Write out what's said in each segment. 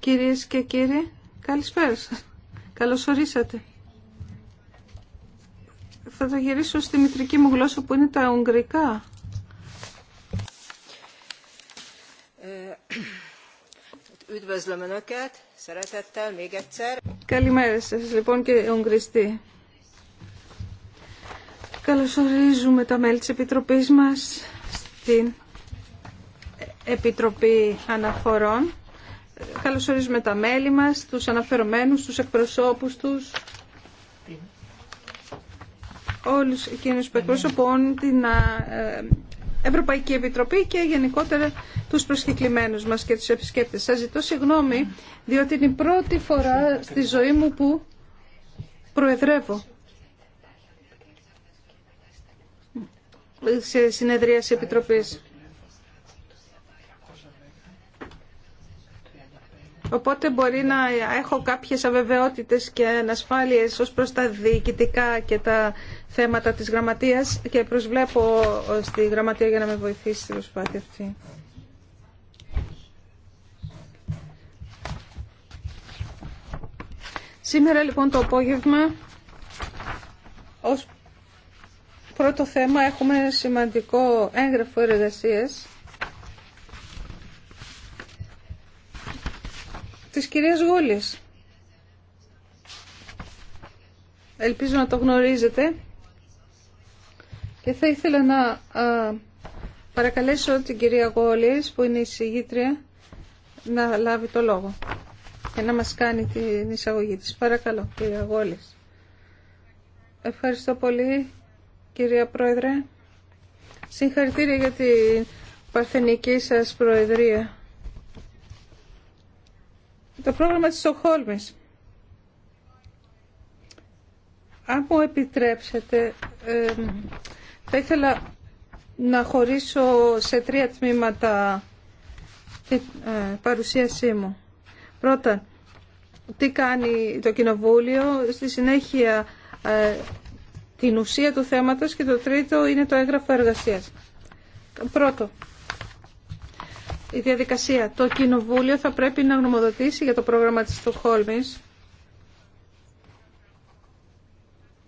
Κυρίες και κύριοι, καλησπέρα σας. Καλώς Θα το γυρίσω στη μητρική μου γλώσσα που είναι τα Ουγγρικά. Ε, Καλημέρα σας λοιπόν και Ουγγριστή. Καλωσορίζουμε τα μέλη της Επιτροπής μας στην Επιτροπή Αναφορών. Καλωσορίζουμε τα μέλη μας, τους αναφερομένους, τους εκπροσώπους τους, όλους εκείνους που εκπροσωπούν την ε, Ευρωπαϊκή Επιτροπή και γενικότερα τους προσκεκλημένους μας και τους επισκέπτες. Σας ζητώ συγγνώμη, διότι είναι η πρώτη φορά στη ζωή μου που προεδρεύω. σε συνεδρίαση Επιτροπής. Οπότε μπορεί να έχω κάποιες αβεβαιότητες και ανασφάλειες ως προς τα διοικητικά και τα θέματα της γραμματείας και προσβλέπω στη γραμματεία για να με βοηθήσει στην προσπάθεια αυτή. Σήμερα λοιπόν το απόγευμα ως πρώτο θέμα έχουμε σημαντικό έγγραφο εργασίας της κυρίας Γούλης. Ελπίζω να το γνωρίζετε. Και θα ήθελα να παρακαλέσω την κυρία Γόλης, που είναι η συγγήτρια, να λάβει το λόγο και να μας κάνει την εισαγωγή της. Παρακαλώ, κυρία Γόλης. Ευχαριστώ πολύ, κυρία Πρόεδρε. Συγχαρητήρια για την παρθενική σας Προεδρία. Το πρόγραμμα της Στοχόλμης. Αν μου επιτρέψετε, θα ήθελα να χωρίσω σε τρία τμήματα την ε, παρουσίασή μου. Πρώτα, τι κάνει το Κοινοβούλιο, στη συνέχεια ε, την ουσία του θέματος και το τρίτο είναι το έγγραφο εργασίας. Πρώτο, η διαδικασία. Το Κοινοβούλιο θα πρέπει να γνωμοδοτήσει για το πρόγραμμα της Στοχόλμης,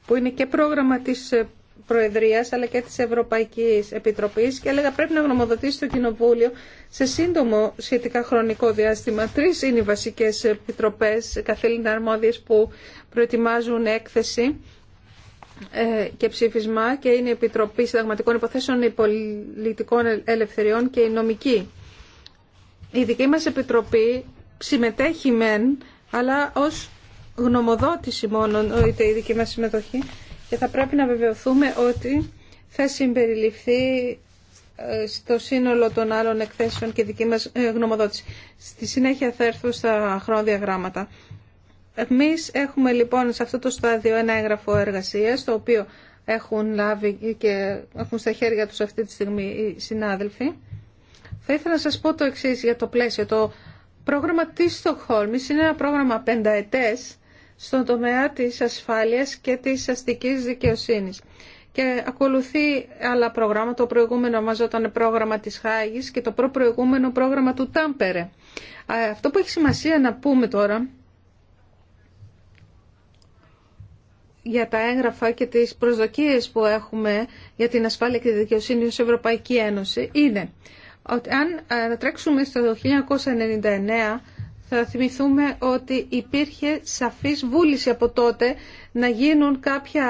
που είναι και πρόγραμμα της ε, Προεδρίας αλλά και της Ευρωπαϊκής Επιτροπής και έλεγα πρέπει να γνωμοδοτήσει το Κοινοβούλιο σε σύντομο σχετικά χρονικό διάστημα. Τρεις είναι οι βασικές επιτροπές καθήλυνα αρμόδιες που προετοιμάζουν έκθεση ε, και ψήφισμα και είναι η Επιτροπή Συνταγματικών Υποθέσεων, Πολιτικών Ελευθεριών και η Νομική η δική μας Επιτροπή συμμετέχει μεν, αλλά ως γνωμοδότηση μόνο είτε η δική μας συμμετοχή και θα πρέπει να βεβαιωθούμε ότι θα συμπεριληφθεί ε, στο σύνολο των άλλων εκθέσεων και δική μας ε, γνωμοδότηση. Στη συνέχεια θα έρθω στα γράμματα. Εμείς έχουμε λοιπόν σε αυτό το στάδιο ένα έγγραφο εργασίας, το οποίο έχουν λάβει και έχουν στα χέρια τους αυτή τη στιγμή οι συνάδελφοι. Θα ήθελα να σας πω το εξής για το πλαίσιο. Το πρόγραμμα της Στοκχόλμης είναι ένα πρόγραμμα πενταετές στον τομέα της ασφάλειας και της αστικής δικαιοσύνης. Και ακολουθεί άλλα πρόγραμμα. Το προηγούμενο μας ήταν πρόγραμμα της Χάγης και το προπροηγούμενο πρόγραμμα του Τάμπερε. Αυτό που έχει σημασία να πούμε τώρα για τα έγγραφα και τις προσδοκίες που έχουμε για την ασφάλεια και τη δικαιοσύνη ως Ευρωπαϊκή Ένωση είναι ότι αν ε, τρέξουμε στο 1999 θα θυμηθούμε ότι υπήρχε σαφής βούληση από τότε να γίνουν κάποια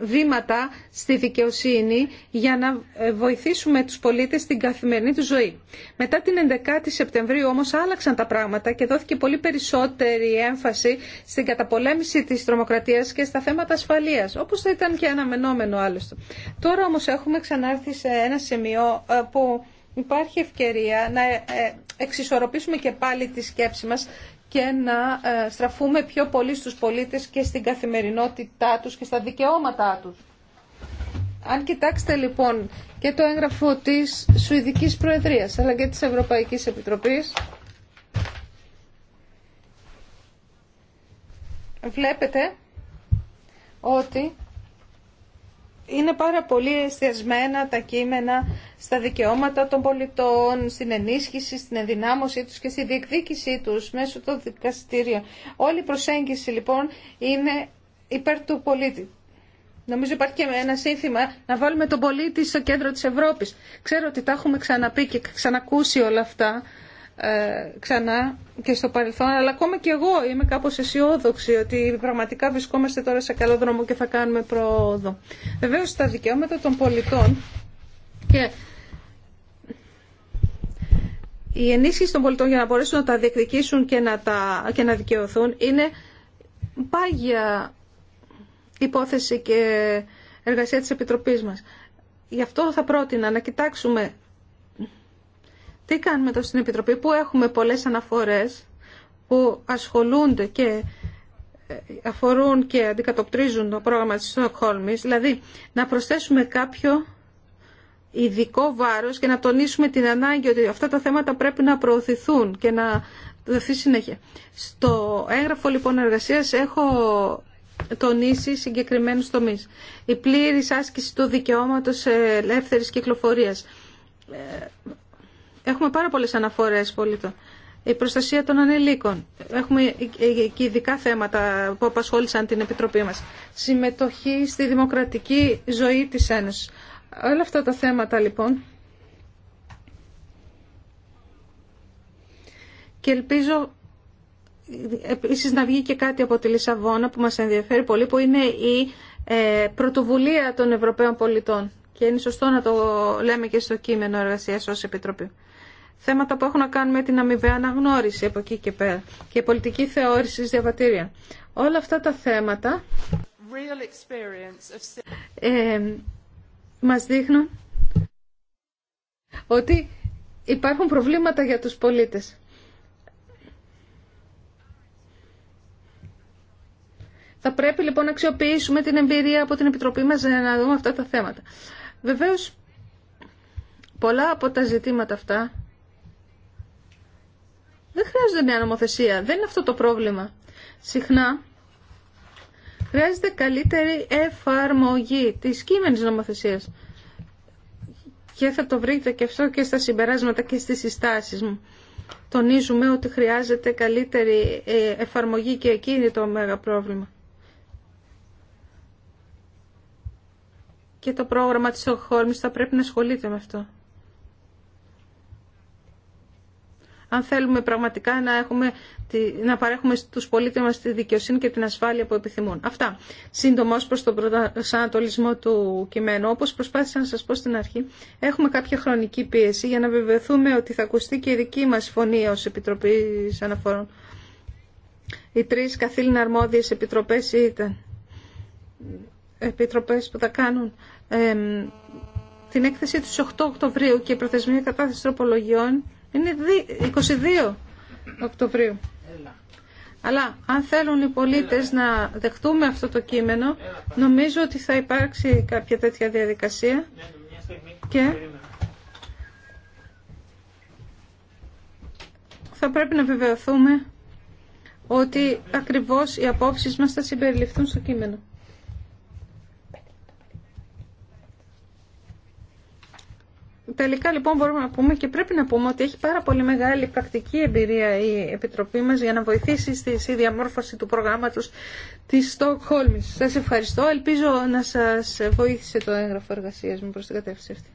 βήματα στη δικαιοσύνη για να ε, βοηθήσουμε τους πολίτες στην καθημερινή του ζωή. Μετά την 11η Σεπτεμβρίου όμως άλλαξαν τα πράγματα και δόθηκε πολύ περισσότερη έμφαση στην καταπολέμηση της τρομοκρατίας και στα θέματα ασφαλείας, όπως θα ήταν και αναμενόμενο άλλωστε. Τώρα όμως έχουμε ξανάρθει σε ένα σημείο ε, που υπάρχει ευκαιρία να ε, ε, εξισορροπήσουμε και πάλι τη σκέψη μας και να ε, στραφούμε πιο πολύ στους πολίτες και στην καθημερινότητά τους και στα δικαιώματά τους. Αν κοιτάξετε λοιπόν και το έγγραφο της Σουηδικής Προεδρίας αλλά και της Ευρωπαϊκής Επιτροπής βλέπετε ότι είναι πάρα πολύ εστιασμένα τα κείμενα στα δικαιώματα των πολιτών, στην ενίσχυση, στην ενδυνάμωσή τους και στη διεκδίκησή τους μέσω των δικαστήριων. Όλη η προσέγγιση λοιπόν είναι υπέρ του πολίτη. Νομίζω υπάρχει και ένα σύνθημα να βάλουμε τον πολίτη στο κέντρο της Ευρώπης. Ξέρω ότι τα έχουμε ξαναπεί και ξανακούσει όλα αυτά ε, ξανά και στο παρελθόν, αλλά ακόμα και εγώ είμαι κάπως αισιόδοξη ότι πραγματικά βρισκόμαστε τώρα σε καλό δρόμο και θα κάνουμε πρόοδο. Βεβαίως τα δικαιώματα των πολιτών και η ενίσχυση των πολιτών για να μπορέσουν να τα διεκδικήσουν και να, τα, και να δικαιωθούν είναι πάγια υπόθεση και εργασία της Επιτροπής μας. Γι' αυτό θα πρότεινα να κοιτάξουμε τι κάνουμε τώρα στην Επιτροπή που έχουμε πολλές αναφορές που ασχολούνται και ε, αφορούν και αντικατοπτρίζουν το πρόγραμμα της Στοκχόλμης, δηλαδή να προσθέσουμε κάποιο ειδικό βάρος και να τονίσουμε την ανάγκη ότι αυτά τα θέματα πρέπει να προωθηθούν και να δοθεί συνέχεια. Στο έγγραφο λοιπόν εργασίας έχω τονίσει συγκεκριμένους τομείς. Η πλήρης άσκηση του δικαιώματος ελεύθερης κυκλοφορίας. Ε, Έχουμε πάρα πολλέ αναφορές πολίτων. Η προστασία των ανηλίκων. Έχουμε ε, ε, και ειδικά θέματα που απασχόλησαν την Επιτροπή μας. Συμμετοχή στη δημοκρατική ζωή τη Ένωση. Όλα αυτά τα θέματα λοιπόν. Και ελπίζω ε, επίση να βγει και κάτι από τη Λισαβόνα που μας ενδιαφέρει πολύ, που είναι η πρωτοβουλία των Ευρωπαίων πολιτών. Και είναι σωστό να το λέμε και στο κείμενο εργασία ω Επιτροπή θέματα που έχουν να κάνουν με την αμοιβαία αναγνώριση από εκεί και πέρα και πολιτική θεώρηση διαβατήρια. Όλα αυτά τα θέματα ε, μας δείχνουν ότι υπάρχουν προβλήματα για τους πολίτες. Θα πρέπει λοιπόν να αξιοποιήσουμε την εμπειρία από την Επιτροπή μας για να δούμε αυτά τα θέματα. Βεβαίως, πολλά από τα ζητήματα αυτά δεν χρειάζεται μια νομοθεσία. Δεν είναι αυτό το πρόβλημα. Συχνά χρειάζεται καλύτερη εφαρμογή της κείμενης νομοθεσίας. Και θα το βρείτε και αυτό και στα συμπεράσματα και στις συστάσεις μου. Τονίζουμε ότι χρειάζεται καλύτερη ε, εφαρμογή και εκεί είναι το μέγα πρόβλημα. Και το πρόγραμμα της Οχόρμης θα πρέπει να ασχολείται με αυτό. αν θέλουμε πραγματικά να, έχουμε, να παρέχουμε στους πολίτες μας τη δικαιοσύνη και την ασφάλεια που επιθυμούν. Αυτά. Σύντομα ως προς τον προσανατολισμό του κειμένου, όπως προσπάθησα να σας πω στην αρχή, έχουμε κάποια χρονική πίεση για να βεβαιωθούμε ότι θα ακουστεί και η δική μας φωνή ως Επιτροπής Αναφορών. Οι τρεις καθήλυνα αρμόδιες επιτροπές ήταν επιτροπές που θα κάνουν ε, την έκθεση του 8 Οκτωβρίου και η προθεσμία κατάθεση τροπολογιών είναι 22 Οκτωβρίου. Αλλά αν θέλουν οι πολίτες να δεχτούμε αυτό το κείμενο, νομίζω ότι θα υπάρξει κάποια τέτοια διαδικασία και θα πρέπει να βεβαιωθούμε ότι ακριβώς οι απόψεις μας θα συμπεριληφθούν στο κείμενο. Τελικά λοιπόν μπορούμε να πούμε και πρέπει να πούμε ότι έχει πάρα πολύ μεγάλη πρακτική εμπειρία η Επιτροπή μας για να βοηθήσει στη διαμόρφωση του προγράμματος της Στοκχόλμης. Σας ευχαριστώ. Ελπίζω να σας βοήθησε το έγγραφο εργασίας μου προς την κατεύθυνση αυτή.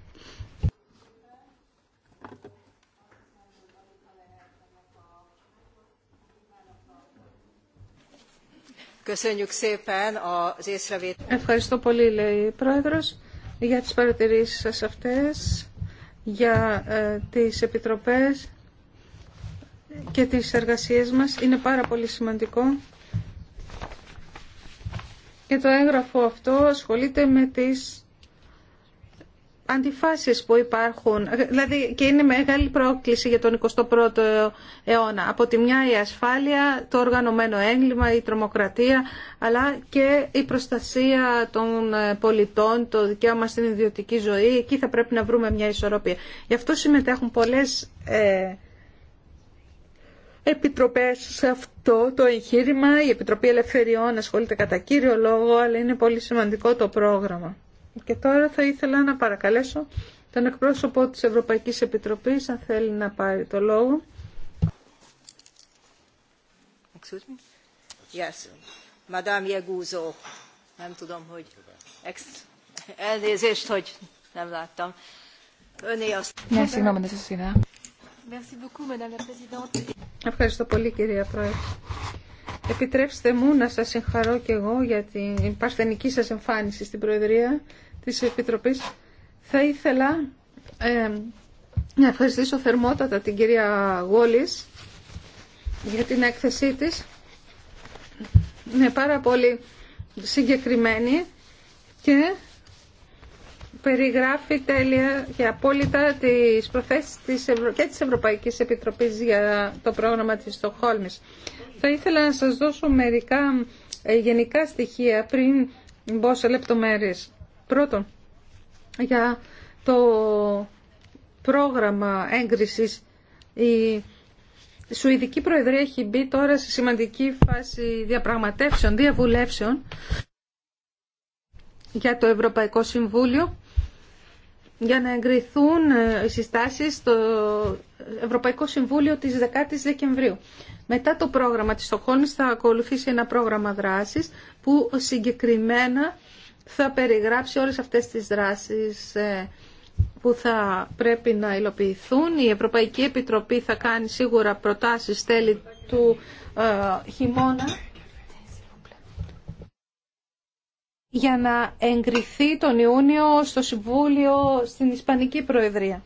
Ευχαριστώ πολύ, λέει η Πρόεδρος, για τις παρατηρήσεις σας αυτές για ε, τις επιτροπές και τις εργασίες μας. Είναι πάρα πολύ σημαντικό. Και το έγγραφο αυτό ασχολείται με τις αντιφάσεις που υπάρχουν, δηλαδή και είναι μεγάλη πρόκληση για τον 21ο αιώνα. Από τη μια η ασφάλεια, το οργανωμένο έγκλημα, η τρομοκρατία, αλλά και η προστασία των πολιτών, το δικαίωμα στην ιδιωτική ζωή. Εκεί θα πρέπει να βρούμε μια ισορροπία. Γι' αυτό συμμετέχουν πολλές ε, επιτροπές σε αυτό το εγχείρημα. Η Επιτροπή Ελευθεριών ασχολείται κατά κύριο λόγο, αλλά είναι πολύ σημαντικό το πρόγραμμα. Και τώρα θα ήθελα να παρακαλέσω τον εκπρόσωπο της Ευρωπαϊκής Επιτροπής, αν θέλει να πάρει το λόγο. Ναι, ναι, Ευχαριστώ πολύ, κυρία Πρόεδρε. Επιτρέψτε μου να σας συγχαρώ και εγώ για την παρθενική σας εμφάνιση στην Προεδρία της Επιτροπής. Θα ήθελα να ευχαριστήσω θερμότατα την κυρία Γόλης για την έκθεσή της. Είναι πάρα πολύ συγκεκριμένη και περιγράφει τέλεια και απόλυτα τις προθέσεις της Ευρω... και της Ευρωπαϊκής Επιτροπής για το πρόγραμμα της Στοχόλμης. Θα ήθελα να σας δώσω μερικά ε, γενικά στοιχεία πριν μπω σε λεπτομέρειες. Πρώτον, για το πρόγραμμα έγκρισης η Σουηδική Προεδρία έχει μπει τώρα σε σημαντική φάση διαπραγματεύσεων, διαβουλεύσεων για το Ευρωπαϊκό Συμβούλιο για να εγκριθούν ε, οι συστάσεις στο Ευρωπαϊκό Συμβούλιο της 10ης Δεκεμβρίου. Μετά το πρόγραμμα της Στοχόλμης θα ακολουθήσει ένα πρόγραμμα δράσης που συγκεκριμένα θα περιγράψει όλες αυτές τις δράσεις ε, που θα πρέπει να υλοποιηθούν. Η Ευρωπαϊκή Επιτροπή θα κάνει σίγουρα προτάσεις τέλη του ε, χειμώνα για να εγκριθεί τον Ιούνιο στο Συμβούλιο στην Ισπανική Προεδρία.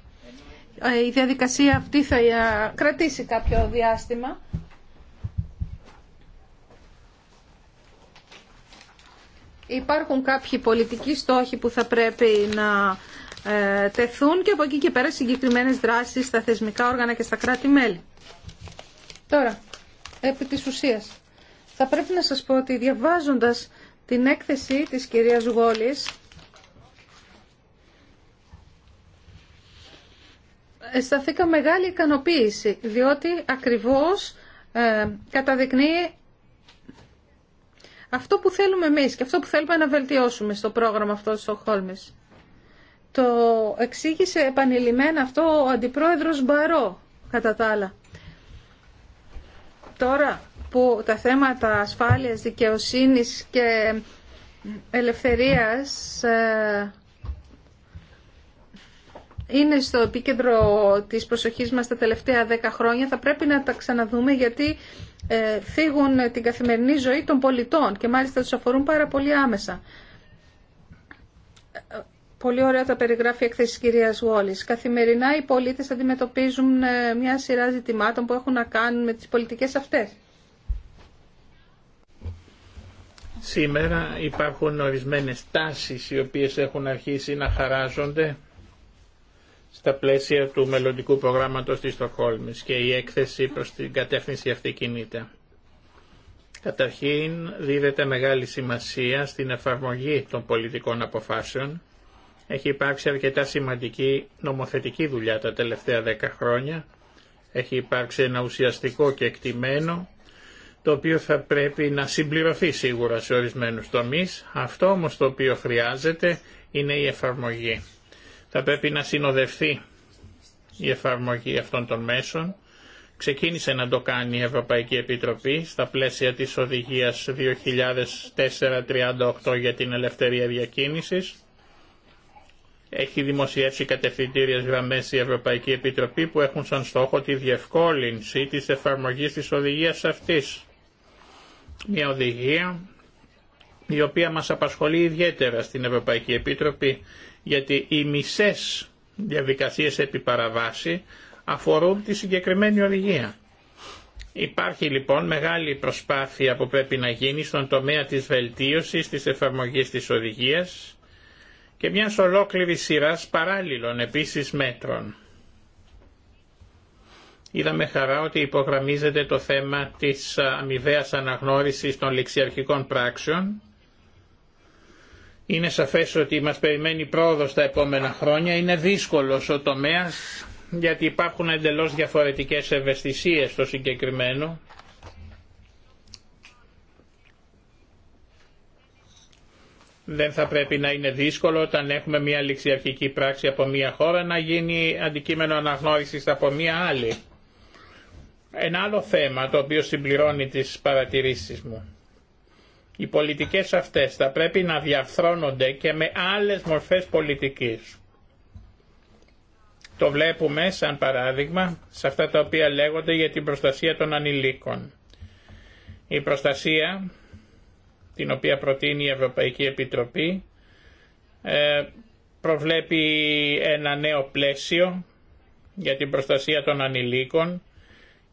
Ε, η διαδικασία αυτή θα κρατήσει κάποιο διάστημα υπάρχουν κάποιοι πολιτικοί στόχοι που θα πρέπει να ε, τεθούν και από εκεί και πέρα συγκεκριμένες δράσεις στα θεσμικά όργανα και στα κράτη-μέλη. Τώρα, επί της ουσίας, θα πρέπει να σας πω ότι διαβάζοντας την έκθεση της κυρίας Γόλης, αισθανθήκα μεγάλη ικανοποίηση, διότι ακριβώς ε, καταδεικνύει αυτό που θέλουμε εμείς και αυτό που θέλουμε να βελτιώσουμε στο πρόγραμμα αυτό στο Χόλμες. Το εξήγησε επανειλημμένα αυτό ο Αντιπρόεδρος Μπαρό, κατά τα άλλα. Τώρα που τα θέματα ασφάλειας, δικαιοσύνης και ελευθερίας ε, είναι στο επίκεντρο της προσοχής μας τα τελευταία δέκα χρόνια, θα πρέπει να τα ξαναδούμε γιατί ε, φύγουν ε, την καθημερινή ζωή των πολιτών και μάλιστα τους αφορούν πάρα πολύ άμεσα. Ε, πολύ ωραία τα περιγράφει η εκθέση της κυρίας Καθημερινά οι πολίτες αντιμετωπίζουν μια σειρά ζητημάτων που έχουν να κάνουν με τις πολιτικές αυτές. Σήμερα υπάρχουν ορισμένες τάσεις οι οποίες έχουν αρχίσει να χαράζονται στα πλαίσια του μελλοντικού προγράμματος της Στοχόλμης και η έκθεση προς την κατεύθυνση αυτή κινείται. Καταρχήν δίδεται μεγάλη σημασία στην εφαρμογή των πολιτικών αποφάσεων. Έχει υπάρξει αρκετά σημαντική νομοθετική δουλειά τα τελευταία δέκα χρόνια. Έχει υπάρξει ένα ουσιαστικό και εκτιμένο, το οποίο θα πρέπει να συμπληρωθεί σίγουρα σε ορισμένους τομείς. Αυτό όμως το οποίο χρειάζεται είναι η εφαρμογή θα πρέπει να συνοδευτεί η εφαρμογή αυτών των μέσων. Ξεκίνησε να το κάνει η Ευρωπαϊκή Επιτροπή στα πλαίσια της οδηγίας 2004-38 για την ελευθερία διακίνησης. Έχει δημοσιεύσει κατευθυντήριες γραμμές η Ευρωπαϊκή Επιτροπή που έχουν σαν στόχο τη διευκόλυνση της εφαρμογής της οδηγίας αυτής. Μια οδηγία η οποία μας απασχολεί ιδιαίτερα στην Ευρωπαϊκή Επιτροπή γιατί οι μισές διαδικασίες επί παραβάση αφορούν τη συγκεκριμένη οδηγία. Υπάρχει λοιπόν μεγάλη προσπάθεια που πρέπει να γίνει στον τομέα της βελτίωσης της εφαρμογής της οδηγίας και μια ολόκληρης σειρά παράλληλων επίσης μέτρων. Είδαμε χαρά ότι υπογραμμίζεται το θέμα της αμοιβαίας αναγνώρισης των ληξιαρχικών πράξεων είναι σαφές ότι μας περιμένει πρόοδος τα επόμενα χρόνια. Είναι δύσκολος ο τομέας γιατί υπάρχουν εντελώς διαφορετικές ευαισθησίες στο συγκεκριμένο. Δεν θα πρέπει να είναι δύσκολο όταν έχουμε μια ληξιαρχική πράξη από μια χώρα να γίνει αντικείμενο αναγνώρισης από μια άλλη. Ένα άλλο θέμα το οποίο συμπληρώνει τις παρατηρήσεις μου. Οι πολιτικές αυτές θα πρέπει να διαφθρώνονται και με άλλες μορφές πολιτικής. Το βλέπουμε σαν παράδειγμα σε αυτά τα οποία λέγονται για την προστασία των ανηλίκων. Η προστασία την οποία προτείνει η Ευρωπαϊκή Επιτροπή ε, προβλέπει ένα νέο πλαίσιο για την προστασία των ανηλίκων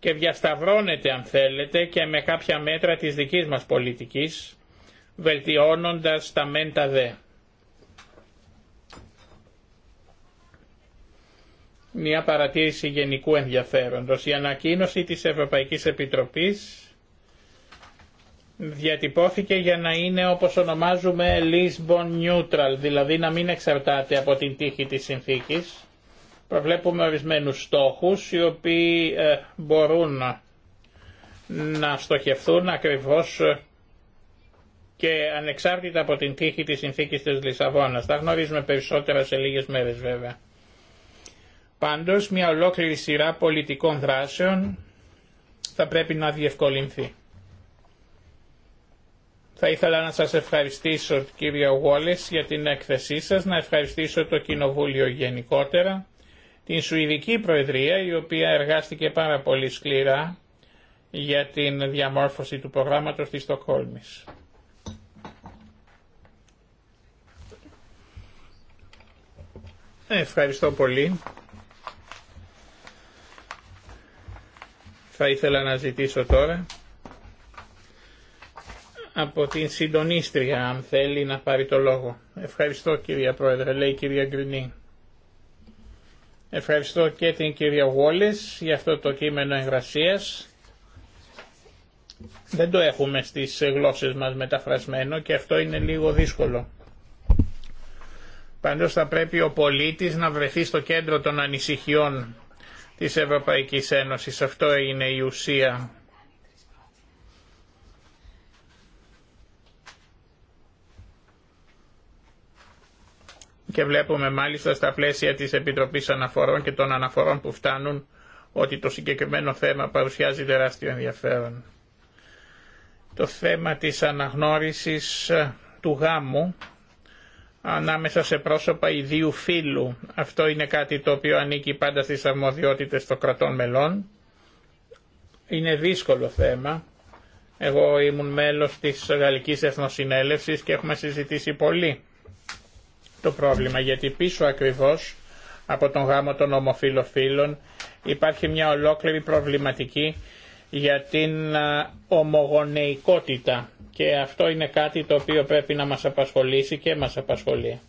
και διασταυρώνεται αν θέλετε και με κάποια μέτρα της δικής μας πολιτικής βελτιώνοντας τα μέντα δε. Μια παρατήρηση γενικού ενδιαφέροντος. Η ανακοίνωση της Ευρωπαϊκής Επιτροπής διατυπώθηκε για να είναι όπως ονομάζουμε Lisbon Neutral, δηλαδή να μην εξαρτάται από την τύχη της συνθήκης. Προβλέπουμε ορισμένους στόχους οι οποίοι ε, μπορούν να στοχευθούν ακριβώς ε, και ανεξάρτητα από την τύχη της συνθήκης της Λισαβόνας. Θα γνωρίζουμε περισσότερα σε λίγες μέρες βέβαια. Πάντως μια ολόκληρη σειρά πολιτικών δράσεων θα πρέπει να διευκολυνθεί. Θα ήθελα να σας ευχαριστήσω κύριο Γόλες για την έκθεσή σας, να ευχαριστήσω το Κοινοβούλιο γενικότερα, την Σουηδική Προεδρία η οποία εργάστηκε πάρα πολύ σκληρά για την διαμόρφωση του προγράμματος της Στοκχόλμης. Ευχαριστώ πολύ. Θα ήθελα να ζητήσω τώρα από την συντονίστρια αν θέλει να πάρει το λόγο. Ευχαριστώ κυρία Πρόεδρε, λέει η κυρία Γκρινή. Ευχαριστώ και την κυρία Γόλης για αυτό το κείμενο εγγρασίας. Δεν το έχουμε στις γλώσσες μας μεταφρασμένο και αυτό είναι λίγο δύσκολο. Πάντως θα πρέπει ο πολίτης να βρεθεί στο κέντρο των ανησυχιών της Ευρωπαϊκής Ένωσης. Αυτό είναι η ουσία. Και βλέπουμε μάλιστα στα πλαίσια της Επιτροπής Αναφορών και των αναφορών που φτάνουν ότι το συγκεκριμένο θέμα παρουσιάζει τεράστιο ενδιαφέρον. Το θέμα της αναγνώρισης του γάμου ανάμεσα σε πρόσωπα ιδίου φύλου. Αυτό είναι κάτι το οποίο ανήκει πάντα στις αρμοδιότητες των κρατών μελών. Είναι δύσκολο θέμα. Εγώ ήμουν μέλος της Γαλλικής Εθνοσυνέλευσης και έχουμε συζητήσει πολύ το πρόβλημα γιατί πίσω ακριβώς από τον γάμο των ομοφιλοφίλων υπάρχει μια ολόκληρη προβληματική για την ε, ομογονεϊκότητα και αυτό είναι κάτι το οποίο πρέπει να μας απασχολήσει και μας απασχολεί.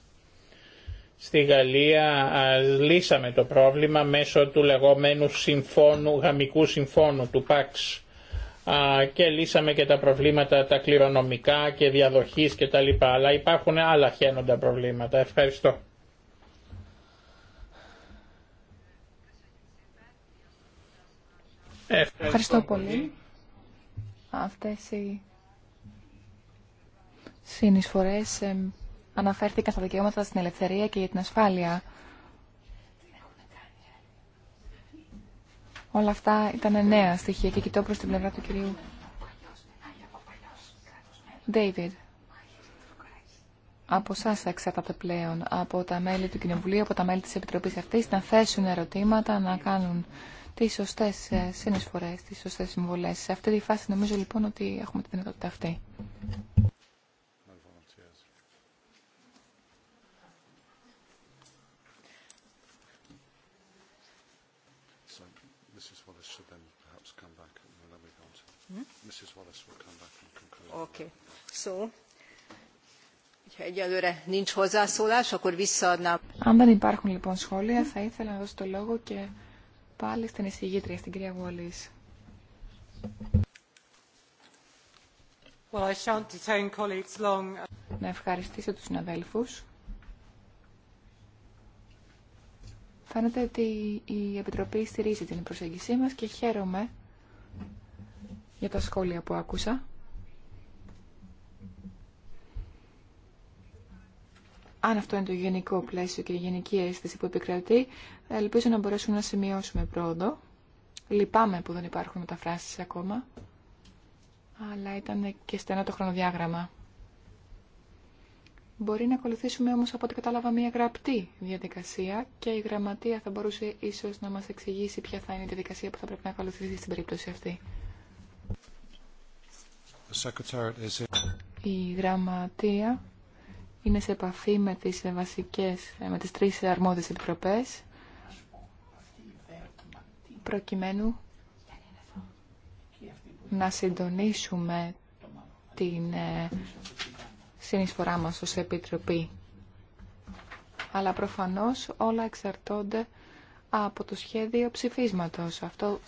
Στη Γαλλία λύσαμε το πρόβλημα μέσω του λεγόμενου συμφώνου, γαμικού συμφώνου του ΠΑΞ και λύσαμε και τα προβλήματα τα κληρονομικά και διαδοχής και τα λοιπά, αλλά υπάρχουν άλλα χαίνοντα προβλήματα. Ευχαριστώ. Ευχαριστώ πολύ. Αυτές οι συνεισφορές ε, αναφέρθηκαν στα δικαιώματα στην ελευθερία και για την ασφάλεια. Όλα αυτά ήταν νέα στοιχεία και κοιτώ προς την πλευρά του κυρίου. David, από εσά εξαρτάται πλέον, από τα μέλη του Κοινοβουλίου, από τα μέλη της Επιτροπής αυτής, να θέσουν ερωτήματα, να κάνουν τις σωστές ε, συνεισφορές, τις σωστές συμβολές. Σε αυτή τη φάση νομίζω λοιπόν ότι έχουμε τη δυνατότητα αυτή. Αν δεν υπάρχουν λοιπόν σχόλια, θα ήθελα να δώσω το λόγο και πάλι στην εισηγήτρια, στην κυρία Βόλης. Να ευχαριστήσω τους συναδέλφους. Φαίνεται ότι η Επιτροπή στηρίζει την προσέγγισή μας και χαίρομαι για τα σχόλια που άκουσα. Αν αυτό είναι το γενικό πλαίσιο και η γενική αίσθηση που επικρατεί, ελπίζω να μπορέσουμε να σημειώσουμε πρόοδο. Λυπάμαι που δεν υπάρχουν μεταφράσει ακόμα, αλλά ήταν και στενά το χρονοδιάγραμμα. Μπορεί να ακολουθήσουμε όμως από ό,τι κατάλαβα μια γραπτή διαδικασία και η γραμματεία θα μπορούσε ίσως να μας εξηγήσει ποια θα είναι η διαδικασία που θα πρέπει να ακολουθήσει στην περίπτωση αυτή. Η γραμματεία είναι σε επαφή με τις ε, βασικές, ε, με τις τρεις αρμόδιες επιτροπές προκειμένου να συντονίσουμε την ε, συνεισφορά μας ως Επιτροπή. Αλλά προφανώς όλα εξαρτώνται από το σχέδιο ψηφίσματος. Αυτό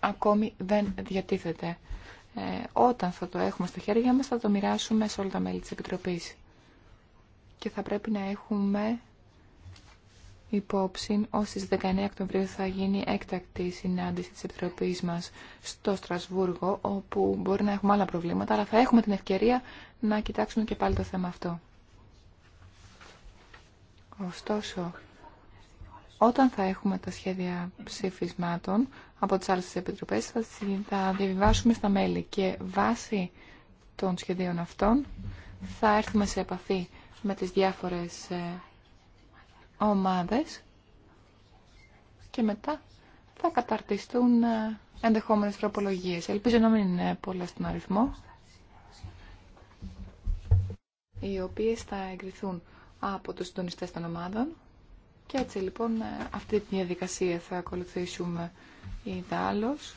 ακόμη δεν διατίθεται. όταν θα το έχουμε στα χέρια μας θα το μοιράσουμε σε όλα τα μέλη της Επιτροπής και θα πρέπει να έχουμε υπόψη ότι στις 19 Οκτωβρίου θα γίνει έκτακτη συνάντηση της Επιτροπής μας στο Στρασβούργο όπου μπορεί να έχουμε άλλα προβλήματα αλλά θα έχουμε την ευκαιρία να κοιτάξουμε και πάλι το θέμα αυτό. Ωστόσο, όταν θα έχουμε τα σχέδια ψηφισμάτων από τις άλλες επιτροπές θα τα διαβιβάσουμε στα μέλη και βάσει των σχεδίων αυτών θα έρθουμε σε επαφή με τις διάφορες ε, ομάδες και μετά θα καταρτιστούν ε, ενδεχόμενες φροπολογίες. Ελπίζω να μην είναι πολλά στον αριθμό, οι οποίες θα εγκριθούν από τους συντονιστές των ομάδων. Και έτσι λοιπόν ε, αυτή τη διαδικασία θα ακολουθήσουμε ιδάλλως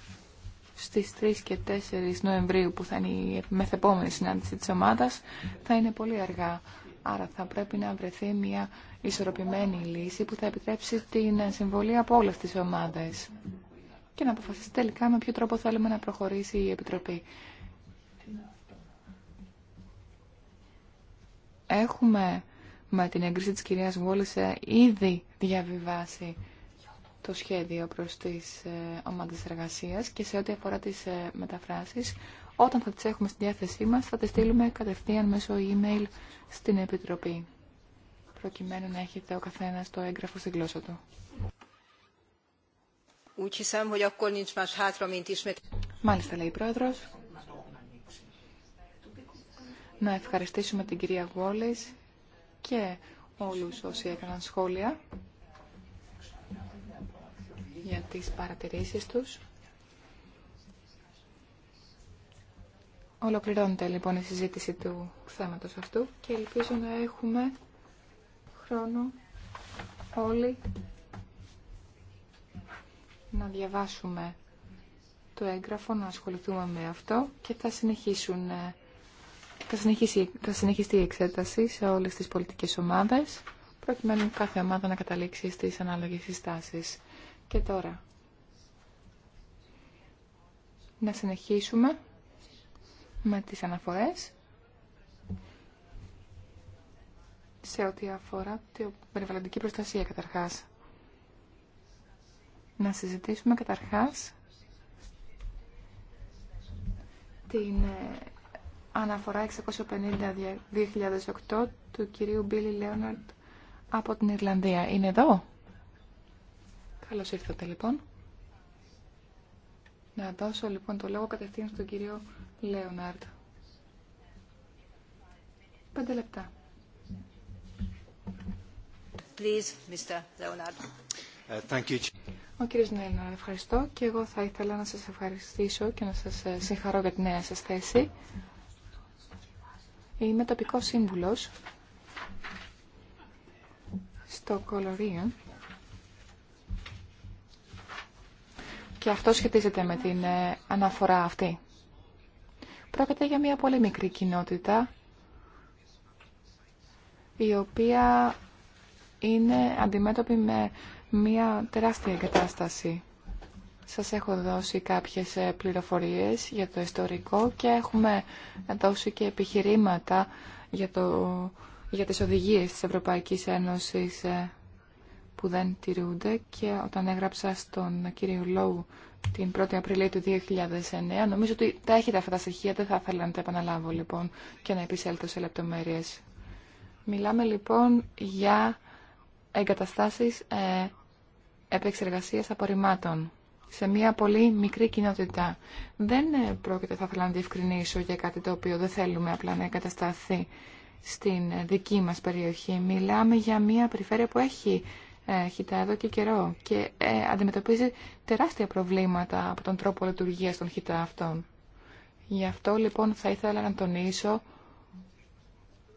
στις 3 και 4 Νοεμβρίου που θα είναι η μεθεπόμενη συνάντηση της ομάδας θα είναι πολύ αργά Άρα θα πρέπει να βρεθεί μια ισορροπημένη λύση που θα επιτρέψει την συμβολή από όλες τις ομάδες και να αποφασίσει τελικά με ποιο τρόπο θέλουμε να προχωρήσει η Επιτροπή. Έχουμε με την έγκριση της κυρίας Βόλησε ήδη διαβιβάσει το σχέδιο προς τις ε, ομάδες εργασίας και σε ό,τι αφορά τις ε, μεταφράσεις όταν θα τις έχουμε στη διάθεσή μας, θα τις στείλουμε κατευθείαν μέσω email στην Επιτροπή, προκειμένου να έχετε ο καθένας το έγγραφο στην γλώσσα του. Μάλιστα, λέει η Πρόεδρος. Να ευχαριστήσουμε την κυρία Γουόλης και όλους όσοι έκαναν σχόλια για τις παρατηρήσεις τους. Ολοκληρώνεται λοιπόν η συζήτηση του θέματος αυτού και ελπίζω να έχουμε χρόνο όλοι να διαβάσουμε το έγγραφο, να ασχοληθούμε με αυτό και θα συνεχίσουν ε, θα, συνεχίσει, συνεχιστεί η εξέταση σε όλες τις πολιτικές ομάδες προκειμένου κάθε ομάδα να καταλήξει στις ανάλογες συστάσεις. Και τώρα να συνεχίσουμε με τις αναφορές σε ό,τι αφορά την περιβαλλοντική προστασία καταρχάς. Να συζητήσουμε καταρχάς την ε, αναφορά 650-2008 του κυρίου Μπίλι Λέοναρτ από την Ιρλανδία. Είναι εδώ? Καλώς ήρθατε λοιπόν. Να δώσω λοιπόν το λόγο κατευθείαν στον κύριο Λέοναρντ. Πέντε λεπτά. Please, Mr. Ε, thank you. Ο κύριος Νέλναρντ, ευχαριστώ και εγώ θα ήθελα να σας ευχαριστήσω και να σας ε, συγχαρώ για τη νέα σας θέση. Είμαι τοπικό σύμβουλος στο Κολορίον και αυτό σχετίζεται με την ε, αναφορά αυτή. Πρόκειται για μια πολύ μικρή κοινότητα, η οποία είναι αντιμέτωπη με μια τεράστια εγκατάσταση. Σας έχω δώσει κάποιες ε, πληροφορίες για το ιστορικό και έχουμε δώσει και επιχειρήματα για, το, για τις οδηγίες της Ευρωπαϊκής Ένωσης ε, που δεν τηρούνται και όταν έγραψα στον κύριο Λόου την 1η Απριλίου του 2009. Νομίζω ότι τα έχετε αυτά τα στοιχεία, δεν θα ήθελα να τα επαναλάβω λοιπόν και να επισέλθω σε λεπτομέρειες. Μιλάμε λοιπόν για εγκαταστάσεις ε, επεξεργασίας απορριμμάτων σε μια πολύ μικρή κοινότητα. Δεν ε, πρόκειται, θα ήθελα να διευκρινίσω, για κάτι το οποίο δεν θέλουμε απλά να εγκατασταθεί στην ε, δική μας περιοχή. Μιλάμε για μια περιφέρεια που έχει χιτά εδώ και καιρό και ε, αντιμετωπίζει τεράστια προβλήματα από τον τρόπο λειτουργίας των χιτά αυτών. Γι' αυτό λοιπόν θα ήθελα να τονίσω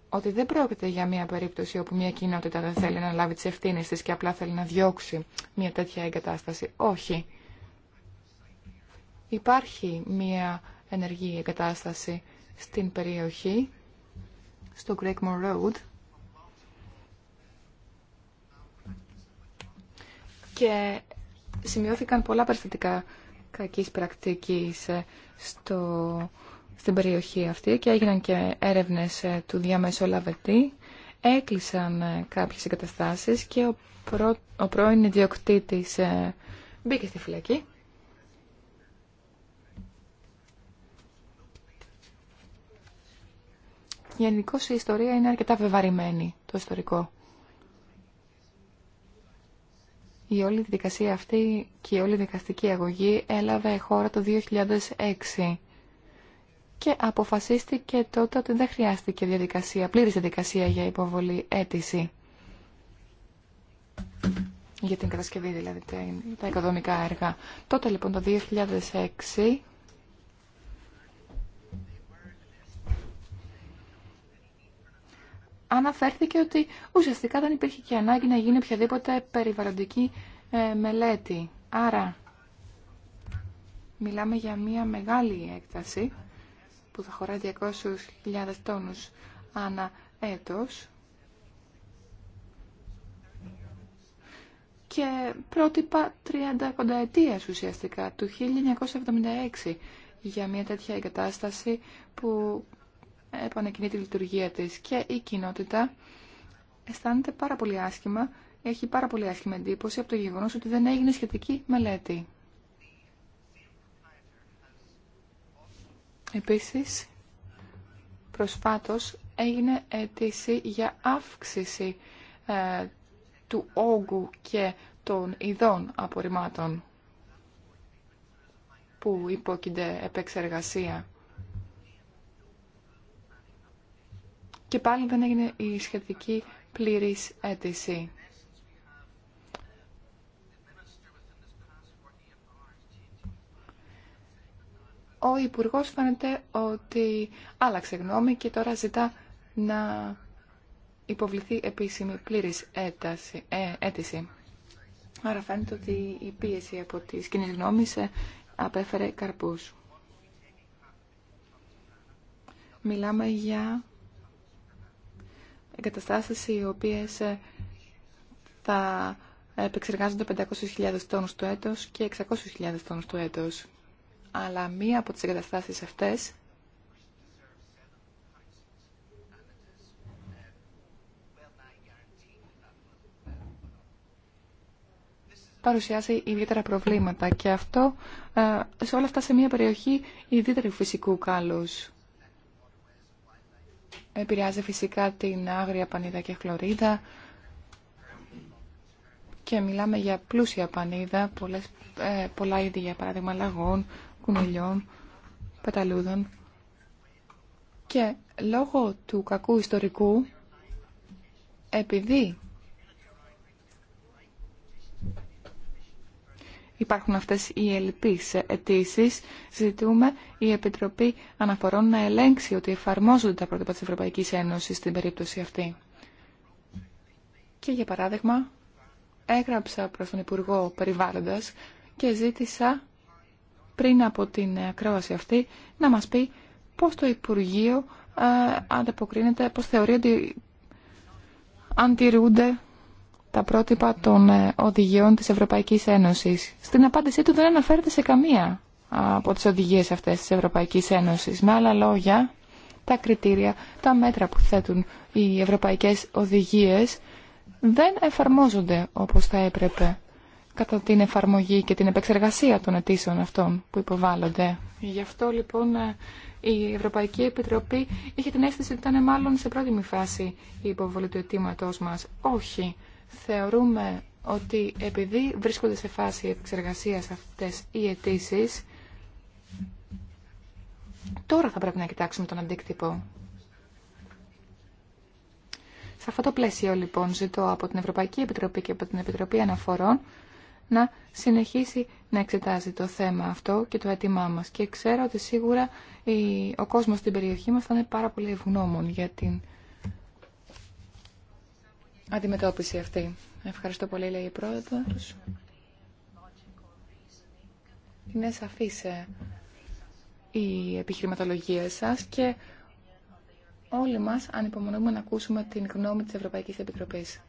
ότι δεν πρόκειται για μια περίπτωση όπου μια κοινότητα δεν θέλει να λάβει τις ευθύνες της και απλά θέλει να διώξει μια τέτοια εγκατάσταση. Όχι. Υπάρχει μια ενεργή εγκατάσταση στην περιοχή, στο Greg Road, και σημειώθηκαν πολλά περιστατικά κακής πρακτικής ε, στο, στην περιοχή αυτή και έγιναν και έρευνες ε, του λαβετή. Έκλεισαν ε, κάποιες εγκαταστάσεις και ο, προ, ο πρώην ιδιοκτήτης μπήκε στη φυλακή. Γενικώ η ιστορία είναι αρκετά βεβαρημένη, το ιστορικό. Η όλη διαδικασία αυτή και η όλη δικαστική αγωγή έλαβε χώρα το 2006 και αποφασίστηκε τότε ότι δεν χρειάστηκε διαδικασία, πλήρη διαδικασία για υποβολή αίτηση. Για την κατασκευή δηλαδή, τα οικοδομικά έργα. Τότε λοιπόν το 2006 αναφέρθηκε ότι ουσιαστικά δεν υπήρχε και ανάγκη να γίνει οποιαδήποτε περιβαλλοντική ε, μελέτη. Άρα, μιλάμε για μια μεγάλη έκταση που θα χωράει 200.000 τόνους ανά έτος και πρότυπα 30 κονταετίας ουσιαστικά του 1976 για μια τέτοια εγκατάσταση που επανεκκινεί τη λειτουργία της και η κοινότητα αισθάνεται πάρα πολύ άσχημα, έχει πάρα πολύ άσχημη εντύπωση από το γεγονός ότι δεν έγινε σχετική μελέτη. Επίσης, προσφάτως έγινε αίτηση για αύξηση ε, του όγκου και των ειδών απορριμμάτων που υπόκεινται επεξεργασία. και πάλι δεν έγινε η σχετική πλήρης αίτηση. Ο υπουργό φαίνεται ότι άλλαξε γνώμη και τώρα ζητά να υποβληθεί επίσημη πλήρης έταση, ε, αίτηση. Άρα φαίνεται ότι η πίεση από τη κοινή γνώμη ε, απέφερε καρπούς. Μιλάμε για εγκαταστάσεις οι οποίες ε, θα επεξεργάζονται 500.000 τόνους το έτος και 600.000 τόνους το έτος. Αλλά μία από τις εγκαταστάσεις αυτές παρουσιάζει ιδιαίτερα προβλήματα και αυτό ε, σε όλα αυτά σε μια περιοχή ιδιαίτερη φυσικού κάλους επηρεάζει φυσικά την άγρια πανίδα και χλωρίδα και μιλάμε για πλούσια πανίδα, πολλές, ε, πολλά είδη για παράδειγμα λαγών, κουνελιών, πεταλούδων και λόγω του κακού ιστορικού επειδή υπάρχουν αυτές οι ελλειπεί αιτήσει, ζητούμε η Επιτροπή Αναφορών να ελέγξει ότι εφαρμόζονται τα πρότυπα της Ευρωπαϊκή Ένωση στην περίπτωση αυτή. Και για παράδειγμα, έγραψα προς τον Υπουργό Περιβάλλοντας και ζήτησα πριν από την ακρόαση αυτή να μας πει πώς το Υπουργείο ε, ανταποκρίνεται, πώς θεωρεί ότι αντιρούνται τα πρότυπα των ε, οδηγιών της Ευρωπαϊκής Ένωσης. Στην απάντησή του δεν αναφέρεται σε καμία από τις οδηγίες αυτές της Ευρωπαϊκής Ένωσης. Με άλλα λόγια, τα κριτήρια, τα μέτρα που θέτουν οι ευρωπαϊκές οδηγίες δεν εφαρμόζονται όπως θα έπρεπε κατά την εφαρμογή και την επεξεργασία των αιτήσεων αυτών που υποβάλλονται. Γι' αυτό λοιπόν ε, η Ευρωπαϊκή Επιτροπή είχε την αίσθηση ότι ήταν μάλλον σε πρώτη φάση η υποβολή του αιτήματό μας. Όχι, θεωρούμε ότι επειδή βρίσκονται σε φάση επεξεργασίας αυτές οι αιτήσει, τώρα θα πρέπει να κοιτάξουμε τον αντίκτυπο. Σε αυτό το πλαίσιο λοιπόν ζητώ από την Ευρωπαϊκή Επιτροπή και από την Επιτροπή Αναφορών να συνεχίσει να εξετάζει το θέμα αυτό και το αίτημά μας. Και ξέρω ότι σίγουρα ο κόσμος στην περιοχή μας θα είναι πάρα πολύ ευγνώμων για την αντιμετώπιση αυτή. Ευχαριστώ πολύ, λέει η Πρόεδρος. Είναι σαφή ε, η επιχειρηματολογία σας και όλοι μας ανυπομονούμε να ακούσουμε την γνώμη της Ευρωπαϊκής Επιτροπής.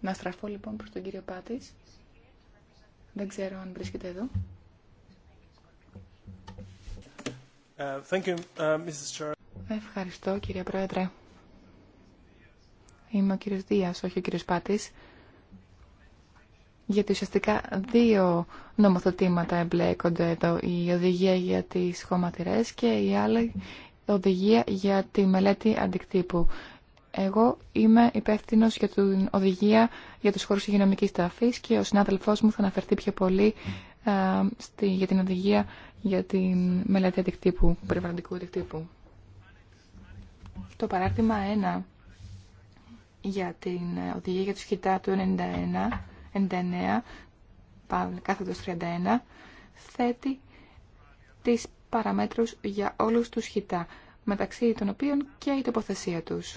Να στραφώ λοιπόν προς τον κύριο Πάτης. Δεν ξέρω αν βρίσκεται εδώ. Ε, thank you, ε, Mrs. Ευχαριστώ, κυρία Πρόεδρε. Είμαι ο κύριος Δίας, όχι ο κύριος Πάτης. Γιατί ουσιαστικά δύο νομοθετήματα εμπλέκονται εδώ. Η οδηγία για τις χωματηρές και η άλλη οδηγία για τη μελέτη αντικτύπου. Εγώ είμαι υπεύθυνο για την οδηγία για τους χώρους υγειονομικής ταφής και ο συνάδελφός μου θα αναφερθεί πιο πολύ στη, για την οδηγία για τη μελέτη αντικτύπου, περιβαλλοντικού αντικτύπου. Το παράρτημα 1 για την ε, οδηγία για τους χιτά του 91, 99, κάθετος 31, θέτει τις παραμέτρους για όλους τους χιτά, μεταξύ των οποίων και η τοποθεσία τους.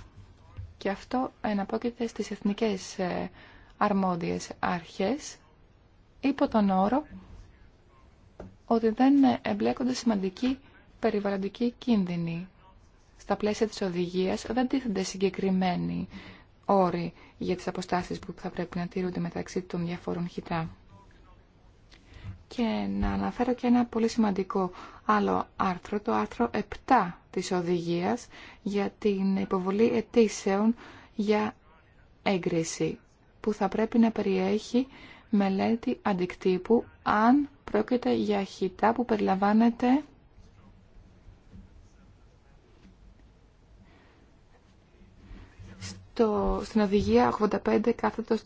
Και αυτό εναπόκειται στις εθνικές ε, αρμόδιες αρχές, υπό τον όρο ότι δεν εμπλέκονται σημαντικοί περιβαλλοντικοί κίνδυνοι. Στα πλαίσια της οδηγίας δεν τίθενται συγκεκριμένοι όροι για τις αποστάσεις που θα πρέπει να τηρούνται μεταξύ των διαφόρων χιτά. Και να αναφέρω και ένα πολύ σημαντικό άλλο άρθρο, το άρθρο 7 της οδηγίας για την υποβολή αιτήσεων για έγκριση, που θα πρέπει να περιέχει μελέτη αντικτύπου αν πρόκειται για χιτά που περιλαμβάνεται στο, στην οδηγία 85 κάθετος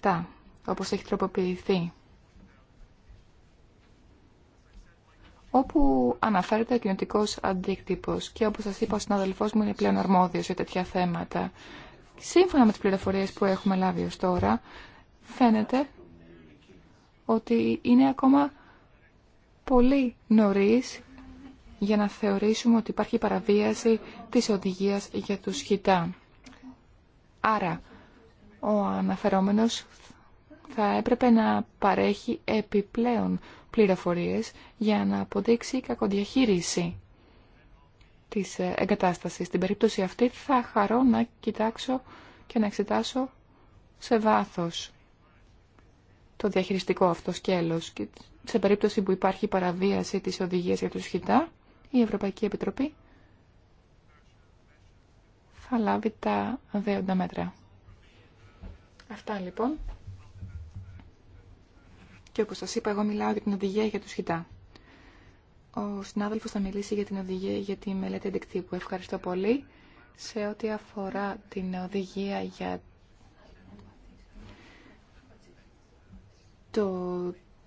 337, όπως έχει τροποποιηθεί. όπου αναφέρεται ο κοινωτικό αντίκτυπο και όπω σα είπα, ο συναδελφό μου είναι πλέον αρμόδιο για τέτοια θέματα. Σύμφωνα με τι πληροφορίε που έχουμε λάβει ω τώρα, φαίνεται ότι είναι ακόμα πολύ νωρί για να θεωρήσουμε ότι υπάρχει παραβίαση της οδηγίας για τους χιτά. Άρα, ο αναφερόμενος θα έπρεπε να παρέχει επιπλέον πληροφορίες για να αποδείξει κακοδιαχείριση της ε, εγκατάστασης. Στην περίπτωση αυτή θα χαρώ να κοιτάξω και να εξετάσω σε βάθος το διαχειριστικό αυτό σκέλος σε περίπτωση που υπάρχει παραβίαση της οδηγίας για τους χιτά, η Ευρωπαϊκή Επιτροπή θα λάβει τα δέοντα μέτρα. Αυτά λοιπόν. Και όπως σας είπα, εγώ μιλάω για την οδηγία για τους χιτά. Ο συνάδελφος θα μιλήσει για την οδηγία για τη μελέτη αντικτύπου. Ευχαριστώ πολύ. Σε ό,τι αφορά την οδηγία για το,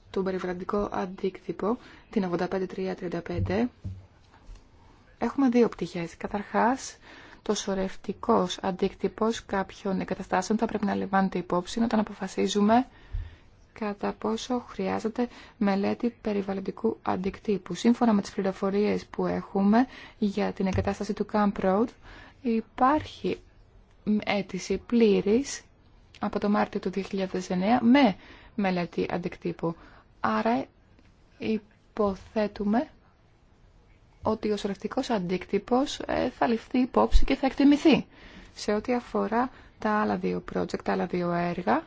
τον περιβαλλοντικό αντίκτυπο, την 85335, έχουμε δύο πτυχές. Καταρχάς, το σωρευτικός αντίκτυπος κάποιων εγκαταστάσεων θα πρέπει να λαμβάνεται υπόψη όταν αποφασίζουμε κατά πόσο χρειάζεται μελέτη περιβαλλοντικού αντικτύπου. Σύμφωνα με τις πληροφορίες που έχουμε για την εγκατάσταση του Camp Road, υπάρχει αίτηση πλήρης από το Μάρτιο του 2009 με μελέτη αντικτύπου. Άρα υποθέτουμε ότι ο σωρευτικός αντίκτυπος ε, θα ληφθεί υπόψη και θα εκτιμηθεί σε ό,τι αφορά τα άλλα δύο project, τα άλλα δύο έργα.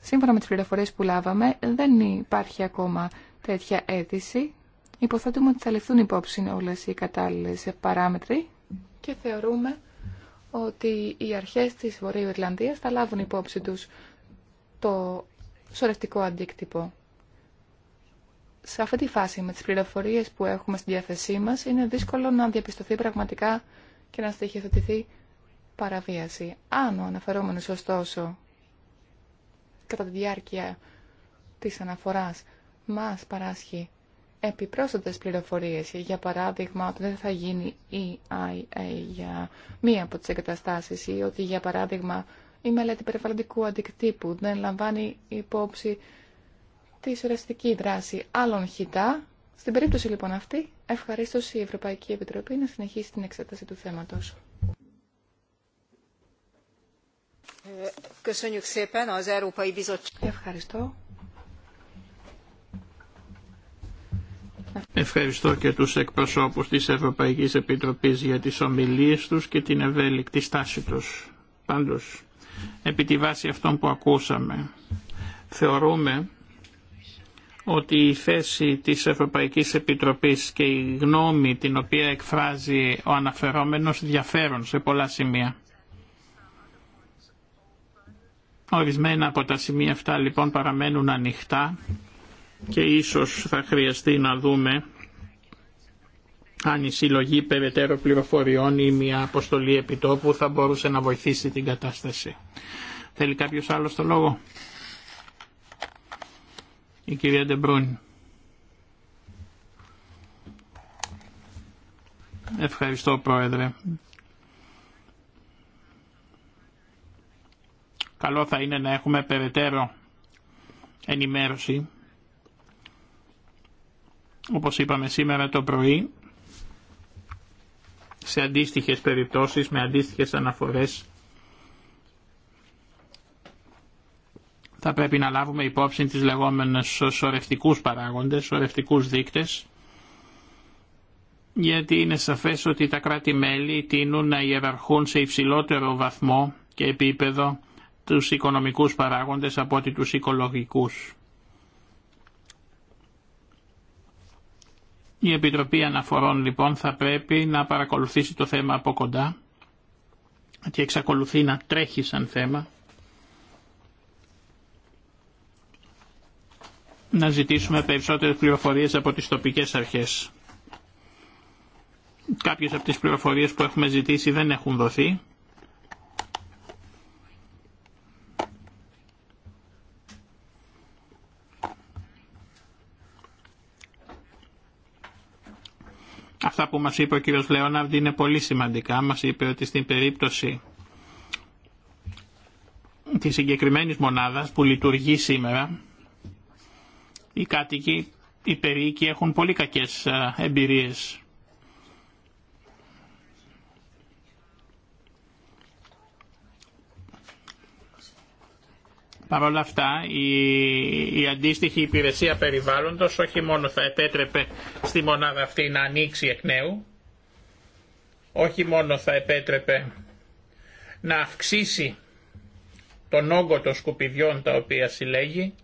Σύμφωνα με τις πληροφορίες που λάβαμε, δεν υπάρχει ακόμα τέτοια αίτηση. Υποθέτουμε ότι θα ληφθούν υπόψη όλες οι κατάλληλες παράμετροι και θεωρούμε ότι οι αρχές της Βορείου Ιρλανδίας θα λάβουν υπόψη τους το σωρευτικό αντίκτυπο σε αυτή τη φάση με τις πληροφορίες που έχουμε στη διάθεσή μας είναι δύσκολο να διαπιστωθεί πραγματικά και να στοιχειοθετηθεί παραβίαση. Αν ο αναφερόμενος ωστόσο κατά τη διάρκεια της αναφοράς μας παράσχει επιπρόσθετες πληροφορίες, για παράδειγμα ότι δεν θα γίνει EIA για μία από τις εγκαταστάσεις ή ότι για παράδειγμα η μελέτη περιβαλλοντικού αντικτύπου δεν λαμβάνει υπόψη τη σωρεστική δράση άλλων χιτά. Στην περίπτωση λοιπόν αυτή, ευχαρίστω η Ευρωπαϊκή Επιτροπή να συνεχίσει την εξέταση του θέματο. Ευχαριστώ. Ευχαριστώ και τους εκπροσώπους της Ευρωπαϊκής Επιτροπής για τις ομιλίες τους και την ευέλικτη στάση τους. Πάντως, επί τη βάση αυτών που ακούσαμε, θεωρούμε ότι η θέση της Ευρωπαϊκής Επιτροπής και η γνώμη την οποία εκφράζει ο αναφερόμενος διαφέρουν σε πολλά σημεία. Ορισμένα από τα σημεία αυτά λοιπόν παραμένουν ανοιχτά και ίσως θα χρειαστεί να δούμε αν η συλλογή περαιτέρω πληροφοριών ή μια αποστολή επιτόπου θα μπορούσε να βοηθήσει την κατάσταση. Θέλει κάποιος άλλος το λόγο. Η κυρία Ευχαριστώ πρόεδρε. Καλό θα είναι να έχουμε περαιτέρω ενημέρωση. Όπως είπαμε σήμερα το πρωί, σε αντίστοιχες περιπτώσεις, με αντίστοιχες αναφορές θα πρέπει να λάβουμε υπόψη τις λεγόμενες σορευτικούς παράγοντες, σορευτικούς δείκτες, γιατί είναι σαφές ότι τα κράτη-μέλη τείνουν να ιεραρχούν σε υψηλότερο βαθμό και επίπεδο τους οικονομικούς παράγοντες από ότι τους οικολογικούς. Η Επιτροπή Αναφορών λοιπόν θα πρέπει να παρακολουθήσει το θέμα από κοντά και εξακολουθεί να τρέχει σαν θέμα να ζητήσουμε περισσότερες πληροφορίες από τις τοπικές αρχές. Κάποιες από τις πληροφορίες που έχουμε ζητήσει δεν έχουν δοθεί. Αυτά που μας είπε ο κύριος Λεόναρντ είναι πολύ σημαντικά. Μας είπε ότι στην περίπτωση της συγκεκριμένης μονάδας που λειτουργεί σήμερα οι κάτοικοι, οι περίοικοι έχουν πολύ κακές ε, εμπειρίες. Παρ' όλα αυτά η, η αντίστοιχη υπηρεσία περιβάλλοντος όχι μόνο θα επέτρεπε στη μονάδα αυτή να ανοίξει εκ νέου, όχι μόνο θα επέτρεπε να αυξήσει τον όγκο των σκουπιδιών τα οποία συλλέγει,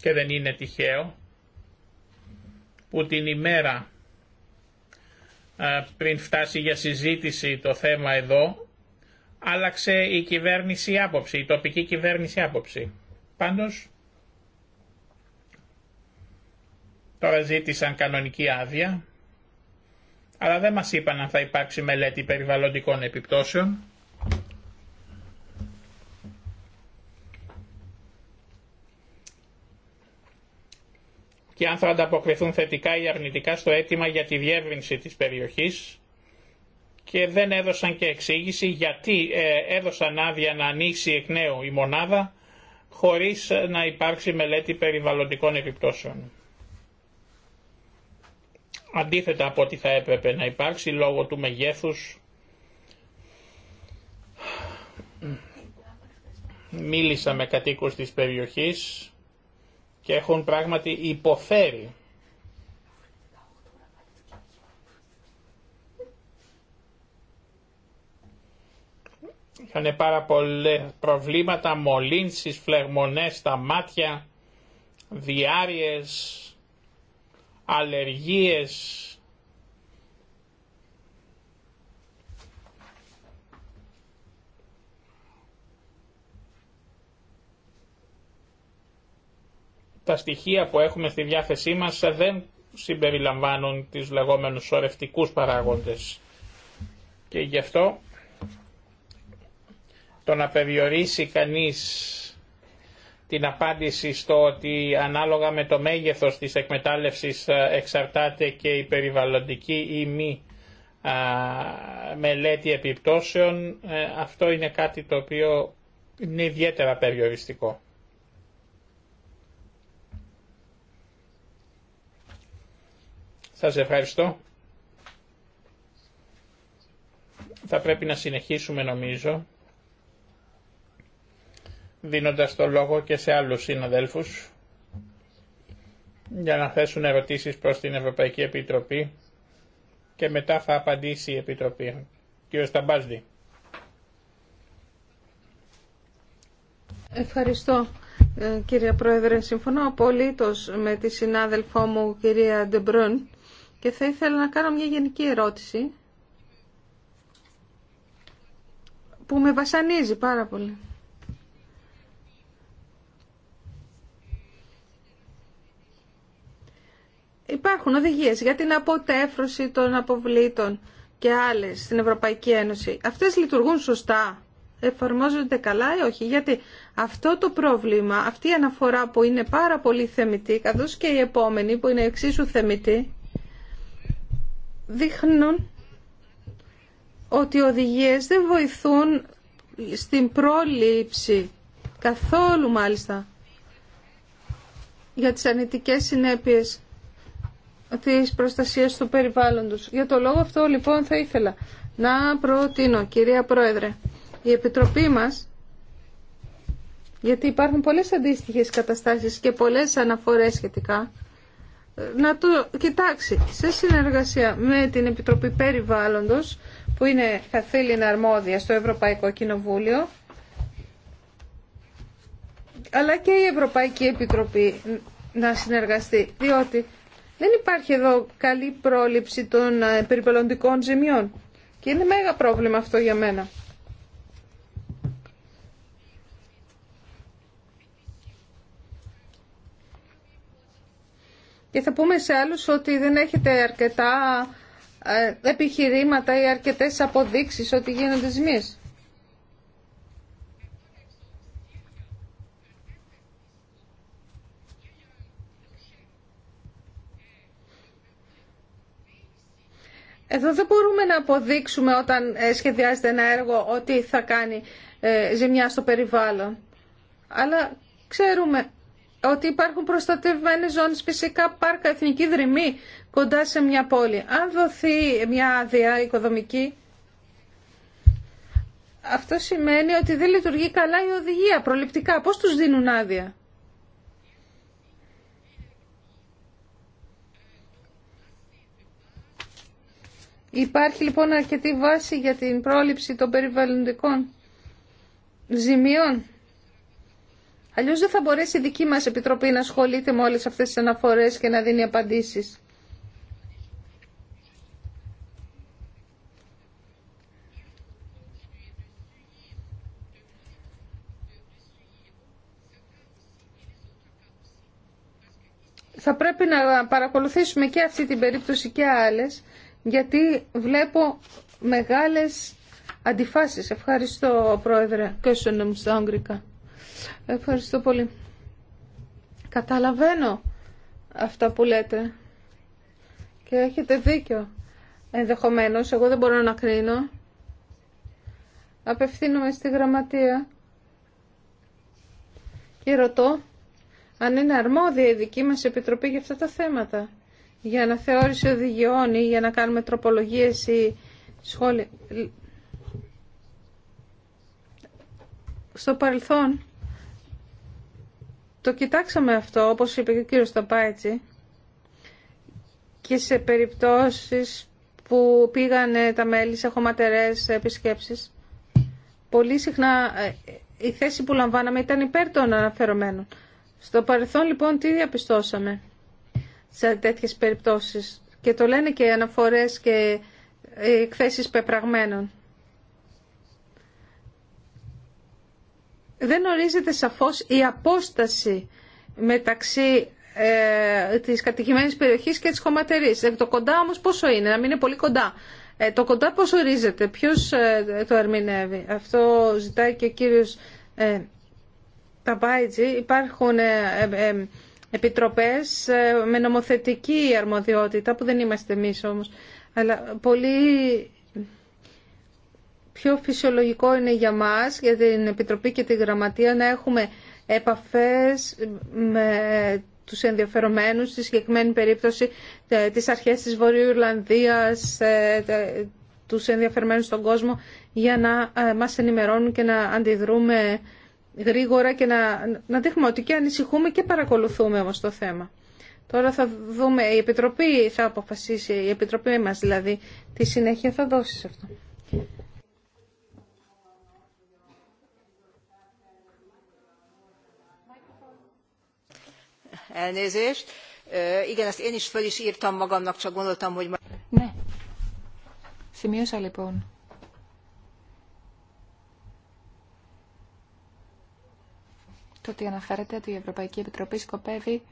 και δεν είναι τυχαίο που την ημέρα πριν φτάσει για συζήτηση το θέμα εδώ άλλαξε η κυβέρνηση άποψη, η τοπική κυβέρνηση άποψη. Πάντως τώρα ζήτησαν κανονική άδεια αλλά δεν μας είπαν αν θα υπάρξει μελέτη περιβαλλοντικών επιπτώσεων και αν θα ανταποκριθούν θετικά ή αρνητικά στο αίτημα για τη διεύρυνση της περιοχής και δεν έδωσαν και εξήγηση γιατί ε, έδωσαν άδεια να ανοίξει εκ νέου η μονάδα χωρίς να υπάρξει μελέτη περιβαλλοντικών επιπτώσεων. Αντίθετα από ό,τι θα έπρεπε να υπάρξει λόγω του μεγέθους μίλησα με κατοίκους της περιοχής και έχουν πράγματι υποφέρει. Είχαν πάρα πολλά προβλήματα, μολύνσεις, φλεγμονές στα μάτια, διάρειες, αλλεργίες, τα στοιχεία που έχουμε στη διάθεσή μας δεν συμπεριλαμβάνουν τις λεγόμενους σωρευτικού παράγοντες. Και γι' αυτό το να περιορίσει κανείς την απάντηση στο ότι ανάλογα με το μέγεθος της εκμετάλλευσης ε, εξαρτάται και η περιβαλλοντική ή μη μελέτη επιπτώσεων, ε, αυτό είναι κάτι το οποίο είναι ιδιαίτερα περιοριστικό. Σας ευχαριστώ. Θα πρέπει να συνεχίσουμε νομίζω, δίνοντας το λόγο και σε άλλους συναδέλφους, για να θέσουν ερωτήσεις προς την Ευρωπαϊκή Επιτροπή και μετά θα απαντήσει η Επιτροπή. Κύριο Σταμπάζδη. Ευχαριστώ ε, κύριε Πρόεδρε. Συμφωνώ απολύτως με τη συνάδελφό μου κυρία Ντεμπρούν και θα ήθελα να κάνω μια γενική ερώτηση που με βασανίζει πάρα πολύ. Υπάρχουν οδηγίες για την αποτέφρωση των αποβλήτων και άλλες στην Ευρωπαϊκή Ένωση. Αυτές λειτουργούν σωστά, εφαρμόζονται καλά ή όχι. Γιατί αυτό το πρόβλημα, αυτή η αναφορά που είναι πάρα πολύ θεμητή, καθώς και η επόμενη που είναι εξίσου θεμητή, δείχνουν ότι οι οδηγίες δεν βοηθούν στην πρόληψη καθόλου μάλιστα για τις ανητικές συνέπειες της προστασίας του περιβάλλοντος. Για το λόγο αυτό λοιπόν θα ήθελα να προτείνω, κυρία Πρόεδρε, η Επιτροπή μας, γιατί υπάρχουν πολλές αντίστοιχες καταστάσεις και πολλές αναφορές σχετικά, να το κοιτάξει σε συνεργασία με την Επιτροπή Περιβάλλοντος που είναι καθήλυνα αρμόδια στο Ευρωπαϊκό Κοινοβούλιο αλλά και η Ευρωπαϊκή Επιτροπή να συνεργαστεί διότι δεν υπάρχει εδώ καλή πρόληψη των ε, περιβαλλοντικών ζημιών και είναι μέγα πρόβλημα αυτό για μένα. και θα πούμε σε άλλους ότι δεν έχετε αρκετά ε, επιχειρήματα ή αρκετές αποδείξεις ότι γίνονται ζημίες. Εδώ δεν μπορούμε να αποδείξουμε όταν ε, σχεδιάζεται ένα έργο ότι θα κάνει ε, ζημιά στο περιβάλλον. Αλλά ξέρουμε ότι υπάρχουν προστατευμένες ζώνες φυσικά πάρκα, εθνική δρυμή κοντά σε μια πόλη. Αν δοθεί μια άδεια οικοδομική, αυτό σημαίνει ότι δεν λειτουργεί καλά η οδηγία προληπτικά. Πώς τους δίνουν άδεια. Υπάρχει λοιπόν αρκετή βάση για την πρόληψη των περιβαλλοντικών ζημιών. Αλλιώ δεν θα μπορέσει η δική μα Επιτροπή να ασχολείται με όλε αυτέ τι αναφορέ και να δίνει απαντήσει. θα πρέπει να παρακολουθήσουμε και αυτή την περίπτωση και άλλες, γιατί βλέπω μεγάλες αντιφάσεις. Ευχαριστώ, Πρόεδρε, και στα Ευχαριστώ πολύ. Καταλαβαίνω αυτά που λέτε και έχετε δίκιο. Ενδεχομένως, εγώ δεν μπορώ να κρίνω. Απευθύνομαι στη γραμματεία και ρωτώ αν είναι αρμόδια η δική μας επιτροπή για αυτά τα θέματα. Για να θεώρησε οδηγιών ή για να κάνουμε τροπολογίες ή σχόλια. Στο παρελθόν το κοιτάξαμε αυτό, όπως είπε και ο κύριος Σταπάιτσι, και σε περιπτώσεις που πήγαν τα μέλη σε χωματερές επισκέψεις. Πολύ συχνά ε, η θέση που λαμβάναμε ήταν υπέρ των αναφερομένων. Στο παρελθόν λοιπόν τι διαπιστώσαμε σε τέτοιες περιπτώσεις και το λένε και αναφορές και εκθέσεις πεπραγμένων. δεν ορίζεται σαφώς η απόσταση μεταξύ ε, της κατοικημένης περιοχής και της χωματερής. Ε, το κοντά όμως πόσο είναι, να μην είναι πολύ κοντά. Ε, το κοντά πώς ορίζεται, ποιος ε, το ερμηνεύει. Αυτό ζητάει και ο κύριος Ταμπάιτζη. Υπάρχουν επιτροπές με νομοθετική αρμοδιότητα, που δεν είμαστε εμείς όμως, αλλά πολύ πιο φυσιολογικό είναι για μας, για την Επιτροπή και τη Γραμματεία, να έχουμε επαφές με τους ενδιαφερομένους, στη συγκεκριμένη περίπτωση τις αρχές της Βορείου Ιρλανδίας, τους ενδιαφερμένους στον κόσμο, για να ε, μας ενημερώνουν και να αντιδρούμε γρήγορα και να, να δείχνουμε ότι και ανησυχούμε και παρακολουθούμε όμως το θέμα. Τώρα θα δούμε, η Επιτροπή θα αποφασίσει, η Επιτροπή μας δηλαδή, τι συνέχεια θα δώσει σε αυτό. Ναι. Σημείωσα λοιπόν. Το ότι αναφέρεται ότι η Ευρωπαϊκή Επιτροπή σκοπεύει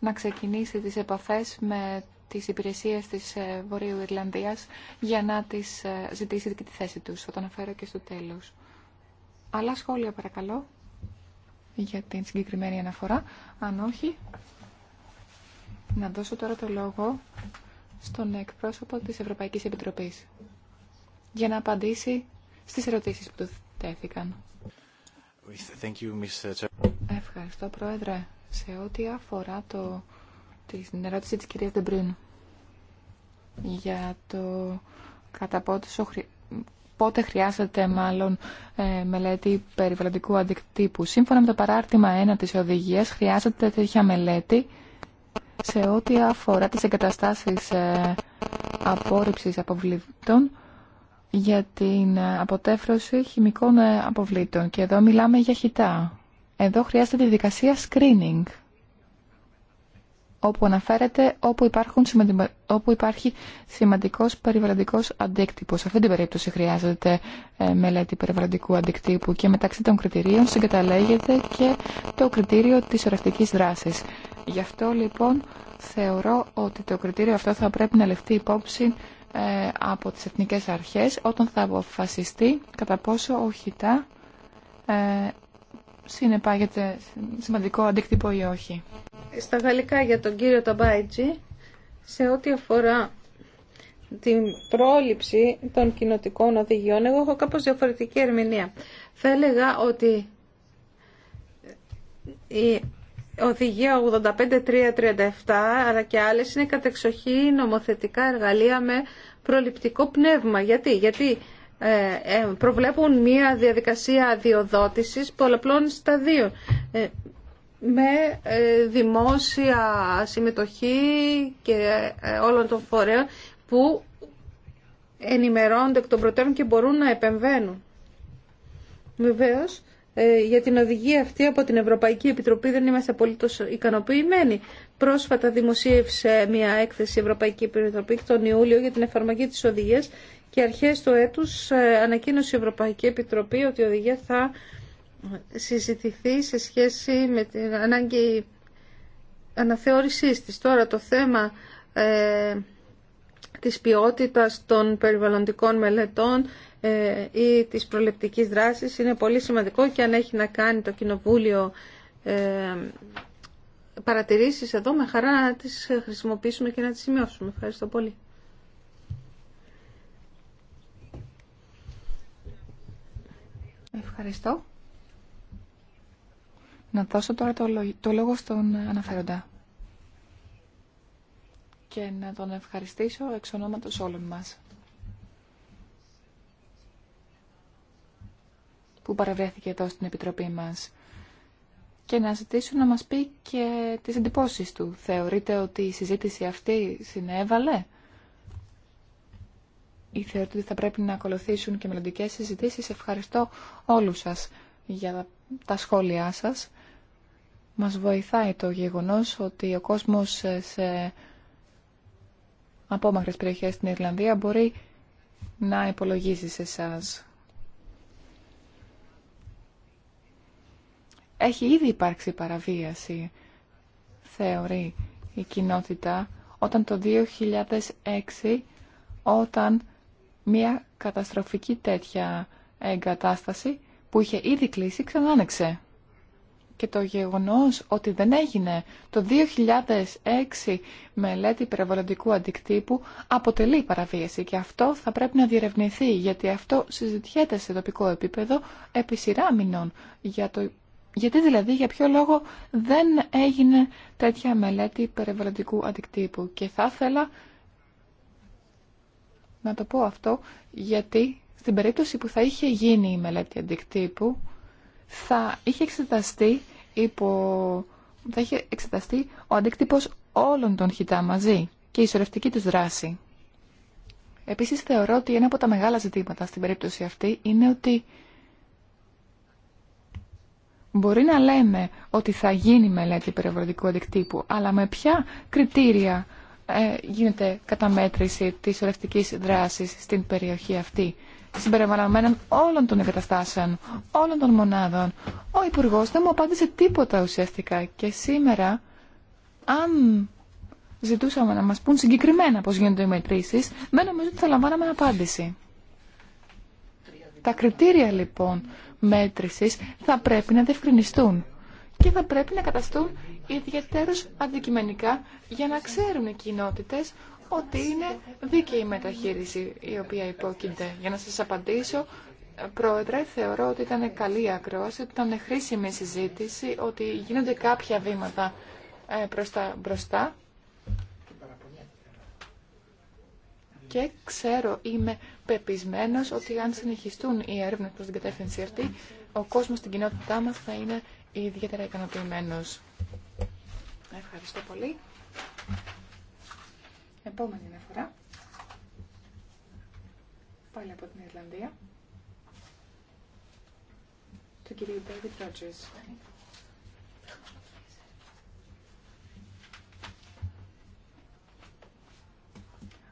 να ξεκινήσει τις επαφές με τις υπηρεσίες της ε, Βορείου Ιρλανδίας για να τις ε, ζητήσει και τη θέση τους. Θα το αναφέρω και στο τέλος. Άλλα σχόλια παρακαλώ για την συγκεκριμένη αναφορά. Αν όχι, να δώσω τώρα το λόγο στον εκπρόσωπο της Ευρωπαϊκής Επιτροπής για να απαντήσει στις ερωτήσεις που του τέθηκαν. Ευχαριστώ, Πρόεδρε. Σε ό,τι αφορά το, την ερώτηση της κυρίας Δεμπρίν για το κατά πόσο οπότε χρειάζεται μάλλον ε, μελέτη περιβαλλοντικού αντικτύπου. Σύμφωνα με το παράρτημα 1 της οδηγίας χρειάζεται τέτοια μελέτη σε ό,τι αφορά τις εγκαταστάσεις ε, απόρριψης αποβλήτων για την ε, αποτέφρωση χημικών αποβλήτων. Και εδώ μιλάμε για χιτά. Εδώ χρειάζεται τη δικασία screening όπου αναφέρεται όπου, υπάρχουν, όπου υπάρχει σημαντικός περιβαλλοντικός αντίκτυπος. Σε αυτή την περίπτωση χρειάζεται ε, μελέτη περιβαλλοντικού αντικτύπου και μεταξύ των κριτηρίων συγκαταλέγεται και το κριτήριο της ορευτικής δράσης. Γι' αυτό λοιπόν θεωρώ ότι το κριτήριο αυτό θα πρέπει να λεφτεί υπόψη ε, από τις εθνικές αρχές όταν θα αποφασιστεί κατά πόσο οχητά συνεπάγεται σημαντικό αντίκτυπο ή όχι. Στα γαλλικά για τον κύριο Ταμπάιτζη, σε ό,τι αφορά την πρόληψη των κοινοτικών οδηγιών, εγώ έχω κάπως διαφορετική ερμηνεία. Θα έλεγα ότι η οδηγία 85337 αλλά και άλλες είναι κατεξοχή νομοθετικά εργαλεία με προληπτικό πνεύμα. Γιατί, Γιατί ε, ε, προβλέπουν μία διαδικασία αδειοδότησης πολλαπλών σταδίων ε, με δημόσια συμμετοχή και όλων των φορέων που ενημερώνονται εκ των προτέρων και μπορούν να επεμβαίνουν. Βεβαίω, για την οδηγία αυτή από την Ευρωπαϊκή Επιτροπή δεν είμαστε απολύτω ικανοποιημένοι. Πρόσφατα δημοσίευσε μια έκθεση Ευρωπαϊκή Επιτροπή τον Ιούλιο για την εφαρμογή της οδηγίας και αρχές του έτους ε, ανακοίνωσε η Ευρωπαϊκή Επιτροπή ότι η οδηγία θα συζητηθεί σε σχέση με την ανάγκη αναθεώρησής της. Τώρα το θέμα ε, της ποιότητας των περιβαλλοντικών μελετών ε, ή της προληπτικής δράσης είναι πολύ σημαντικό και αν έχει να κάνει το Κοινοβούλιο ε, παρατηρήσεις εδώ με χαρά να τις χρησιμοποιήσουμε και να τις σημειώσουμε. Ευχαριστώ πολύ. Ευχαριστώ. Να δώσω τώρα το λόγο στον αναφέροντα και να τον ευχαριστήσω εξ ονόματος όλων μας που παρευρέθηκε εδώ στην Επιτροπή μας και να ζητήσω να μας πει και τις εντυπώσεις του. Θεωρείτε ότι η συζήτηση αυτή συνέβαλε ή ότι θα πρέπει να ακολουθήσουν και μελλοντικέ συζητήσει. Ευχαριστώ όλου σας για τα σχόλιά σας. Μας βοηθάει το γεγονός ότι ο κόσμος σε απόμαχρε περιοχέ στην Ιρλανδία μπορεί να υπολογίζει σε εσά. Έχει ήδη υπάρξει παραβίαση, θεωρεί η κοινότητα, όταν το 2006, όταν μια καταστροφική τέτοια εγκατάσταση που είχε ήδη κλείσει ξανά Και το γεγονός ότι δεν έγινε το 2006 μελέτη περιβαλλοντικού αντικτύπου αποτελεί παραβίαση και αυτό θα πρέπει να διερευνηθεί γιατί αυτό συζητιέται σε τοπικό επίπεδο επί σειρά μηνών γιατί δηλαδή, για ποιο λόγο δεν έγινε τέτοια μελέτη περιβαλλοντικού αντικτύπου. Και θα ήθελα να το πω αυτό γιατί στην περίπτωση που θα είχε γίνει η μελέτη αντικτύπου θα είχε εξεταστεί, υπό... θα είχε εξεταστεί ο αντικτύπος όλων των χιτά μαζί και η ισορρευτική τους δράση. Επίσης θεωρώ ότι ένα από τα μεγάλα ζητήματα στην περίπτωση αυτή είναι ότι Μπορεί να λέμε ότι θα γίνει μελέτη περιβαλλοντικού αντικτύπου, αλλά με ποια κριτήρια ε, γίνεται καταμέτρηση της ορευτικής δράσης στην περιοχή αυτή συμπεριλαμβανομένων όλων των εγκαταστάσεων, όλων των μονάδων. Ο Υπουργό δεν μου απάντησε τίποτα ουσιαστικά και σήμερα, αν ζητούσαμε να μας πούν συγκεκριμένα πώς γίνονται οι μετρήσεις, δεν νομίζω ότι θα λαμβάναμε απάντηση. Τα κριτήρια λοιπόν μέτρησης θα πρέπει να διευκρινιστούν και θα πρέπει να καταστούν ιδιαίτερως αντικειμενικά για να ξέρουν οι κοινότητες ότι είναι δίκαιη η μεταχείριση η οποία υπόκειται. Για να σας απαντήσω, Πρόεδρε, θεωρώ ότι ήταν καλή ακρόαση, ότι ήταν χρήσιμη συζήτηση, ότι γίνονται κάποια βήματα ε, προς μπροστά. Και ξέρω, είμαι πεπισμένος ότι αν συνεχιστούν οι έρευνε προς την κατεύθυνση αυτή, ο κόσμος στην κοινότητά μας θα είναι ιδιαίτερα ικανοποιημένος. Ευχαριστώ πολύ. Επόμενη φορά, Πάλι από την Ιρλανδία. Του κυρίου David Rogers.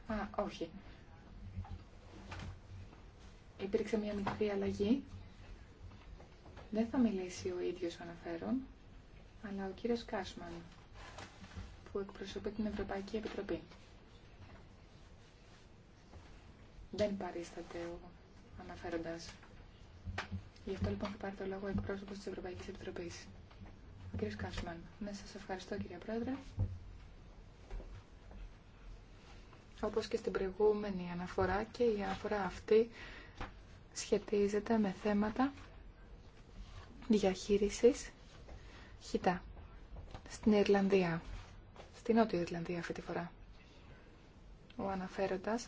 Α, όχι. Υπήρξε μια μικρή αλλαγή. Δεν θα μιλήσει ο ίδιος ο αναφέρον, αλλά ο κύριος Κάσμαν που εκπροσωπεί την Ευρωπαϊκή Επιτροπή. Δεν παρίσταται ο αναφέροντας. Γι' αυτό λοιπόν θα πάρει το λόγο εκπρόσωπος της Ευρωπαϊκής Επιτροπής. Ο κ. Κάσμαν. Ναι, σας ευχαριστώ κύριε Πρόεδρε. Όπως και στην προηγούμενη αναφορά και η αναφορά αυτή σχετίζεται με θέματα διαχείρισης χιτά στην Ιρλανδία στη Νότια Ιρλανδία αυτή τη φορά. Ο αναφέροντας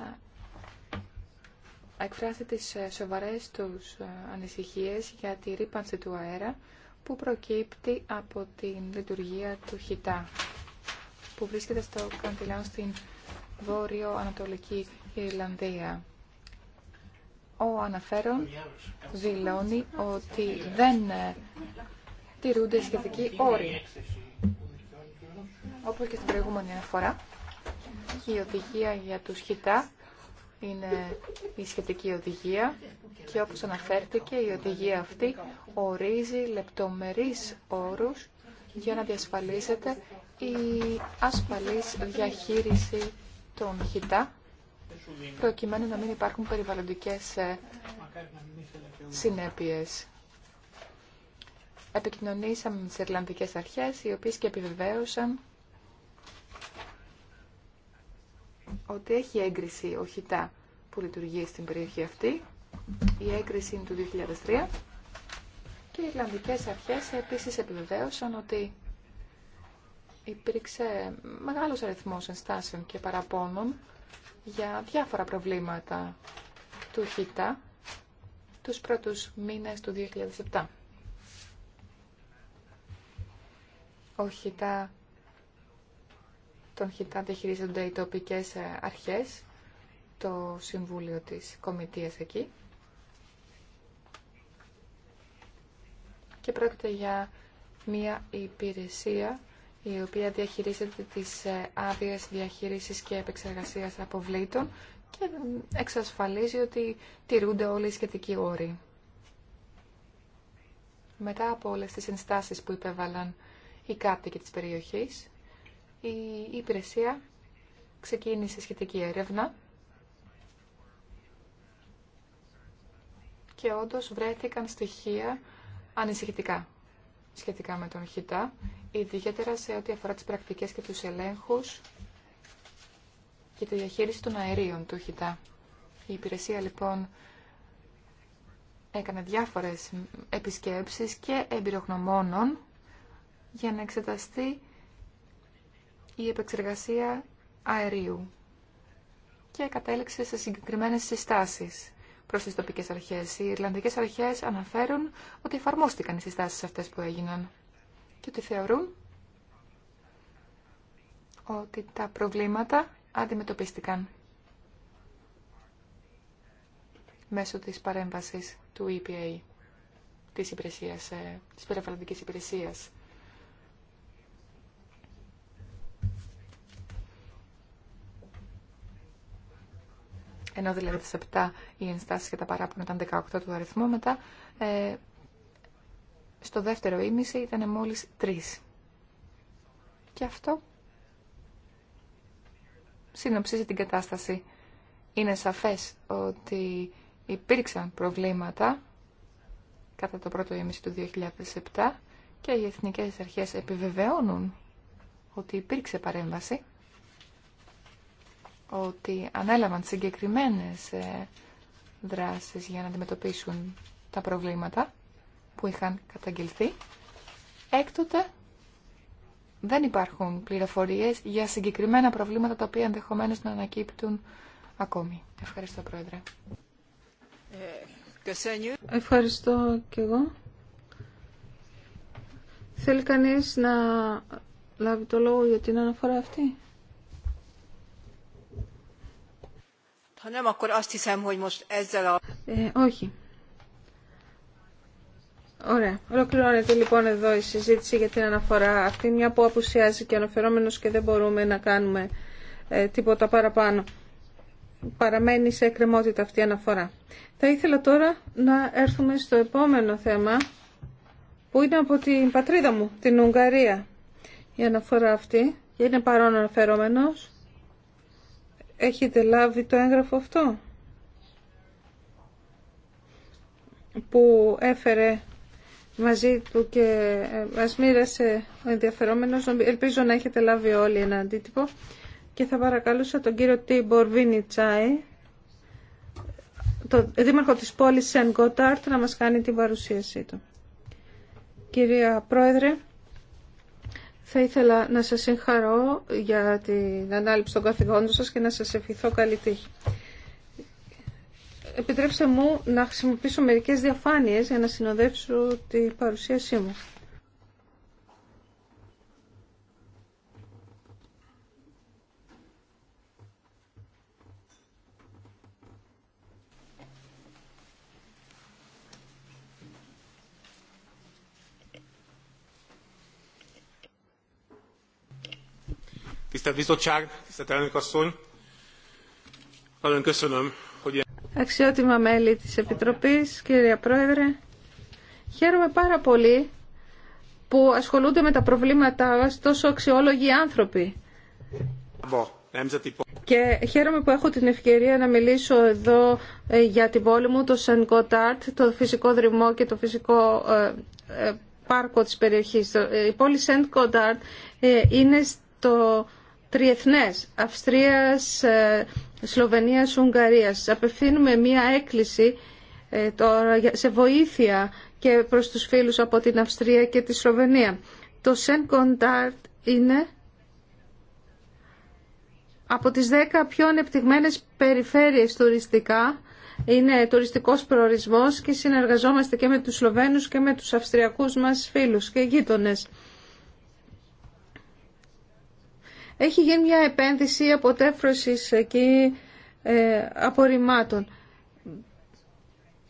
εκφράζει τι ε, σοβαρές τους ε, ανησυχίες για τη ρήπανση του αέρα που προκύπτει από την λειτουργία του χιτά που βρίσκεται στο Καντιλάν στην βόρειο-ανατολική Ιρλανδία. Ο αναφέρον δηλώνει ότι δεν ε, τηρούνται σχετικοί όροι όπως και στην προηγούμενη φορά, η οδηγία για τους χιτά είναι η σχετική οδηγία και όπως αναφέρθηκε η οδηγία αυτή ορίζει λεπτομερείς όρους για να διασφαλίσετε η ασφαλής διαχείριση των χιτά προκειμένου να μην υπάρχουν περιβαλλοντικές ε, συνέπειες. Επικοινωνήσαμε με τις Ιρλανδικές Αρχές, οι οποίες και επιβεβαίωσαν ότι έχει έγκριση ο ΧΙΤΑ που λειτουργεί στην περιοχή αυτή. Η έγκριση είναι του 2003 και οι Ιρλανδικές αρχές επίσης επιβεβαίωσαν ότι υπήρξε μεγάλος αριθμός ενστάσεων και παραπώνων για διάφορα προβλήματα του ΧΙΤΑ τους πρώτους μήνες του 2007. Ο ΧΙΤΑ τον χιτάτε χειρίζονται οι τοπικές ε, αρχές, το Συμβούλιο της Κομιτείας εκεί. Και πρόκειται για μία υπηρεσία η οποία διαχειρίζεται τις ε, άδειες διαχείρισης και επεξεργασίας αποβλήτων και ε, εξασφαλίζει ότι τηρούνται όλοι οι σχετικοί όροι. Μετά από όλες τις ενστάσεις που υπέβαλαν οι κάτοικοι της περιοχής, η υπηρεσία ξεκίνησε σχετική έρευνα και όντως βρέθηκαν στοιχεία ανησυχητικά σχετικά με τον ΧΙΤΑ, ιδιαίτερα σε ό,τι αφορά τις πρακτικές και τους ελέγχους και τη διαχείριση των αερίων του ΧΙΤΑ. Η υπηρεσία λοιπόν έκανε διάφορες επισκέψεις και εμπειρογνωμόνων για να εξεταστεί η επεξεργασία αερίου και κατέληξε σε συγκεκριμένες συστάσεις προς τις τοπικές αρχές. Οι Ιρλανδικές αρχές αναφέρουν ότι εφαρμόστηκαν οι συστάσεις αυτές που έγιναν και ότι θεωρούν ότι τα προβλήματα αντιμετωπίστηκαν μέσω της παρέμβασης του EPA, της, υπηρεσίας, ε, της περιβαλλοντικής υπηρεσίας. ενώ δηλαδή τις 7 οι ενστάσεις και τα παράπονα ήταν 18 του αριθμού, μετά ε, στο δεύτερο ήμιση ήταν μόλις 3. Και αυτό συνοψίζει την κατάσταση. Είναι σαφές ότι υπήρξαν προβλήματα κατά το πρώτο ήμιση του 2007 και οι εθνικές αρχές επιβεβαιώνουν ότι υπήρξε παρέμβαση ότι ανέλαβαν συγκεκριμένες ε, δράσεις για να αντιμετωπίσουν τα προβλήματα που είχαν καταγγελθεί. Έκτοτε δεν υπάρχουν πληροφορίες για συγκεκριμένα προβλήματα τα οποία ενδεχομένως να ανακύπτουν ακόμη. Ευχαριστώ, Πρόεδρε. Ευχαριστώ και εγώ. Θέλει κανείς να λάβει το λόγο για την αναφορά αυτή. όχι. Ωραία. Ολοκληρώνεται λοιπόν εδώ η συζήτηση για την αναφορά αυτή, μια που απουσιάζει και αναφερόμενος και δεν μπορούμε να κάνουμε ε, τίποτα παραπάνω. Παραμένει σε εκκρεμότητα αυτή η αναφορά. Θα ήθελα τώρα να έρθουμε στο επόμενο θέμα, που είναι από την πατρίδα μου, την Ουγγαρία. Η αναφορά αυτή, είναι παρόν αναφερόμενος. Έχετε λάβει το έγγραφο αυτό που έφερε μαζί του και μας ε, μοίρασε ο ενδιαφερόμενος. Ελπίζω να έχετε λάβει όλοι ένα αντίτυπο και θα παρακαλούσα τον κύριο Τίμπορ Τσάι, το δήμαρχο της πόλης Σεν Γκοτάρτ, να μας κάνει την παρουσίασή του. Κυρία Πρόεδρε, θα ήθελα να σας συγχαρώ για την ανάληψη των καθηγόντων σας και να σας ευχηθώ καλή τύχη. Επιτρέψτε μου να χρησιμοποιήσω μερικές διαφάνειες για να συνοδεύσω την παρουσίασή μου. Tisztelt Bizottság, tisztelt Elnök Nagyon köszönöm, hogy Αξιότιμα μέλη της Επιτροπής, κύριε Πρόεδρε, χαίρομαι πάρα πολύ που ασχολούνται με τα προβλήματα τόσο αξιόλογοι άνθρωποι. Και χαίρομαι που έχω την ευκαιρία να μιλήσω εδώ ε, για την πόλη μου, το Σεν Κοτάρτ, το φυσικό δρυμό και το φυσικό ε, ε, πάρκο της περιοχής. Η πόλη Σεν Κοτάρτ είναι στο τριεθνές Αυστρίας, ε, Σλοβενίας, Ουγγαρίας. Απευθύνουμε μία έκκληση ε, σε βοήθεια και προς τους φίλους από την Αυστρία και τη Σλοβενία. Το Σεν Κοντάρτ είναι από τις 10 πιο ανεπτυγμένες περιφέρειες τουριστικά είναι τουριστικός προορισμός και συνεργαζόμαστε και με τους Σλοβαίνους και με τους Αυστριακούς μας φίλους και γείτονες. Έχει γίνει μια επένδυση αποτέφρωσης εκεί ε, απορριμμάτων.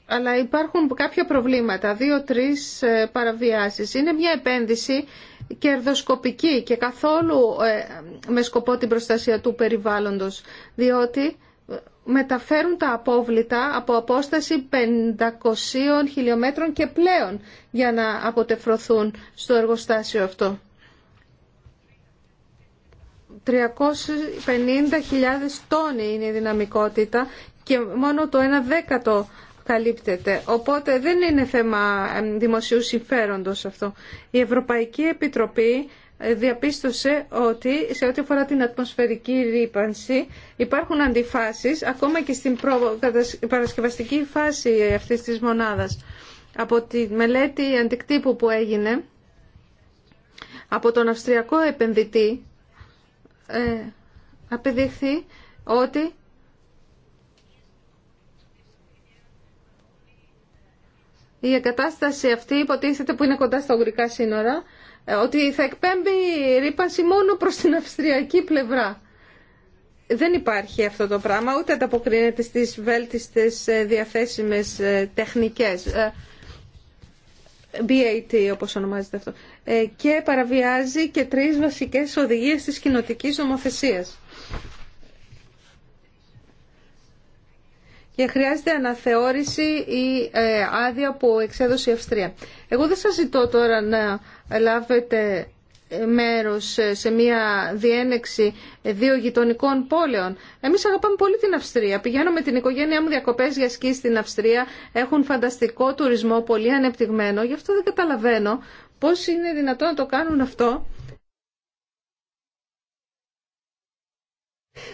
Αλλά υπάρχουν κάποια προβλήματα, δύο-τρεις ε, παραβιάσεις. Είναι μια επένδυση κερδοσκοπική και καθόλου ε, με σκοπό την προστασία του περιβάλλοντος, διότι μεταφέρουν τα απόβλητα από απόσταση 500 χιλιόμετρων και πλέον για να αποτεφρωθούν στο εργοστάσιο αυτό. 350.000 τόνοι είναι η δυναμικότητα και μόνο το 1 δέκατο καλύπτεται. Οπότε δεν είναι θέμα δημοσίου συμφέροντος αυτό. Η Ευρωπαϊκή Επιτροπή ε, διαπίστωσε ότι σε ό,τι αφορά την ατμοσφαιρική ρήπανση υπάρχουν αντιφάσεις ακόμα και στην παρασκευαστική φάση αυτής της μονάδας. Από τη μελέτη αντικτύπου που έγινε από τον Αυστριακό επενδυτή ε, ότι η εγκατάσταση αυτή υποτίθεται που είναι κοντά στα ουγγρικά σύνορα ε, ότι θα εκπέμπει ρήπαση μόνο προς την αυστριακή πλευρά. Δεν υπάρχει αυτό το πράγμα, ούτε ανταποκρίνεται στις βέλτιστες ε, διαθέσιμες ε, τεχνικές. BAT όπως ονομάζεται αυτό. Ε, και παραβιάζει και τρεις βασικές οδηγίες της κοινοτική νομοθεσίας. και χρειάζεται αναθεώρηση ή ε, άδεια που εξέδωσε η Αυστρία. Εγώ δεν σας ζητώ τώρα να λάβετε μέρος σε μια διένεξη δύο γειτονικών πόλεων. Εμείς αγαπάμε πολύ την Αυστρία. Πηγαίνω με την οικογένειά μου διακοπές για σκι στην Αυστρία. Έχουν φανταστικό τουρισμό, πολύ ανεπτυγμένο. Γι' αυτό δεν καταλαβαίνω Πώς είναι δυνατόν να το κάνουν αυτό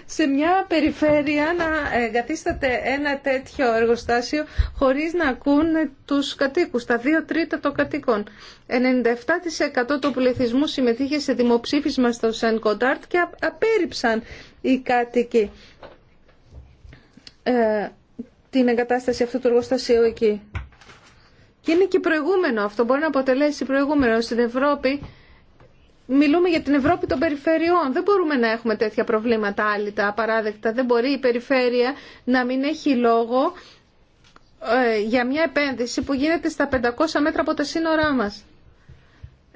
σε μια περιφέρεια να εγκαθίσταται ένα τέτοιο εργοστάσιο χωρίς να ακούνε τους κατοίκους, τα δύο τρίτα των κατοίκων. 97% του πληθυσμού συμμετείχε σε δημοψήφισμα στο Σεν Κοντάρτ και απέρριψαν οι κάτοικοι ε, την εγκατάσταση αυτού του εργοστασίου εκεί. Και είναι και προηγούμενο αυτό, μπορεί να αποτελέσει προηγούμενο στην Ευρώπη. Μιλούμε για την Ευρώπη των περιφερειών. Δεν μπορούμε να έχουμε τέτοια προβλήματα άλλη απαράδεκτα. Δεν μπορεί η περιφέρεια να μην έχει λόγο ε, για μια επένδυση που γίνεται στα 500 μέτρα από τα σύνορά μας.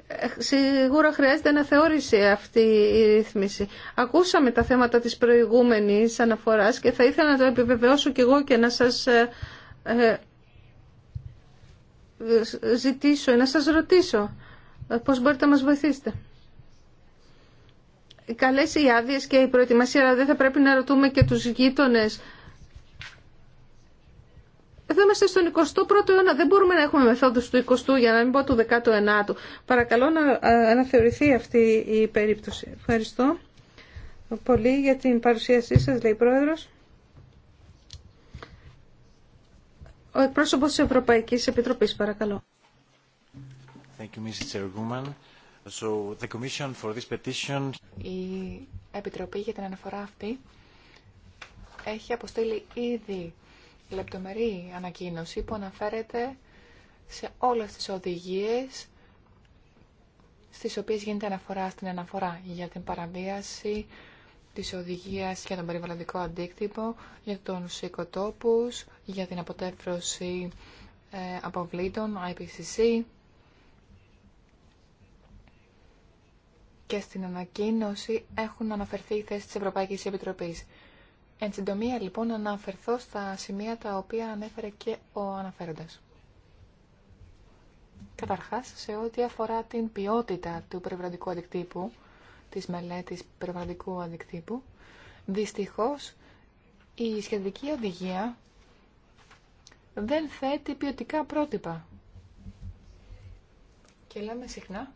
Ε, σίγουρα χρειάζεται να θεώρησε αυτή η ρύθμιση. Ακούσαμε τα θέματα της προηγούμενης αναφοράς και θα ήθελα να το επιβεβαιώσω κι εγώ και να σας ε, ζητήσω ή να σας ρωτήσω ε, πώς μπορείτε να μας βοηθήσετε. Καλές οι άδειε και η προετοιμασία, αλλά δεν θα πρέπει να ρωτούμε και τους γείτονε. Εδώ είμαστε στον 21ο αιώνα, δεν μπορούμε να έχουμε μεθόδους του 20ου για να μην πω του 19ου. Παρακαλώ να ε, αναθεωρηθεί αυτή η περίπτωση. Ευχαριστώ πολύ για την παρουσίασή σας, λέει η Πρόεδρος. Ο εκπρόσωπος της Ευρωπαϊκής Επιτροπής, παρακαλώ. Thank you, Mrs. So, the commission for this petition... Η Επιτροπή για την αναφορά αυτή έχει αποστείλει ήδη λεπτομερή ανακοίνωση που αναφέρεται σε όλες τις οδηγίες στις οποίες γίνεται αναφορά στην αναφορά για την παραβίαση της οδηγίας για τον περιβαλλοντικό αντίκτυπο, για τους οικοτόπους, για την αποτέφρωση ε, αποβλήτων, IPCC, και στην ανακοίνωση έχουν αναφερθεί οι θέσεις της Ευρωπαϊκής Επιτροπής. Εν συντομία, λοιπόν, αναφερθώ στα σημεία τα οποία ανέφερε και ο αναφέροντας. Καταρχάς, σε ό,τι αφορά την ποιότητα του περιβαλλοντικού αντικτύπου, της μελέτης περιβαλλοντικού αντικτύπου, δυστυχώς η σχετική οδηγία δεν θέτει ποιοτικά πρότυπα. Και λέμε συχνά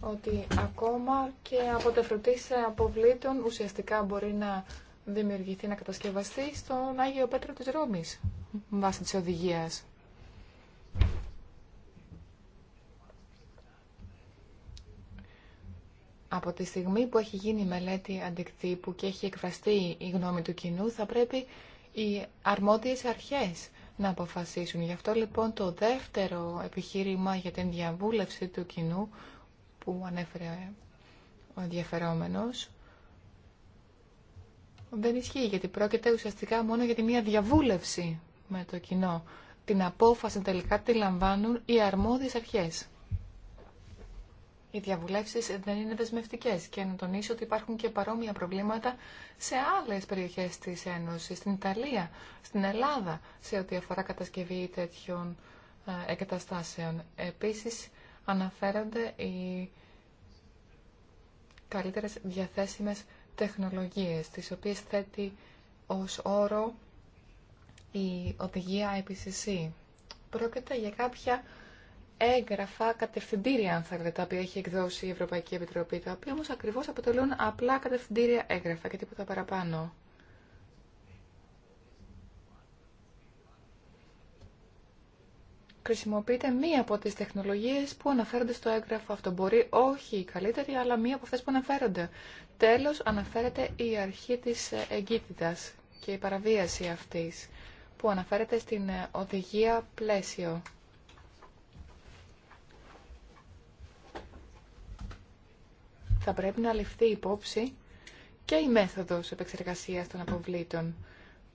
ότι ακόμα και από σε αποβλήτων ουσιαστικά μπορεί να δημιουργηθεί, να κατασκευαστεί στον Άγιο Πέτρο της Ρώμης βάσει της οδηγίας. Από τη στιγμή που έχει γίνει η μελέτη αντικτύπου και έχει εκφραστεί η γνώμη του κοινού, θα πρέπει οι αρμόδιες αρχές να αποφασίσουν. Γι' αυτό λοιπόν το δεύτερο επιχείρημα για την διαβούλευση του κοινού που ανέφερε ο ενδιαφερόμενος δεν ισχύει γιατί πρόκειται ουσιαστικά μόνο για τη μία διαβούλευση με το κοινό. Την απόφαση τελικά τη λαμβάνουν οι αρμόδιες αρχές οι διαβουλεύσει δεν είναι δεσμευτικέ και να τονίσω ότι υπάρχουν και παρόμοια προβλήματα σε άλλες περιοχέ της Ένωσης, στην Ιταλία, στην Ελλάδα, σε ό,τι αφορά κατασκευή τέτοιων ε, εγκαταστάσεων. Επίσης, αναφέρονται οι καλύτερε διαθέσιμες τεχνολογίες, τις οποίες θέτει ως όρο η οδηγία IPCC. Πρόκειται για κάποια έγγραφα κατευθυντήρια, αν θέλετε, τα οποία έχει εκδώσει η Ευρωπαϊκή Επιτροπή, τα οποία όμως ακριβώς αποτελούν απλά κατευθυντήρια έγγραφα και τίποτα παραπάνω. Χρησιμοποιείτε μία από τις τεχνολογίες που αναφέρονται στο έγγραφο αυτό. Μπορεί όχι η καλύτερη, αλλά μία από αυτές που αναφέρονται. Τέλο αναφέρεται η αρχή τη εγκύτητα και η παραβίαση αυτή που αναφέρεται στην οδηγία πλαίσιο. Θα πρέπει να ληφθεί υπόψη και η μέθοδος επεξεργασίας των αποβλήτων.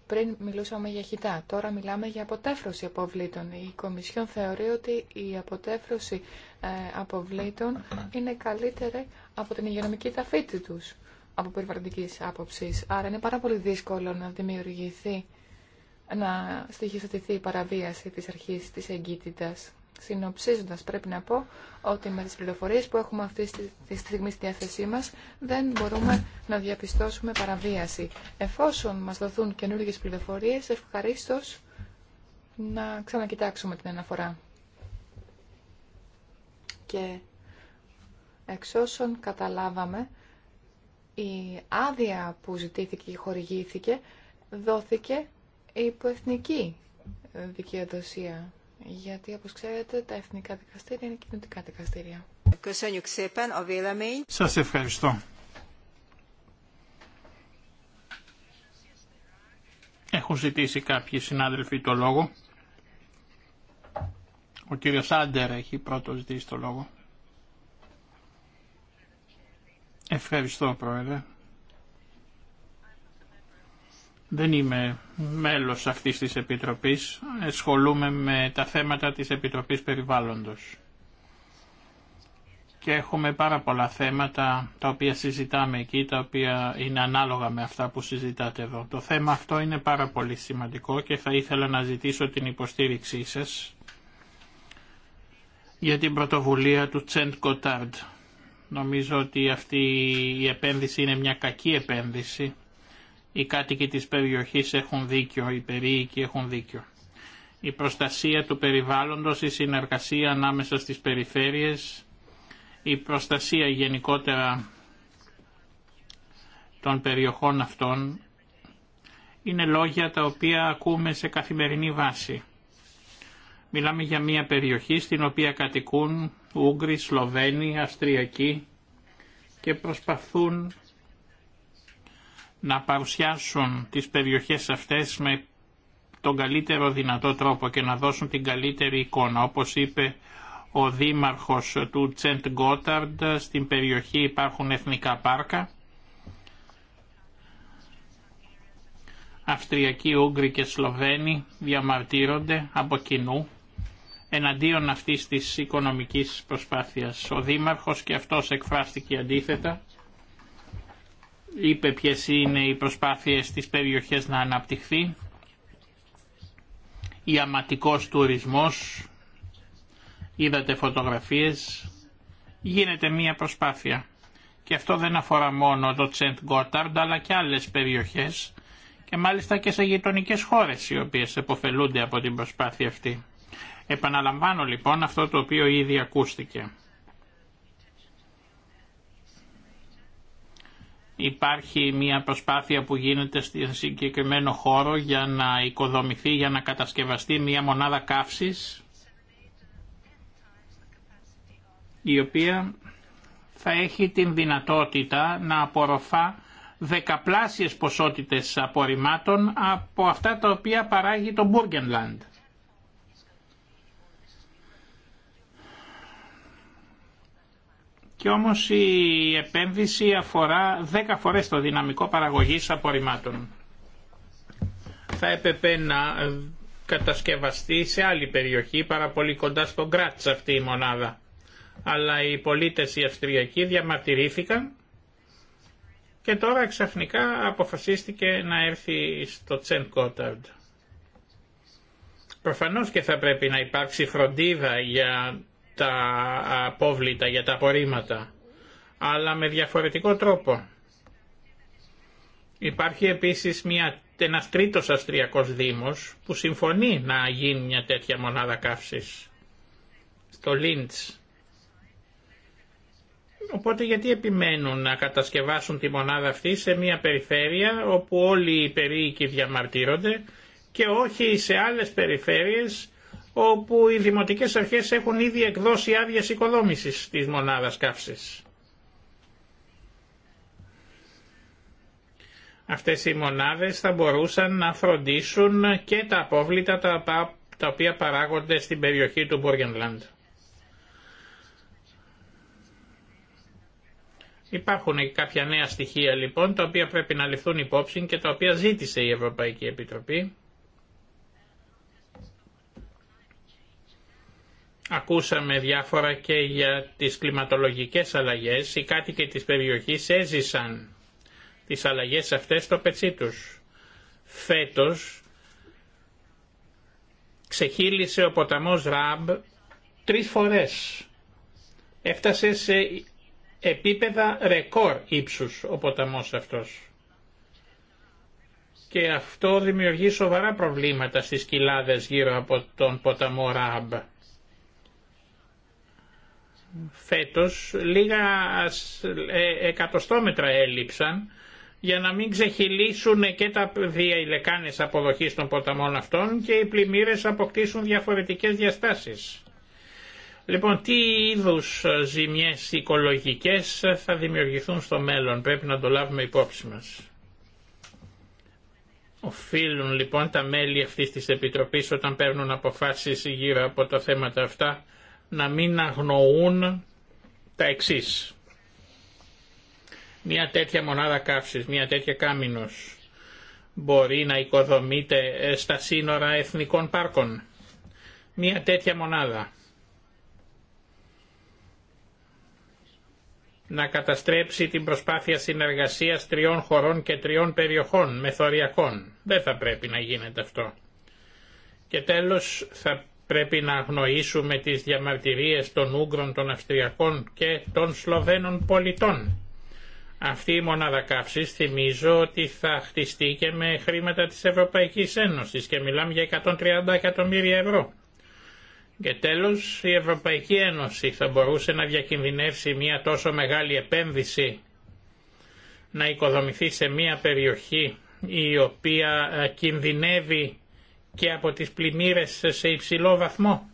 Πριν μιλούσαμε για χιτά, τώρα μιλάμε για αποτέφρωση αποβλήτων. Η Κομισιόν θεωρεί ότι η αποτέφρωση ε, αποβλήτων είναι καλύτερη από την υγειονομική ταφίτη τους από περιβαλλοντική άποψη. Άρα είναι πάρα πολύ δύσκολο να δημιουργηθεί, να στοιχειοθετηθεί η παραβίαση της αρχής της εγκύτητας. Συνοψίζοντας πρέπει να πω ότι με τις πληροφορίες που έχουμε αυτή τη στιγμή στη διάθεσή μας δεν μπορούμε να διαπιστώσουμε παραβίαση. Εφόσον μας δοθούν καινούργιε πληροφορίες, ευχαρίστω να ξανακοιτάξουμε την αναφορά. Και εξ όσων καταλάβαμε, η άδεια που ζητήθηκε και χορηγήθηκε δόθηκε υποεθνική δικαιοδοσία γιατί όπως ξέρετε τα εθνικά δικαστήρια είναι κοινωτικά δικαστήρια. Σας ευχαριστώ. Έχουν ζητήσει κάποιοι συνάδελφοι το λόγο. Ο κύριο Άντερ έχει πρώτο ζητήσει το λόγο. Ευχαριστώ πρόεδρε. Δεν είμαι μέλος αυτής της Επιτροπής, Εσχολούμαι με τα θέματα της Επιτροπής Περιβάλλοντος. Και έχουμε πάρα πολλά θέματα τα οποία συζητάμε εκεί, τα οποία είναι ανάλογα με αυτά που συζητάτε εδώ. Το θέμα αυτό είναι πάρα πολύ σημαντικό και θα ήθελα να ζητήσω την υποστήριξή σας για την πρωτοβουλία του Τσέντ Κοτάρντ. Νομίζω ότι αυτή η επένδυση είναι μια κακή επένδυση οι κάτοικοι της περιοχής έχουν δίκιο, οι περίοικοι έχουν δίκιο. Η προστασία του περιβάλλοντος, η συνεργασία ανάμεσα στις περιφέρειες, η προστασία γενικότερα των περιοχών αυτών είναι λόγια τα οποία ακούμε σε καθημερινή βάση. Μιλάμε για μια περιοχή στην οποία κατοικούν Ούγγροι, Σλοβαίνοι, Αυστριακοί και προσπαθούν να παρουσιάσουν τις περιοχές αυτές με τον καλύτερο δυνατό τρόπο και να δώσουν την καλύτερη εικόνα. Όπως είπε ο δήμαρχος του Τσεντ Γκόταρντ, στην περιοχή υπάρχουν εθνικά πάρκα. Αυστριακοί, Ούγγροι και Σλοβαίνοι διαμαρτύρονται από κοινού εναντίον αυτής της οικονομικής προσπάθειας. Ο Δήμαρχος και αυτός εκφράστηκε αντίθετα είπε ποιες είναι οι προσπάθειες της περιοχές να αναπτυχθεί, η αματικός τουρισμός, είδατε φωτογραφίες, γίνεται μία προσπάθεια. Και αυτό δεν αφορά μόνο το Τσεντ Γκόταρντ αλλά και άλλες περιοχές και μάλιστα και σε γειτονικές χώρες οι οποίες επωφελούνται από την προσπάθεια αυτή. Επαναλαμβάνω λοιπόν αυτό το οποίο ήδη ακούστηκε. Υπάρχει μια προσπάθεια που γίνεται στην συγκεκριμένο χώρο για να οικοδομηθεί, για να κατασκευαστεί μια μονάδα καύσης η οποία θα έχει την δυνατότητα να απορροφά δεκαπλάσιες ποσότητες απορριμμάτων από αυτά τα οποία παράγει το Burgenland. και όμως η επένδυση αφορά 10 φορές το δυναμικό παραγωγής απορριμμάτων. Θα έπρεπε να ε, κατασκευαστεί σε άλλη περιοχή πάρα πολύ κοντά στο Γκράτς αυτή η μονάδα. Αλλά οι πολίτες οι Αυστριακοί διαμαρτυρήθηκαν και τώρα ξαφνικά αποφασίστηκε να έρθει στο Τσεν Κόταρντ. Προφανώς και θα πρέπει να υπάρξει φροντίδα για τα απόβλητα, για τα απορρίμματα, αλλά με διαφορετικό τρόπο. Υπάρχει επίσης μια, ένας τρίτος αστριακός δήμος που συμφωνεί να γίνει μια τέτοια μονάδα καύσης στο Λίντς. Οπότε γιατί επιμένουν να κατασκευάσουν τη μονάδα αυτή σε μια περιφέρεια όπου όλοι οι περίοικοι διαμαρτύρονται και όχι σε άλλες περιφέρειες όπου οι δημοτικές αρχές έχουν ήδη εκδώσει άδειε οικοδόμησης της μονάδας καύσης. Αυτές οι μονάδες θα μπορούσαν να φροντίσουν και τα απόβλητα τα οποία παράγονται στην περιοχή του Μποργενλάντ. Υπάρχουν και κάποια νέα στοιχεία λοιπόν τα οποία πρέπει να ληφθούν υπόψη και τα οποία ζήτησε η Ευρωπαϊκή Επιτροπή. Ακούσαμε διάφορα και για τις κλιματολογικές αλλαγές. Οι κάτοικοι της περιοχής έζησαν τις αλλαγές αυτές στο πετσί τους. Φέτος ξεχύλισε ο ποταμός Ραμπ τρεις φορές. Έφτασε σε επίπεδα ρεκόρ ύψους ο ποταμός αυτός. Και αυτό δημιουργεί σοβαρά προβλήματα στις κοιλάδες γύρω από τον ποταμό Ραμπ φέτος λίγα ε, εκατοστόμετρα έλειψαν για να μην ξεχυλήσουν και τα δύο αποδοχής των ποταμών αυτών και οι πλημμύρες αποκτήσουν διαφορετικές διαστάσεις. Λοιπόν, τι είδους ζημιές οικολογικές θα δημιουργηθούν στο μέλλον, πρέπει να το λάβουμε υπόψη μας. Οφείλουν λοιπόν τα μέλη αυτής της Επιτροπής όταν παίρνουν αποφάσεις γύρω από τα θέματα αυτά να μην αγνοούν τα εξή. Μια τέτοια μονάδα καύσης, μια τέτοια κάμινος μπορεί να οικοδομείται ε, στα σύνορα εθνικών πάρκων. Μια τέτοια μονάδα. να καταστρέψει την προσπάθεια συνεργασίας τριών χωρών και τριών περιοχών μεθοριακών. Δεν θα πρέπει να γίνεται αυτό. Και τέλος θα πρέπει να αγνοήσουμε τις διαμαρτυρίες των Ούγγρων, των Αυστριακών και των Σλοβαίνων πολιτών. Αυτή η μονάδα καύσης θυμίζω ότι θα χτιστεί και με χρήματα της Ευρωπαϊκής Ένωσης και μιλάμε για 130 εκατομμύρια ευρώ. Και τέλος η Ευρωπαϊκή Ένωση θα μπορούσε να διακινδυνεύσει μια τόσο μεγάλη επένδυση να οικοδομηθεί σε μια περιοχή η οποία ε, κινδυνεύει και από τις πλημμύρες σε υψηλό βαθμό.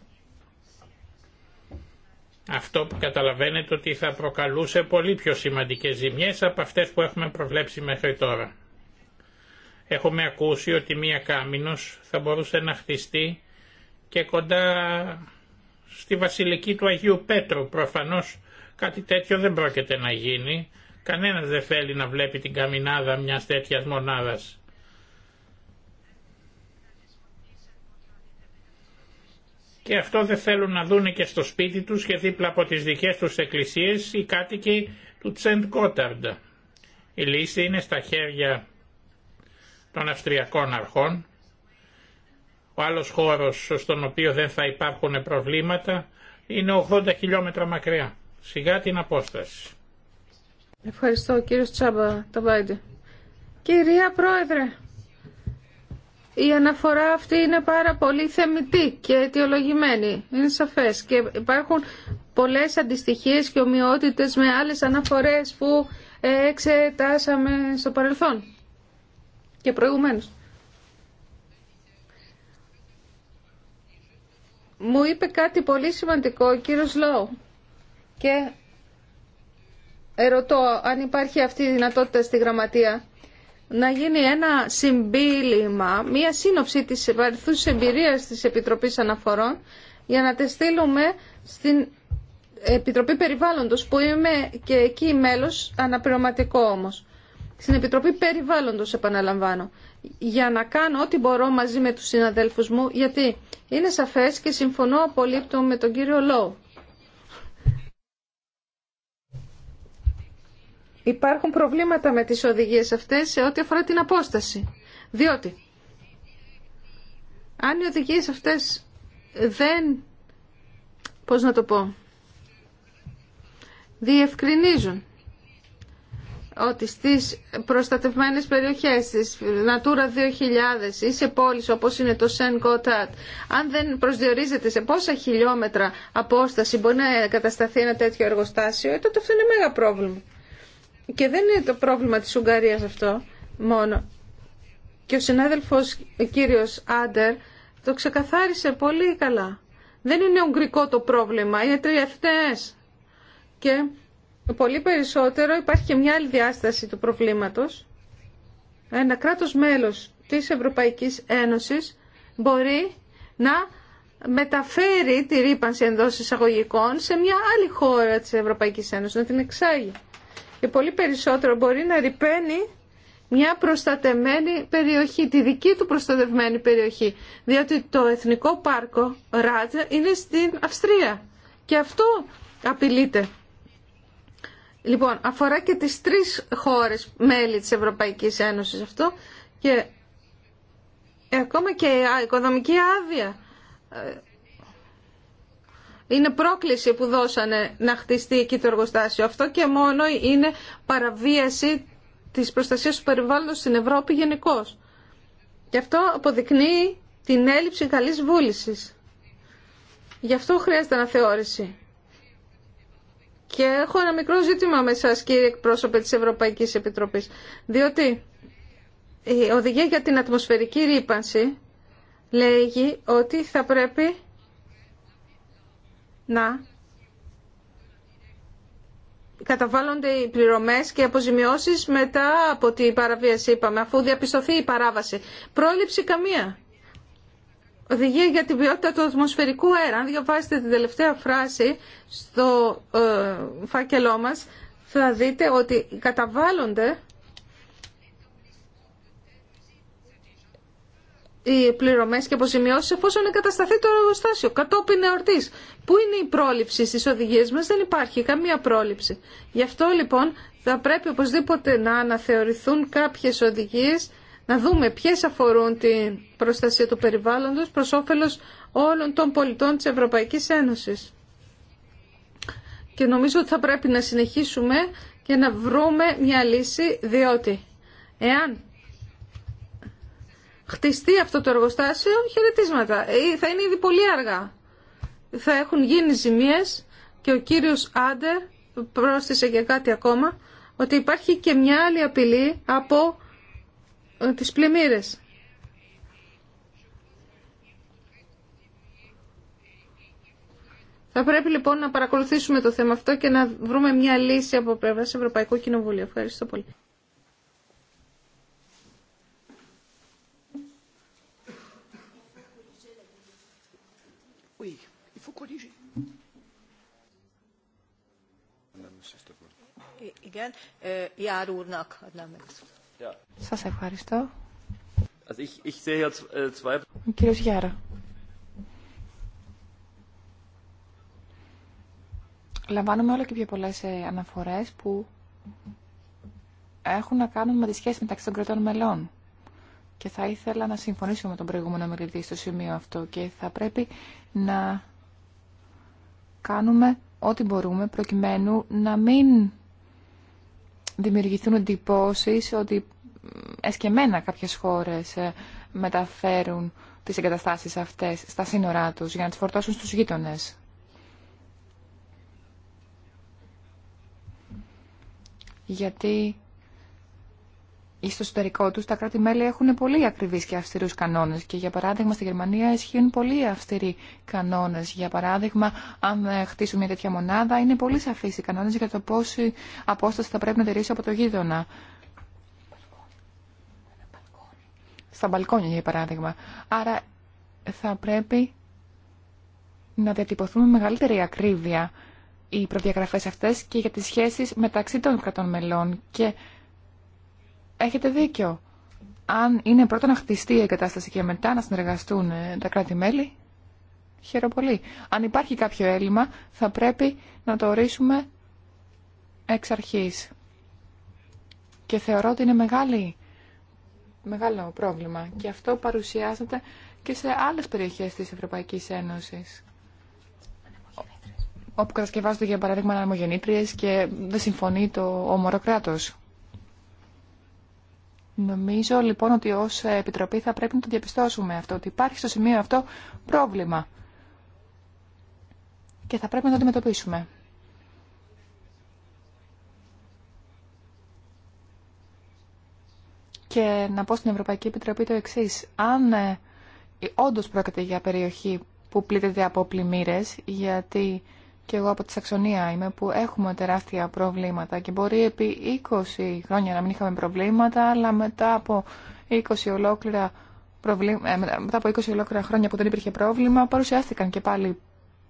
Αυτό που καταλαβαίνετε ότι θα προκαλούσε πολύ πιο σημαντικές ζημιές από αυτές που έχουμε προβλέψει μέχρι τώρα. Έχουμε ακούσει ότι μία κάμινος θα μπορούσε να χτιστεί και κοντά στη βασιλική του Αγίου Πέτρου. Προφανώς κάτι τέτοιο δεν πρόκειται να γίνει. Κανένας δεν θέλει να βλέπει την καμινάδα μιας τέτοιας μονάδας. και αυτό δεν θέλουν να δούνε και στο σπίτι τους και δίπλα από τις δικές τους εκκλησίες οι κάτοικοι του Τσεντ Κόταρντ. Η λύση είναι στα χέρια των Αυστριακών αρχών. Ο άλλος χώρος στον οποίο δεν θα υπάρχουν προβλήματα είναι 80 χιλιόμετρα μακριά. Σιγά την απόσταση. Ευχαριστώ κύριο Τσάμπα Ταμπάιντε. Κυρία Πρόεδρε, η αναφορά αυτή είναι πάρα πολύ θεμητή και αιτιολογημένη. Είναι σαφές και υπάρχουν πολλές αντιστοιχίες και ομοιότητες με άλλες αναφορές που εξετάσαμε στο παρελθόν και προηγουμένως. Μου είπε κάτι πολύ σημαντικό ο κύριος Λόου και ερωτώ αν υπάρχει αυτή η δυνατότητα στη γραμματεία να γίνει ένα συμπίλημα, μία σύνοψη της βαρθούς εμπειρίας της Επιτροπής Αναφορών για να τη στείλουμε στην Επιτροπή Περιβάλλοντος που είμαι και εκεί μέλος, αναπληρωματικό όμως. Στην Επιτροπή Περιβάλλοντος επαναλαμβάνω για να κάνω ό,τι μπορώ μαζί με τους συναδέλφους μου γιατί είναι σαφές και συμφωνώ απολύτω με τον κύριο Λόου υπάρχουν προβλήματα με τις οδηγίες αυτές σε ό,τι αφορά την απόσταση. Διότι αν οι οδηγίες αυτές δεν, πώς να το πω, διευκρινίζουν ότι στις προστατευμένες περιοχές της Natura 2000 ή σε πόλεις όπως είναι το Σεν Κότατ αν δεν προσδιορίζεται σε πόσα χιλιόμετρα απόσταση μπορεί να κατασταθεί ένα τέτοιο εργοστάσιο ε, τότε αυτό είναι μεγάλο πρόβλημα. Και δεν είναι το πρόβλημα της Ουγγαρίας αυτό μόνο. Και ο συνάδελφος κύριος Άντερ το ξεκαθάρισε πολύ καλά. Δεν είναι ουγγρικό το πρόβλημα, είναι τριευθές. Και πολύ περισσότερο υπάρχει και μια άλλη διάσταση του προβλήματος. Ένα κράτος μέλος της Ευρωπαϊκής Ένωσης μπορεί να μεταφέρει τη ρήπανση εντό εισαγωγικών σε μια άλλη χώρα της Ευρωπαϊκής Ένωσης, να την εξάγει και πολύ περισσότερο μπορεί να ρηπαίνει μια προστατεμένη περιοχή, τη δική του προστατευμένη περιοχή. Διότι το Εθνικό Πάρκο Ράτζα είναι στην Αυστρία και αυτό απειλείται. Λοιπόν, αφορά και τις τρεις χώρες μέλη της Ευρωπαϊκής Ένωσης αυτό και ακόμα και η οικονομική άδεια ε, είναι πρόκληση που δώσανε να χτιστεί εκεί το εργοστάσιο. Αυτό και μόνο είναι παραβίαση της προστασίας του περιβάλλοντος στην Ευρώπη γενικώ. Και αυτό αποδεικνύει την έλλειψη καλής βούλησης. Γι' αυτό χρειάζεται αναθεώρηση. Και έχω ένα μικρό ζήτημα με εσάς κύριε εκπρόσωπε της Ευρωπαϊκής Επιτροπής. Διότι η οδηγία για την ατμοσφαιρική ρήπανση λέγει ότι θα πρέπει να καταβάλλονται οι πληρωμές και αποζημιώσεις μετά από την παραβίαση, είπαμε, αφού διαπιστωθεί η παράβαση. Πρόληψη καμία. Οδηγία για την ποιότητα του ατμοσφαιρικού αέρα. Αν διαβάσετε την τελευταία φράση στο ε, φάκελό μας, θα δείτε ότι καταβάλλονται οι πληρωμέ και αποζημιώσεις εφόσον εγκατασταθεί το εργοστάσιο κατόπιν εορτή. Πού είναι η πρόληψη στι οδηγίε μα, δεν υπάρχει καμία πρόληψη. Γι' αυτό λοιπόν θα πρέπει οπωσδήποτε να αναθεωρηθούν κάποιε οδηγίε να δούμε ποιε αφορούν την προστασία του περιβάλλοντο προ όφελο όλων των πολιτών τη Ευρωπαϊκή Ένωση. Και νομίζω ότι θα πρέπει να συνεχίσουμε και να βρούμε μια λύση, διότι εάν χτιστεί αυτό το εργοστάσιο, χαιρετίσματα. Ε, θα είναι ήδη πολύ αργά. Θα έχουν γίνει ζημίες και ο κύριος Άντερ πρόσθεσε και κάτι ακόμα, ότι υπάρχει και μια άλλη απειλή από ε, τις πλημμύρες. Θα πρέπει λοιπόν να παρακολουθήσουμε το θέμα αυτό και να βρούμε μια λύση από πλευρά Ευρωπαϊκού Κοινοβουλίου. Ευχαριστώ πολύ. Igen, ευχαριστώ. Ο äh, Λαμβάνουμε όλο και πιο πολλές ε, αναφορές που έχουν να κάνουν με τη σχέση μεταξύ των κρατών μελών. Και θα ήθελα να συμφωνήσω με τον προηγούμενο μιλητή στο σημείο αυτό και θα πρέπει να κάνουμε ό,τι μπορούμε προκειμένου να μην δημιουργηθούν εντυπώσει ότι εσκεμμένα κάποιες χώρες ε, μεταφέρουν τις εγκαταστάσεις αυτές στα σύνορά τους για να τις φορτώσουν στους γείτονες. Γιατί στο εσωτερικό τους τα κράτη-μέλη έχουν πολύ ακριβείς και αυστηρούς κανόνες και για παράδειγμα στη Γερμανία ισχύουν πολύ αυστηροί κανόνες. Για παράδειγμα, αν ε, χτίσουμε μια τέτοια μονάδα είναι πολύ σαφείς οι κανόνε για το πόση απόσταση θα πρέπει να τηρήσει από το γείτονα. Στα μπαλκόνια, για παράδειγμα. Άρα θα πρέπει να διατυπωθούν μεγαλύτερη ακρίβεια οι προδιαγραφές αυτές και για τις σχέσεις μεταξύ των κρατών μελών και έχετε δίκιο. Αν είναι πρώτα να χτιστεί η εγκατάσταση και μετά να συνεργαστούν ε, τα κράτη-μέλη, χαίρο πολύ. Αν υπάρχει κάποιο έλλειμμα, θα πρέπει να το ορίσουμε εξ αρχής. Και θεωρώ ότι είναι μεγάλη, μεγάλο πρόβλημα. Και αυτό παρουσιάζεται και σε άλλες περιοχές της Ευρωπαϊκής Ένωσης όπου κατασκευάζονται για παράδειγμα αναμογεννήτριες και δεν συμφωνεί το ομοροκράτος. Νομίζω λοιπόν ότι ως Επιτροπή θα πρέπει να το διαπιστώσουμε αυτό, ότι υπάρχει στο σημείο αυτό πρόβλημα και θα πρέπει να το αντιμετωπίσουμε. Και να πω στην Ευρωπαϊκή Επιτροπή το εξή. Αν ε, όντω πρόκειται για περιοχή που πλήττεται από πλημμύρε, γιατί και εγώ από τη Σαξονία είμαι, που έχουμε τεράστια προβλήματα και μπορεί επί 20 χρόνια να μην είχαμε προβλήματα, αλλά μετά από 20 ολόκληρα, προβλή... Ε, μετά από 20 ολόκληρα χρόνια που δεν υπήρχε πρόβλημα, παρουσιάστηκαν και πάλι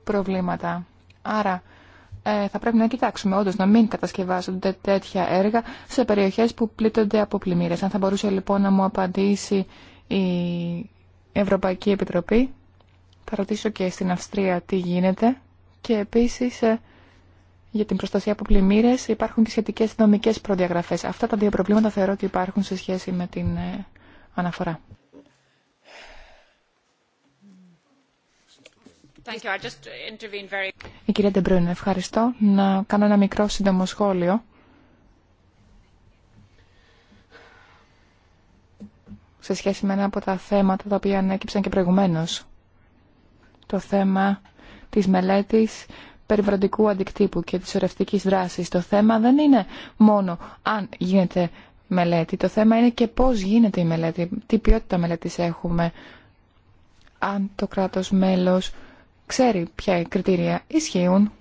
προβλήματα. Άρα ε, θα πρέπει να κοιτάξουμε όντω, να μην κατασκευάζονται τέτοια έργα σε περιοχές που πλήττονται από πλημμύρες. Αν θα μπορούσε λοιπόν να μου απαντήσει η Ευρωπαϊκή Επιτροπή, θα ρωτήσω και στην Αυστρία τι γίνεται και επίσης ε, για την προστασία από πλημμύρε υπάρχουν και σχετικέ νομικέ προδιαγραφέ. Αυτά τα δύο προβλήματα θεωρώ ότι υπάρχουν σε σχέση με την ε, αναφορά. Η κυρία Ντεμπρούν, ευχαριστώ. Να κάνω ένα μικρό σύντομο σχόλιο. σε σχέση με ένα από τα θέματα τα οποία ανέκυψαν και προηγουμένως. Το θέμα της μελέτης περιβαλλοντικού αντικτύπου και της ορευτικής δράσης. Το θέμα δεν είναι μόνο αν γίνεται μελέτη. Το θέμα είναι και πώς γίνεται η μελέτη, τι ποιότητα μελέτης έχουμε, αν το κράτος μέλος ξέρει ποια κριτήρια ισχύουν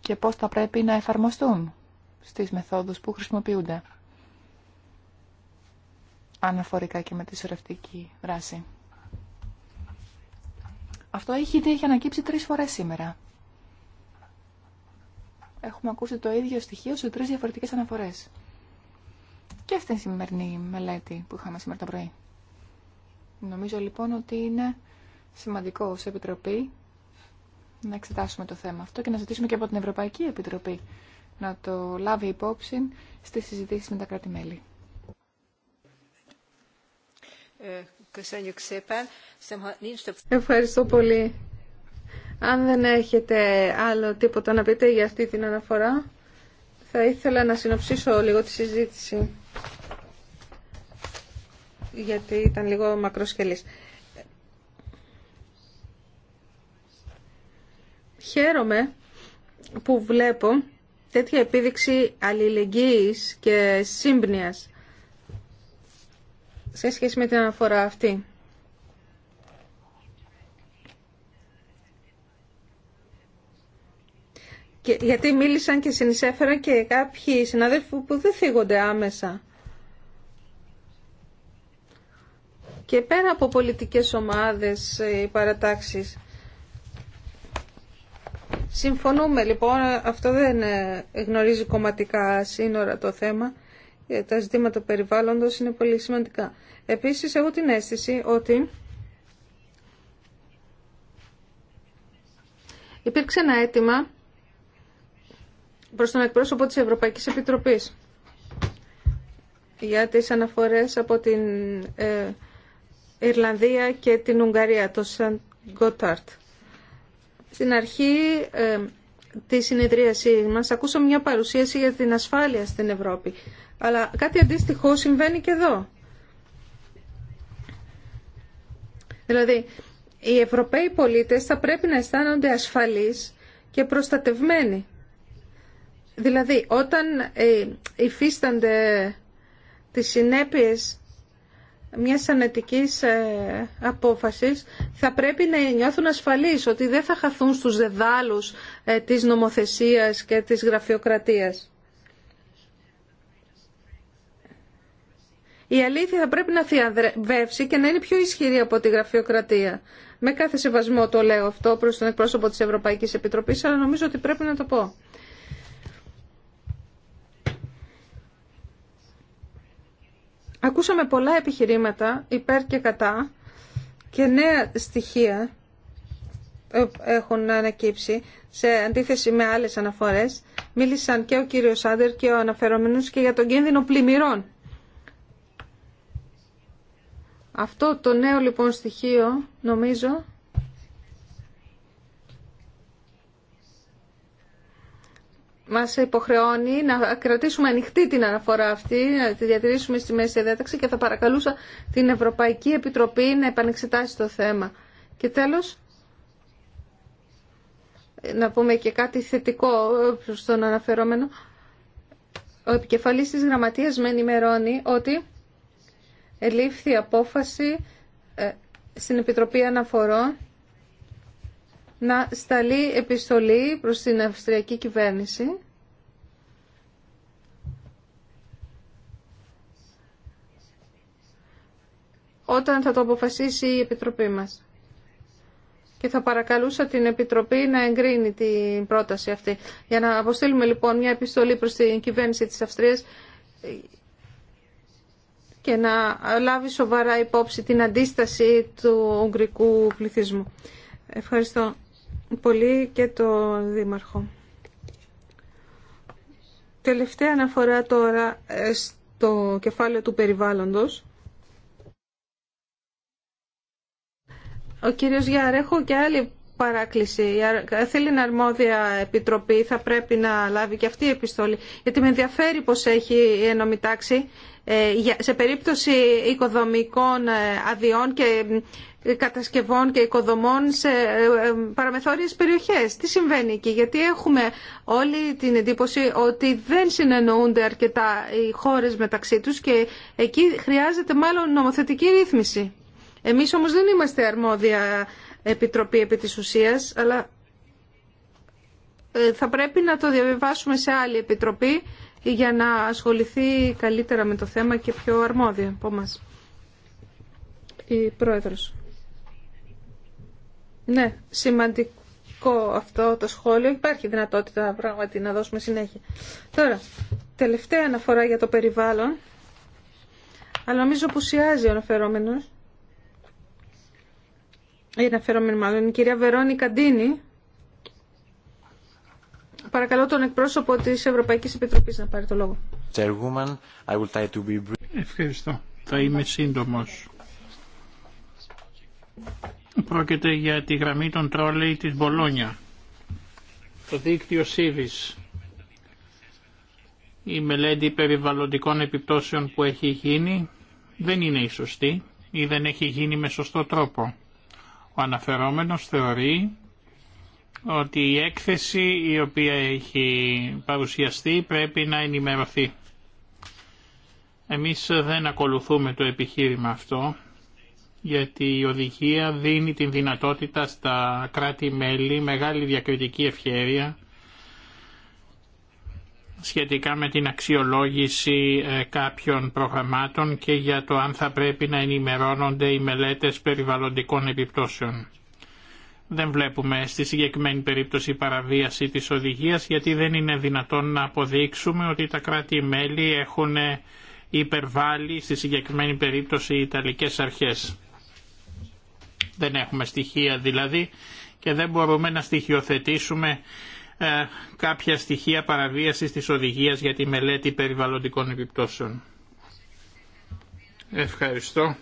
και πώς θα πρέπει να εφαρμοστούν στις μεθόδους που χρησιμοποιούνται αναφορικά και με τη σωρευτική δράση. Αυτό έχει ήδη έχει ανακύψει τρεις φορές σήμερα. Έχουμε ακούσει το ίδιο στοιχείο σε τρεις διαφορετικές αναφορές. Και αυτή η σημερινή μελέτη που είχαμε σήμερα το πρωί. Νομίζω λοιπόν ότι είναι σημαντικό ως Επιτροπή να εξετάσουμε το θέμα αυτό και να ζητήσουμε και από την Ευρωπαϊκή Επιτροπή να το λάβει υπόψη στις συζητήσεις με τα κράτη-μέλη. Ε, Ευχαριστώ πολύ. Αν δεν έχετε άλλο τίποτα να πείτε για αυτή την αναφορά, θα ήθελα να συνοψίσω λίγο τη συζήτηση, γιατί ήταν λίγο μακροσκελής. Χαίρομαι που βλέπω τέτοια επίδειξη αλληλεγγύης και σύμπνοιας σε σχέση με την αναφορά αυτή. Και, γιατί μίλησαν και συνεισέφεραν και κάποιοι συναδέλφοι που δεν θίγονται άμεσα. Και πέρα από πολιτικές ομάδες ε, οι παρατάξεις. Συμφωνούμε λοιπόν, αυτό δεν ε, γνωρίζει κομματικά σύνορα το θέμα. Ε, τα ζητήματα περιβάλλοντος είναι πολύ σημαντικά. Επίσης, έχω την αίσθηση ότι υπήρξε ένα αίτημα προς τον εκπρόσωπο της Ευρωπαϊκής Επιτροπής για τις αναφορές από την ε, Ιρλανδία και την Ουγγαρία, το Σαν Γκόταρτ. Στην αρχή ε, τη της συνεδρίασής μας ακούσαμε μια παρουσίαση για την ασφάλεια στην Ευρώπη. Αλλά κάτι αντίστοιχο συμβαίνει και εδώ. Δηλαδή, οι Ευρωπαίοι πολίτες θα πρέπει να αισθάνονται ασφαλείς και προστατευμένοι. Δηλαδή, όταν ε, υφίστανται τις συνέπειες μια ανετικής ε, απόφασης, θα πρέπει να νιώθουν ασφαλείς ότι δεν θα χαθούν στους δεδάλους ε, της νομοθεσίας και της γραφειοκρατίας. Η αλήθεια θα πρέπει να θειαδεύσει και να είναι πιο ισχυρή από τη γραφειοκρατία. Με κάθε σεβασμό το λέω αυτό προς τον εκπρόσωπο της Ευρωπαϊκής Επιτροπής, αλλά νομίζω ότι πρέπει να το πω. Ακούσαμε πολλά επιχειρήματα υπέρ και κατά και νέα στοιχεία έχουν ανακύψει σε αντίθεση με άλλες αναφορές. Μίλησαν και ο κύριος Άντερ και ο αναφερόμενος και για τον κίνδυνο πλημμυρών. Αυτό το νέο λοιπόν στοιχείο νομίζω μας υποχρεώνει να κρατήσουμε ανοιχτή την αναφορά αυτή, να τη διατηρήσουμε στη μέση διάταξη και θα παρακαλούσα την Ευρωπαϊκή Επιτροπή να επανεξετάσει το θέμα. Και τέλος, να πούμε και κάτι θετικό στον αναφερόμενο. Ο επικεφαλής της γραμματείας με ενημερώνει ότι ελήφθη απόφαση ε, στην Επιτροπή Αναφορών να σταλεί επιστολή προς την Αυστριακή κυβέρνηση όταν θα το αποφασίσει η Επιτροπή μας. Και θα παρακαλούσα την Επιτροπή να εγκρίνει την πρόταση αυτή. Για να αποστείλουμε λοιπόν μια επιστολή προς την κυβέρνηση της Αυστρίας και να λάβει σοβαρά υπόψη την αντίσταση του ουγγρικού πληθυσμού. Ευχαριστώ πολύ και το Δήμαρχο. Τελευταία αναφορά τώρα ε, στο κεφάλαιο του περιβάλλοντος. Ο κύριος Γιαρέχο και άλλη παράκληση. Ε, θέλει αρμόδια επιτροπή, θα πρέπει να λάβει και αυτή η επιστολή. Γιατί με ενδιαφέρει πως έχει η ενόμη ε, σε περίπτωση οικοδομικών ε, αδειών και κατασκευών και οικοδομών σε παραμεθόριες περιοχές. Τι συμβαίνει εκεί, γιατί έχουμε όλη την εντύπωση ότι δεν συνεννοούνται αρκετά οι χώρες μεταξύ τους και εκεί χρειάζεται μάλλον νομοθετική ρύθμιση. Εμείς όμως δεν είμαστε αρμόδια Επιτροπή επί της ουσίας, αλλά ε, θα πρέπει να το διαβιβάσουμε σε άλλη Επιτροπή για να ασχοληθεί καλύτερα με το θέμα και πιο αρμόδια από μας. Η Πρόεδρος. Ναι, σημαντικό αυτό το σχόλιο. Υπάρχει δυνατότητα πράγματι να δώσουμε συνέχεια. Τώρα, τελευταία αναφορά για το περιβάλλον. Αλλά νομίζω που σιάζει ο αναφερόμενος η ε, αναφερόμενη μάλλον, η κυρία Βερόνη Καντίνη. Παρακαλώ τον εκπρόσωπο της Ευρωπαϊκής Επιτροπής να πάρει το λόγο. Ευχαριστώ. Θα είμαι σύντομο. Πρόκειται για τη γραμμή των τρόλεϊ της Μπολόνια. Το δίκτυο ΣΥΒΙΣ. Η μελέτη περιβαλλοντικών επιπτώσεων που έχει γίνει δεν είναι η σωστή ή δεν έχει γίνει με σωστό τρόπο. Ο αναφερόμενος θεωρεί ότι η έκθεση η οποία έχει παρουσιαστεί πρέπει να ενημερωθεί. Εμείς δεν ακολουθούμε το επιχείρημα αυτό, γιατί η οδηγία δίνει την δυνατότητα στα κράτη-μέλη μεγάλη διακριτική ευχέρεια σχετικά με την αξιολόγηση ε, κάποιων προγραμμάτων και για το αν θα πρέπει να ενημερώνονται οι μελέτες περιβαλλοντικών επιπτώσεων. Δεν βλέπουμε στη συγκεκριμένη περίπτωση παραβίαση της οδηγίας γιατί δεν είναι δυνατόν να αποδείξουμε ότι τα κράτη-μέλη έχουν υπερβάλλει στη συγκεκριμένη περίπτωση οι Ιταλικές αρχές. Δεν έχουμε στοιχεία δηλαδή και δεν μπορούμε να στοιχειοθετήσουμε ε, κάποια στοιχεία παραβίασης της οδηγίας για τη μελέτη περιβαλλοντικών επιπτώσεων. Ευχαριστώ.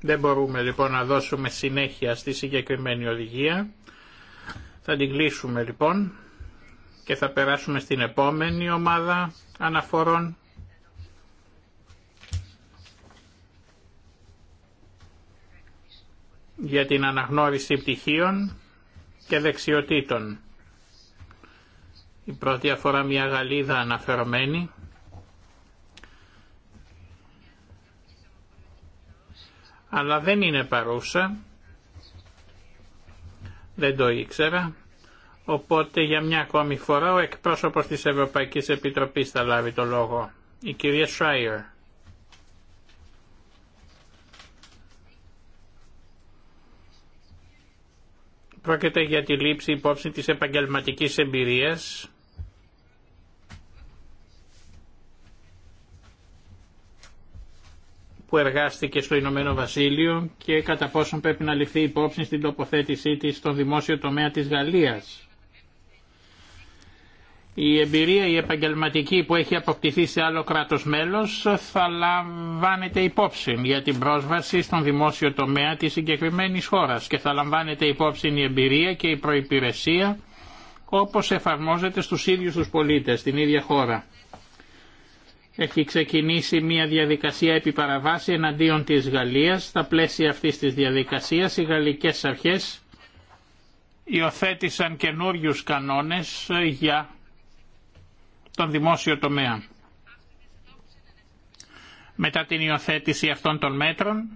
Δεν μπορούμε λοιπόν να δώσουμε συνέχεια στη συγκεκριμένη οδηγία. Θα την κλείσουμε λοιπόν και θα περάσουμε στην επόμενη ομάδα αναφορών για την αναγνώριση πτυχίων και δεξιοτήτων. Η πρώτη αφορά μια γαλίδα αναφερμένη. Αλλά δεν είναι παρούσα. Δεν το ήξερα. Οπότε για μια ακόμη φορά ο εκπρόσωπος της Ευρωπαϊκής Επιτροπής θα λάβει το λόγο. Η κυρία Σράιερ. Πρόκειται για τη λήψη υπόψη της επαγγελματικής εμπειρίας που εργάστηκε στο Ηνωμένο Βασίλειο και κατά πόσον πρέπει να ληφθεί υπόψη στην τοποθέτησή της στο δημόσιο τομέα της Γαλλίας η εμπειρία η επαγγελματική που έχει αποκτηθεί σε άλλο κράτος μέλος θα λαμβάνεται υπόψη για την πρόσβαση στον δημόσιο τομέα της συγκεκριμένης χώρας και θα λαμβάνεται υπόψη η εμπειρία και η προϋπηρεσία όπως εφαρμόζεται στους ίδιους τους πολίτες στην ίδια χώρα. Έχει ξεκινήσει μια διαδικασία επιπαραβάση εναντίον της Γαλλίας. Στα πλαίσια αυτής της διαδικασίας οι γαλλικές αρχές υιοθέτησαν καινούριου κανόνες για τον δημόσιο τομέα. Μετά την υιοθέτηση αυτών των μέτρων,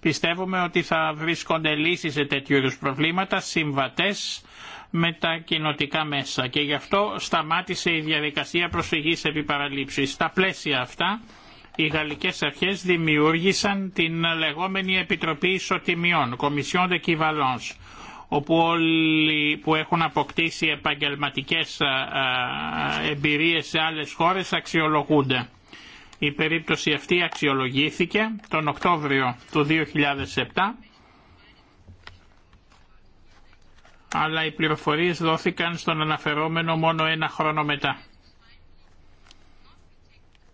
πιστεύουμε ότι θα βρίσκονται λύσεις σε τέτοιου είδους προβλήματα συμβατές με τα κοινοτικά μέσα και γι' αυτό σταμάτησε η διαδικασία προσφυγής επί παραλήψης. Στα πλαίσια αυτά, οι γαλλικές αρχές δημιούργησαν την λεγόμενη Επιτροπή Ισοτιμιών, Commission de όπου όλοι που έχουν αποκτήσει επαγγελματικές ε, ε, εμπειρίες σε άλλες χώρες αξιολογούνται. Η περίπτωση αυτή αξιολογήθηκε τον Οκτώβριο του 2007 αλλά οι πληροφορίες δόθηκαν στον αναφερόμενο μόνο ένα χρόνο μετά.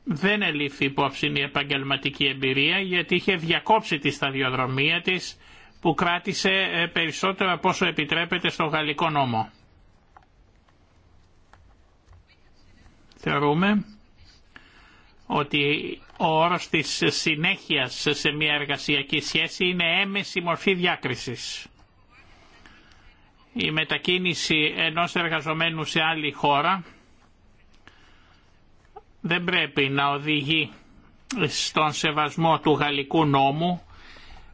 Δεν ελήφθη υπόψη η επαγγελματική εμπειρία γιατί είχε διακόψει τη σταδιοδρομία της που κράτησε ε, περισσότερο από όσο επιτρέπεται στο γαλλικό νόμο. Θεωρούμε ότι ο όρος της συνέχειας σε μια εργασιακή σχέση είναι έμεση μορφή διάκρισης. Η μετακίνηση ενός εργαζομένου σε άλλη χώρα δεν πρέπει να οδηγεί στον σεβασμό του γαλλικού νόμου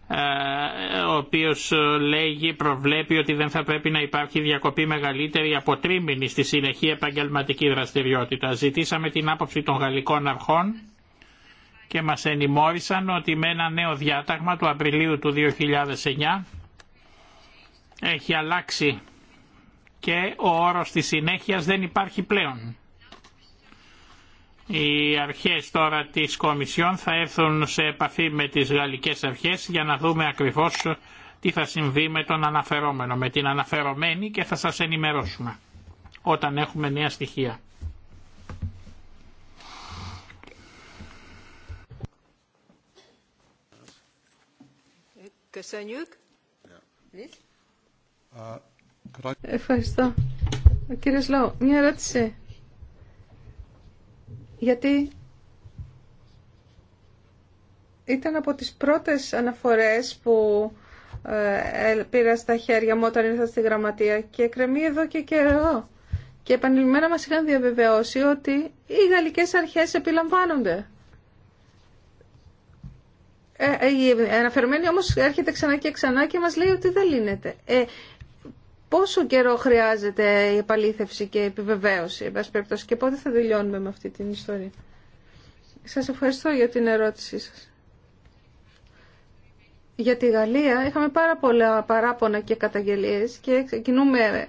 ε, ο οποίος ε, λέγει, προβλέπει ότι δεν θα πρέπει να υπάρχει διακοπή μεγαλύτερη από τρίμηνη στη συνεχή επαγγελματική δραστηριότητα. Ζητήσαμε την άποψη των γαλλικών αρχών και μας ενημόρισαν ότι με ένα νέο διάταγμα του Απριλίου του 2009 έχει αλλάξει και ο όρος της συνέχειας δεν υπάρχει πλέον. Οι αρχές τώρα της Κομισιόν θα έρθουν σε επαφή με τις γαλλικές αρχές για να δούμε ακριβώς τι θα συμβεί με τον αναφερόμενο, με την αναφερομένη και θα σας ενημερώσουμε όταν έχουμε νέα στοιχεία. Ευχαριστώ. Κύριε Σλάου, μια ερώτηση γιατί ήταν από τις πρώτες αναφορές που ε, ε, πήρα στα χέρια μου όταν ήρθα στη γραμματεία και κρεμεί εδώ και καιρό. Και επανειλημμένα μας είχαν διαβεβαιώσει ότι οι γαλλικές αρχές επιλαμβάνονται. Ε, ε, η αναφερμένη όμως έρχεται ξανά και ξανά και μας λέει ότι δεν λύνεται. Ε, Πόσο καιρό χρειάζεται η επαλήθευση και η επιβεβαίωση, εν πάση και πότε θα τελειώνουμε με αυτή την ιστορία. Σας ευχαριστώ για την ερώτησή σας. Για τη Γαλλία είχαμε πάρα πολλά παράπονα και καταγγελίες και ξεκινούμε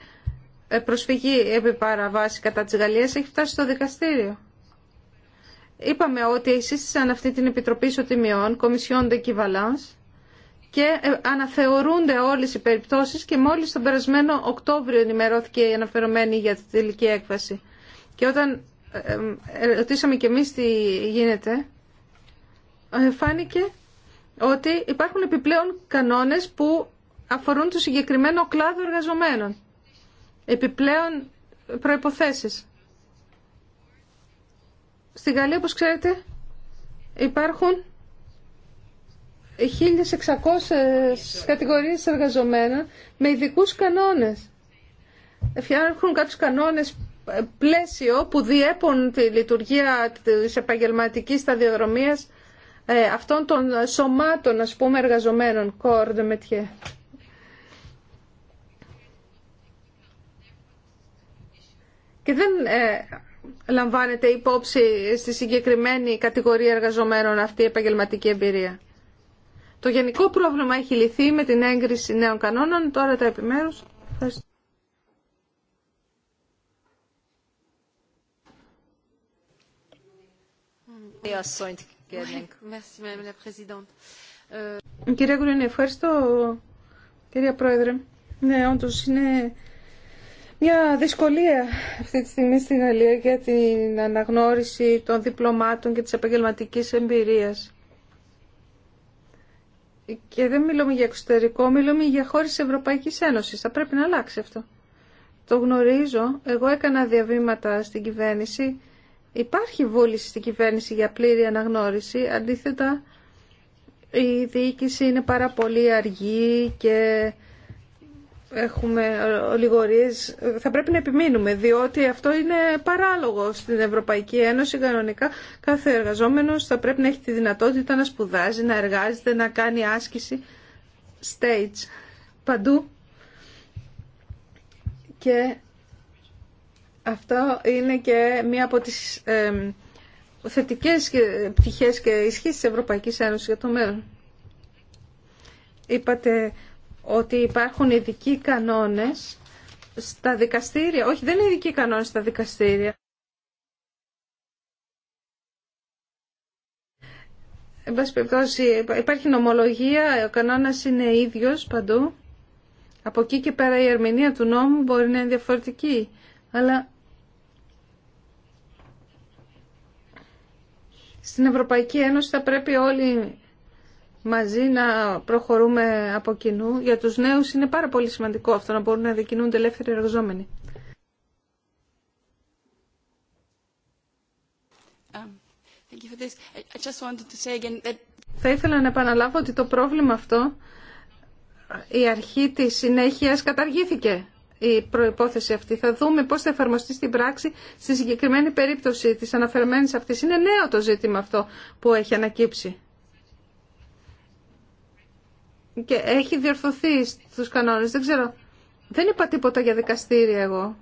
ε, προσφυγή επί παραβάση κατά της Γαλλίας έχει φτάσει στο δικαστήριο. Είπαμε ότι εισήστησαν αυτή την Επιτροπή Ισοτιμιών, Κομισιόν και ε, αναθεωρούνται όλες οι περιπτώσεις και μόλις τον περασμένο Οκτώβριο ενημερώθηκε η αναφερομένη για τη τελική έκβαση. Και όταν ε, ε, ρωτήσαμε και εμείς τι γίνεται, φάνηκε ότι υπάρχουν επιπλέον κανόνες που αφορούν το συγκεκριμένο κλάδο εργαζομένων. Επιπλέον προϋποθέσεις. Στη Γαλλία, όπως ξέρετε, υπάρχουν 1.600 κατηγορίες εργαζομένων με ειδικούς κανόνες. Φτιάχνουν κάποιους κανόνες ε, πλαίσιο που διέπουν τη λειτουργία της επαγγελματικής σταδιοδρομίας ε, αυτών των σωμάτων, ας πούμε, εργαζομένων, Και δεν ε, λαμβάνεται υπόψη στη συγκεκριμένη κατηγορία εργαζομένων αυτή η επαγγελματική εμπειρία. Το γενικό πρόβλημα έχει λυθεί με την έγκριση νέων κανόνων, τώρα τα επιμέρους. Ευχαριστώ. Ε, ε, κυρία Γκουρίνη, ευχαριστώ κυρία Πρόεδρε. Ναι, όντω είναι μια δυσκολία αυτή τη στιγμή στην Αλία για την αναγνώριση των διπλωμάτων και της επαγγελματικής εμπειρίας και δεν μιλούμε για εξωτερικό, μιλούμε για χώρες Ευρωπαϊκή Ένωση. Θα πρέπει να αλλάξει αυτό. Το γνωρίζω. Εγώ έκανα διαβήματα στην κυβέρνηση. Υπάρχει βούληση στην κυβέρνηση για πλήρη αναγνώριση. Αντίθετα, η διοίκηση είναι πάρα πολύ αργή και έχουμε ολιγορίες, θα πρέπει να επιμείνουμε, διότι αυτό είναι παράλογο στην Ευρωπαϊκή Ένωση κανονικά. Κάθε εργαζόμενος θα πρέπει να έχει τη δυνατότητα να σπουδάζει, να εργάζεται, να κάνει άσκηση stage παντού. Και αυτό είναι και μία από τις ε, θετικές πτυχές και ισχύσεις της Ευρωπαϊκής Ένωσης για το μέλλον. Είπατε ότι υπάρχουν ειδικοί κανόνες στα δικαστήρια. Όχι, δεν είναι ειδικοί κανόνες στα δικαστήρια. Εν πάση περιπτώσει, υπάρχει νομολογία, ο κανόνας είναι ίδιος παντού. Από εκεί και πέρα η ερμηνεία του νόμου μπορεί να είναι διαφορετική. Αλλά στην Ευρωπαϊκή Ένωση θα πρέπει όλοι μαζί να προχωρούμε από κοινού. Για τους νέους είναι πάρα πολύ σημαντικό αυτό να μπορούν να δικινούνται ελεύθεροι εργαζόμενοι. Θα ήθελα να επαναλάβω ότι το πρόβλημα αυτό, η αρχή της συνέχειας καταργήθηκε η προϋπόθεση αυτή. Θα δούμε πώς θα εφαρμοστεί στην πράξη στη συγκεκριμένη περίπτωση της αναφερμένης αυτής. Είναι νέο το ζήτημα αυτό που έχει ανακύψει και έχει διορθωθεί στους κανόνες. Δεν ξέρω. Δεν είπα τίποτα για δικαστήριο εγώ.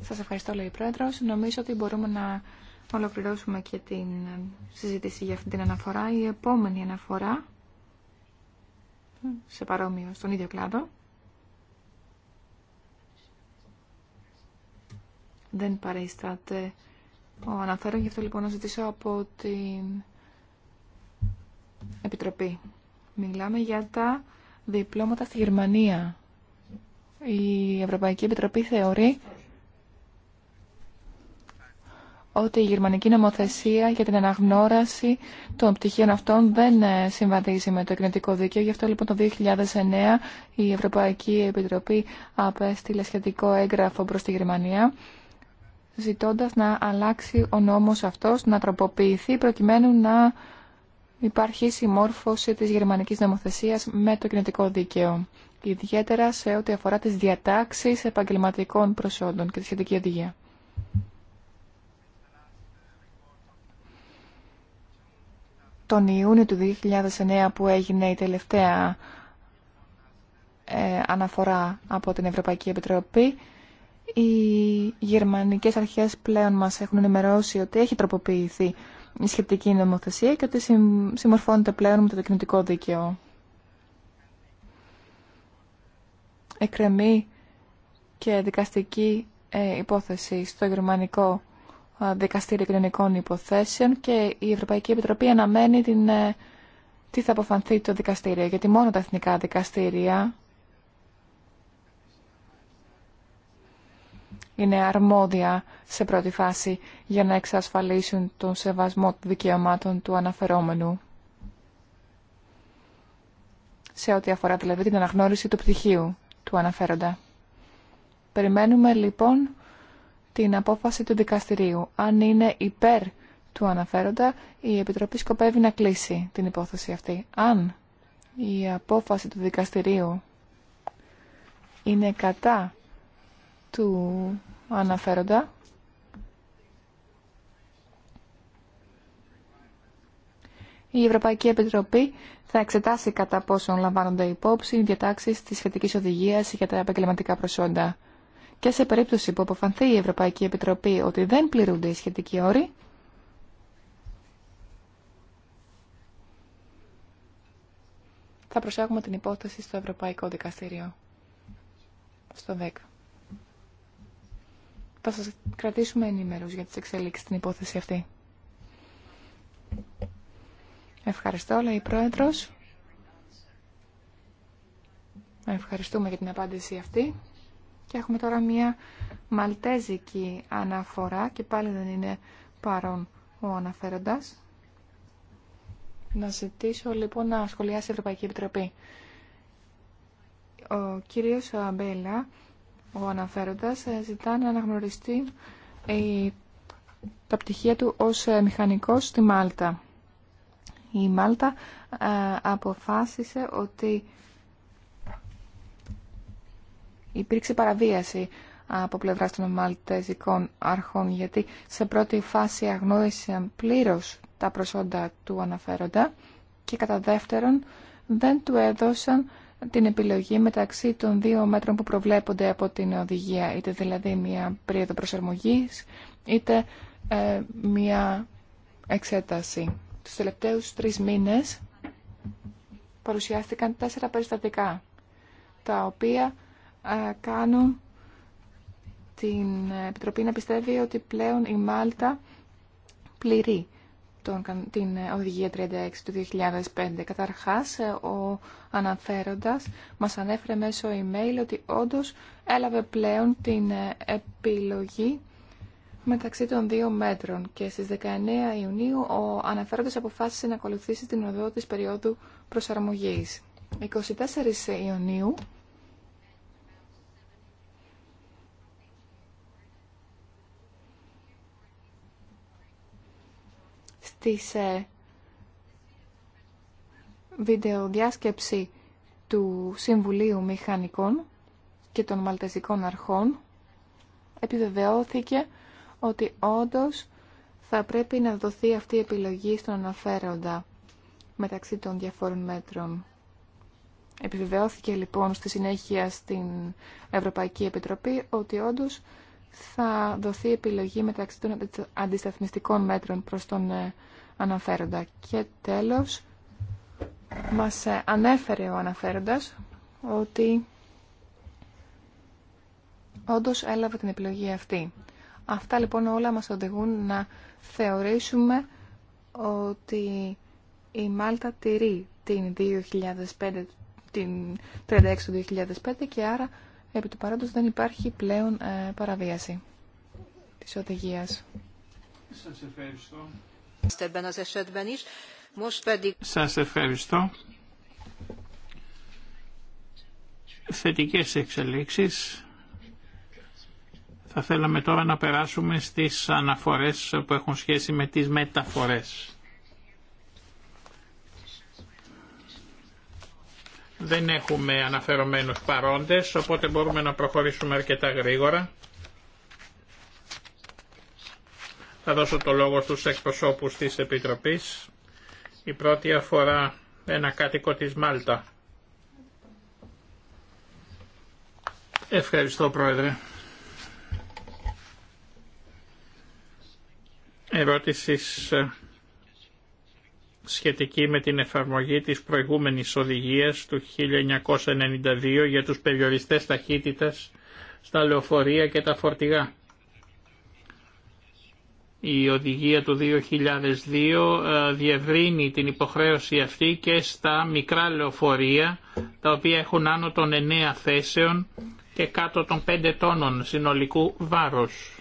Σας ευχαριστώ, λέει η Πρόεδρος. Νομίζω ότι μπορούμε να ολοκληρώσουμε και την συζήτηση για αυτή την αναφορά. Η επόμενη αναφορά, σε παρόμοιο, στον ίδιο κλάδο, δεν παρίσταται ο αναφέρον. Γι' αυτό λοιπόν να ζητήσω από την Επιτροπή. Μιλάμε για τα διπλώματα στη Γερμανία. Η Ευρωπαϊκή Επιτροπή θεωρεί ότι η γερμανική νομοθεσία για την αναγνώραση των πτυχίων αυτών δεν συμβαδίζει με το κοινωτικό δίκαιο. Γι' αυτό λοιπόν το 2009 η Ευρωπαϊκή Επιτροπή απέστειλε σχετικό έγγραφο προς τη Γερμανία ζητώντας να αλλάξει ο νόμος αυτός, να τροποποιηθεί προκειμένου να υπάρχει συμμόρφωση της γερμανικής νομοθεσίας με το κοινωτικό δίκαιο, ιδιαίτερα σε ό,τι αφορά τις διατάξεις επαγγελματικών προσόντων και τη σχετική οδηγία. Τον Ιούνιο του 2009 που έγινε η τελευταία ε, αναφορά από την Ευρωπαϊκή Επιτροπή, οι γερμανικές αρχές πλέον μας έχουν ενημερώσει ότι έχει τροποποιηθεί η σχετική νομοθεσία και ότι συμμορφώνεται πλέον με το τεχνητικό δίκαιο. Εκρεμή και δικαστική ε, υπόθεση στο γερμανικό ε, δικαστήριο κοινωνικών υποθέσεων και η Ευρωπαϊκή Επιτροπή αναμένει την, ε, τι θα αποφανθεί το δικαστήριο, γιατί μόνο τα εθνικά δικαστήρια είναι αρμόδια σε πρώτη φάση για να εξασφαλίσουν τον σεβασμό των δικαιωμάτων του αναφερόμενου. Σε ό,τι αφορά δηλαδή την αναγνώριση του πτυχίου του αναφέροντα. Περιμένουμε λοιπόν την απόφαση του δικαστηρίου. Αν είναι υπέρ του αναφέροντα, η Επιτροπή σκοπεύει να κλείσει την υπόθεση αυτή. Αν η απόφαση του δικαστηρίου είναι κατά του αναφέροντα. Η Ευρωπαϊκή Επιτροπή θα εξετάσει κατά πόσον λαμβάνονται υπόψη οι διατάξεις της σχετικής οδηγίας για τα επαγγελματικά προσόντα. Και σε περίπτωση που αποφανθεί η Ευρωπαϊκή Επιτροπή ότι δεν πληρούνται οι σχετικοί όροι, θα προσέχουμε την υπόθεση στο Ευρωπαϊκό Δικαστήριο, στο 10. Θα σας κρατήσουμε ενημέρους για τις εξελίξεις στην υπόθεση αυτή. Ευχαριστώ, λέει η Πρόεδρος. Ευχαριστούμε για την απάντηση αυτή. Και έχουμε τώρα μία μαλτέζικη αναφορά και πάλι δεν είναι παρόν ο αναφέροντας. Να ζητήσω λοιπόν να σχολιάσει η Ευρωπαϊκή Επιτροπή. Ο κύριος Αμπέλα ο αναφέροντας ε, ζητά να αναγνωριστεί ε, τα πτυχία του ως ε, μηχανικός στη Μάλτα. Η Μάλτα αποφάσισε ότι υπήρξε παραβίαση από πλευράς των μαλτεζικών αρχών γιατί σε πρώτη φάση αγνώρισαν πλήρως τα προσόντα του αναφέροντα και κατά δεύτερον δεν του έδωσαν την επιλογή μεταξύ των δύο μέτρων που προβλέπονται από την οδηγία, είτε δηλαδή μια περίοδο προσαρμογής, είτε ε, μια εξέταση. Τους τελευταίους τρεις μήνες παρουσιάστηκαν τέσσερα περιστατικά, τα οποία ε, κάνουν την Επιτροπή να πιστεύει ότι πλέον η Μάλτα πληρεί τον, την ε, Οδηγία 36 του 2005. Καταρχάς, ε, ο αναφέροντας μας ανέφερε μέσω email ότι όντως έλαβε πλέον την ε, επιλογή μεταξύ των δύο μέτρων και στις 19 Ιουνίου ο αναφέροντας αποφάσισε να ακολουθήσει την οδό της περίοδου προσαρμογής. 24 Ιουνίου της ε, βιντεοδιάσκεψη του Συμβουλίου Μηχανικών και των Μαλτεζικών Αρχών επιβεβαιώθηκε ότι όντως θα πρέπει να δοθεί αυτή η επιλογή στον αναφέροντα μεταξύ των διαφόρων μέτρων. Επιβεβαιώθηκε λοιπόν στη συνέχεια στην Ευρωπαϊκή Επιτροπή ότι όντως θα δοθεί επιλογή μεταξύ των αντισταθμιστικών μέτρων προς τον ε, αναφέροντα. Και τέλος, μας ε, ανέφερε ο αναφέροντας ότι όντως έλαβε την επιλογή αυτή. Αυτά λοιπόν όλα μας οδηγούν να θεωρήσουμε ότι η Μάλτα τηρεί την 2005, την 36 του 2005 και άρα επί του παρόντος δεν υπάρχει πλέον ε, παραβίαση της οδηγίας. Σας ευχαριστώ. Σας ευχαριστώ. Θετικές εξελίξεις. Θα θέλαμε τώρα να περάσουμε στις αναφορές που έχουν σχέση με τις μεταφορές. Δεν έχουμε αναφερομένους παρόντες, οπότε μπορούμε να προχωρήσουμε αρκετά γρήγορα. Θα δώσω το λόγο στους εκπροσώπους της Επιτροπής. Η πρώτη αφορά ένα κάτοικο της Μάλτα. Ευχαριστώ Πρόεδρε. Ερώτηση ε, σχετική με την εφαρμογή της προηγούμενης οδηγίας του 1992 για τους περιοριστές ταχύτητας στα λεωφορεία και τα φορτηγά. Η οδηγία του 2002 ε, διευρύνει την υποχρέωση αυτή και στα μικρά λεωφορεία τα οποία έχουν άνω των 9 θέσεων και κάτω των 5 τόνων συνολικού βάρους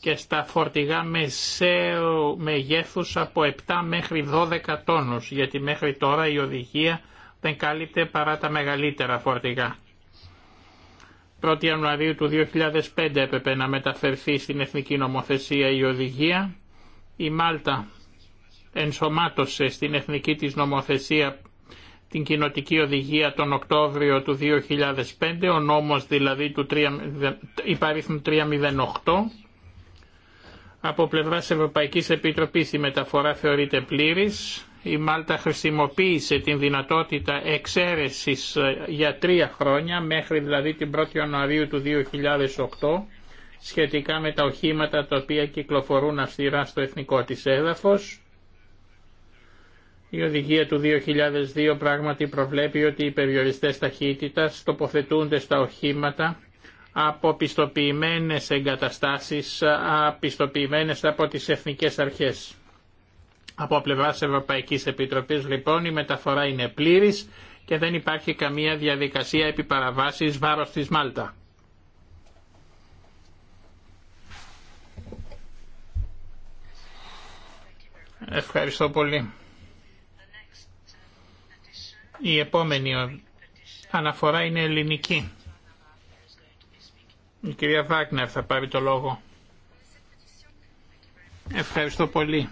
και στα φορτηγά μεσαίου μεγέθους από 7 μέχρι 12 τόνους γιατί μέχρι τώρα η οδηγία δεν κάλυπτε παρά τα μεγαλύτερα φορτηγά. 1η Ιανουαρίου του 2005 έπρεπε να μεταφερθεί στην Εθνική Νομοθεσία η οδηγία. Η Μάλτα ενσωμάτωσε στην Εθνική της Νομοθεσία την κοινοτική οδηγία τον Οκτώβριο του 2005, ο νόμος δηλαδή του 3, υπαρίθμου 308. Από πλευράς Ευρωπαϊκής Επιτροπής η μεταφορά θεωρείται πλήρης η Μάλτα χρησιμοποίησε την δυνατότητα εξαίρεσης ε, για τρία χρόνια, μέχρι δηλαδή την 1η Ιανουαρίου του 2008, σχετικά με τα οχήματα τα οποία κυκλοφορούν αυστηρά στο εθνικό της έδαφος. Η οδηγία του 2002 πράγματι προβλέπει ότι οι περιοριστές ταχύτητας τοποθετούνται στα οχήματα από πιστοποιημένες εγκαταστάσεις, πιστοποιημένες από τις εθνικές αρχές. Από πλευράς Ευρωπαϊκή Επιτροπή, λοιπόν η μεταφορά είναι πλήρη και δεν υπάρχει καμία διαδικασία επί βάρο βάρος Μάλτα. Ευχαριστώ πολύ. Η επόμενη αναφορά είναι ελληνική. Η κυρία Βάγνερ θα πάρει το λόγο. Ευχαριστώ πολύ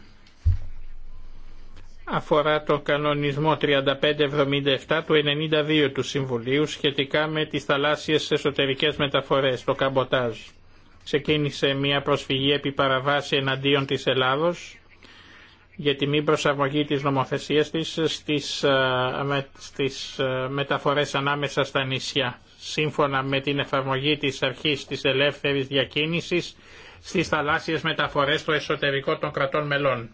αφορά τον κανονισμό 3577 του 92 του Συμβουλίου σχετικά με τις θαλάσσιες εσωτερικές μεταφορές, το καμποτάζ. Ξεκίνησε μια προσφυγή επί παραβάση εναντίον της Ελλάδος για τη μη προσαρμογή της νομοθεσίας της στις, με, στις μεταφορές ανάμεσα στα νησιά, σύμφωνα με την εφαρμογή της αρχής της ελεύθερης διακίνησης στις θαλάσσιες μεταφορές στο εσωτερικό των κρατών μελών.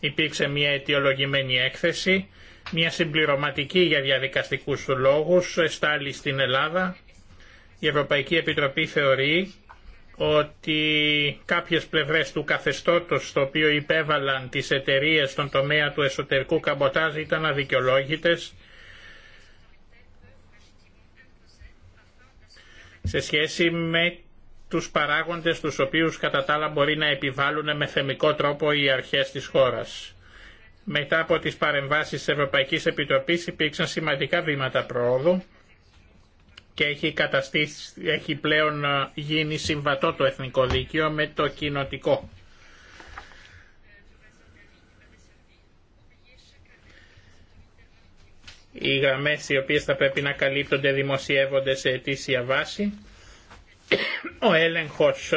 Υπήρξε μια αιτιολογημένη έκθεση, μια συμπληρωματική για διαδικαστικούς λόγους, στάλει στην Ελλάδα. Η Ευρωπαϊκή Επιτροπή θεωρεί ότι κάποιες πλευρές του καθεστώτος στο οποίο υπέβαλαν τις εταιρείε στον τομέα του εσωτερικού καμποτάζ ήταν αδικαιολόγητες σε σχέση με τους παράγοντες τους οποίους κατά τα άλλα μπορεί να επιβάλλουν με θεμικό τρόπο οι αρχές της χώρας. Μετά από τις παρεμβάσεις της Ευρωπαϊκής Επιτροπής υπήρξαν σημαντικά βήματα προόδου και έχει, έχει πλέον ε, γίνει συμβατό το εθνικό δίκαιο με το κοινοτικό. Οι γραμμές οι οποίες θα πρέπει να καλύπτονται δημοσιεύονται σε αιτήσια βάση ο έλεγχος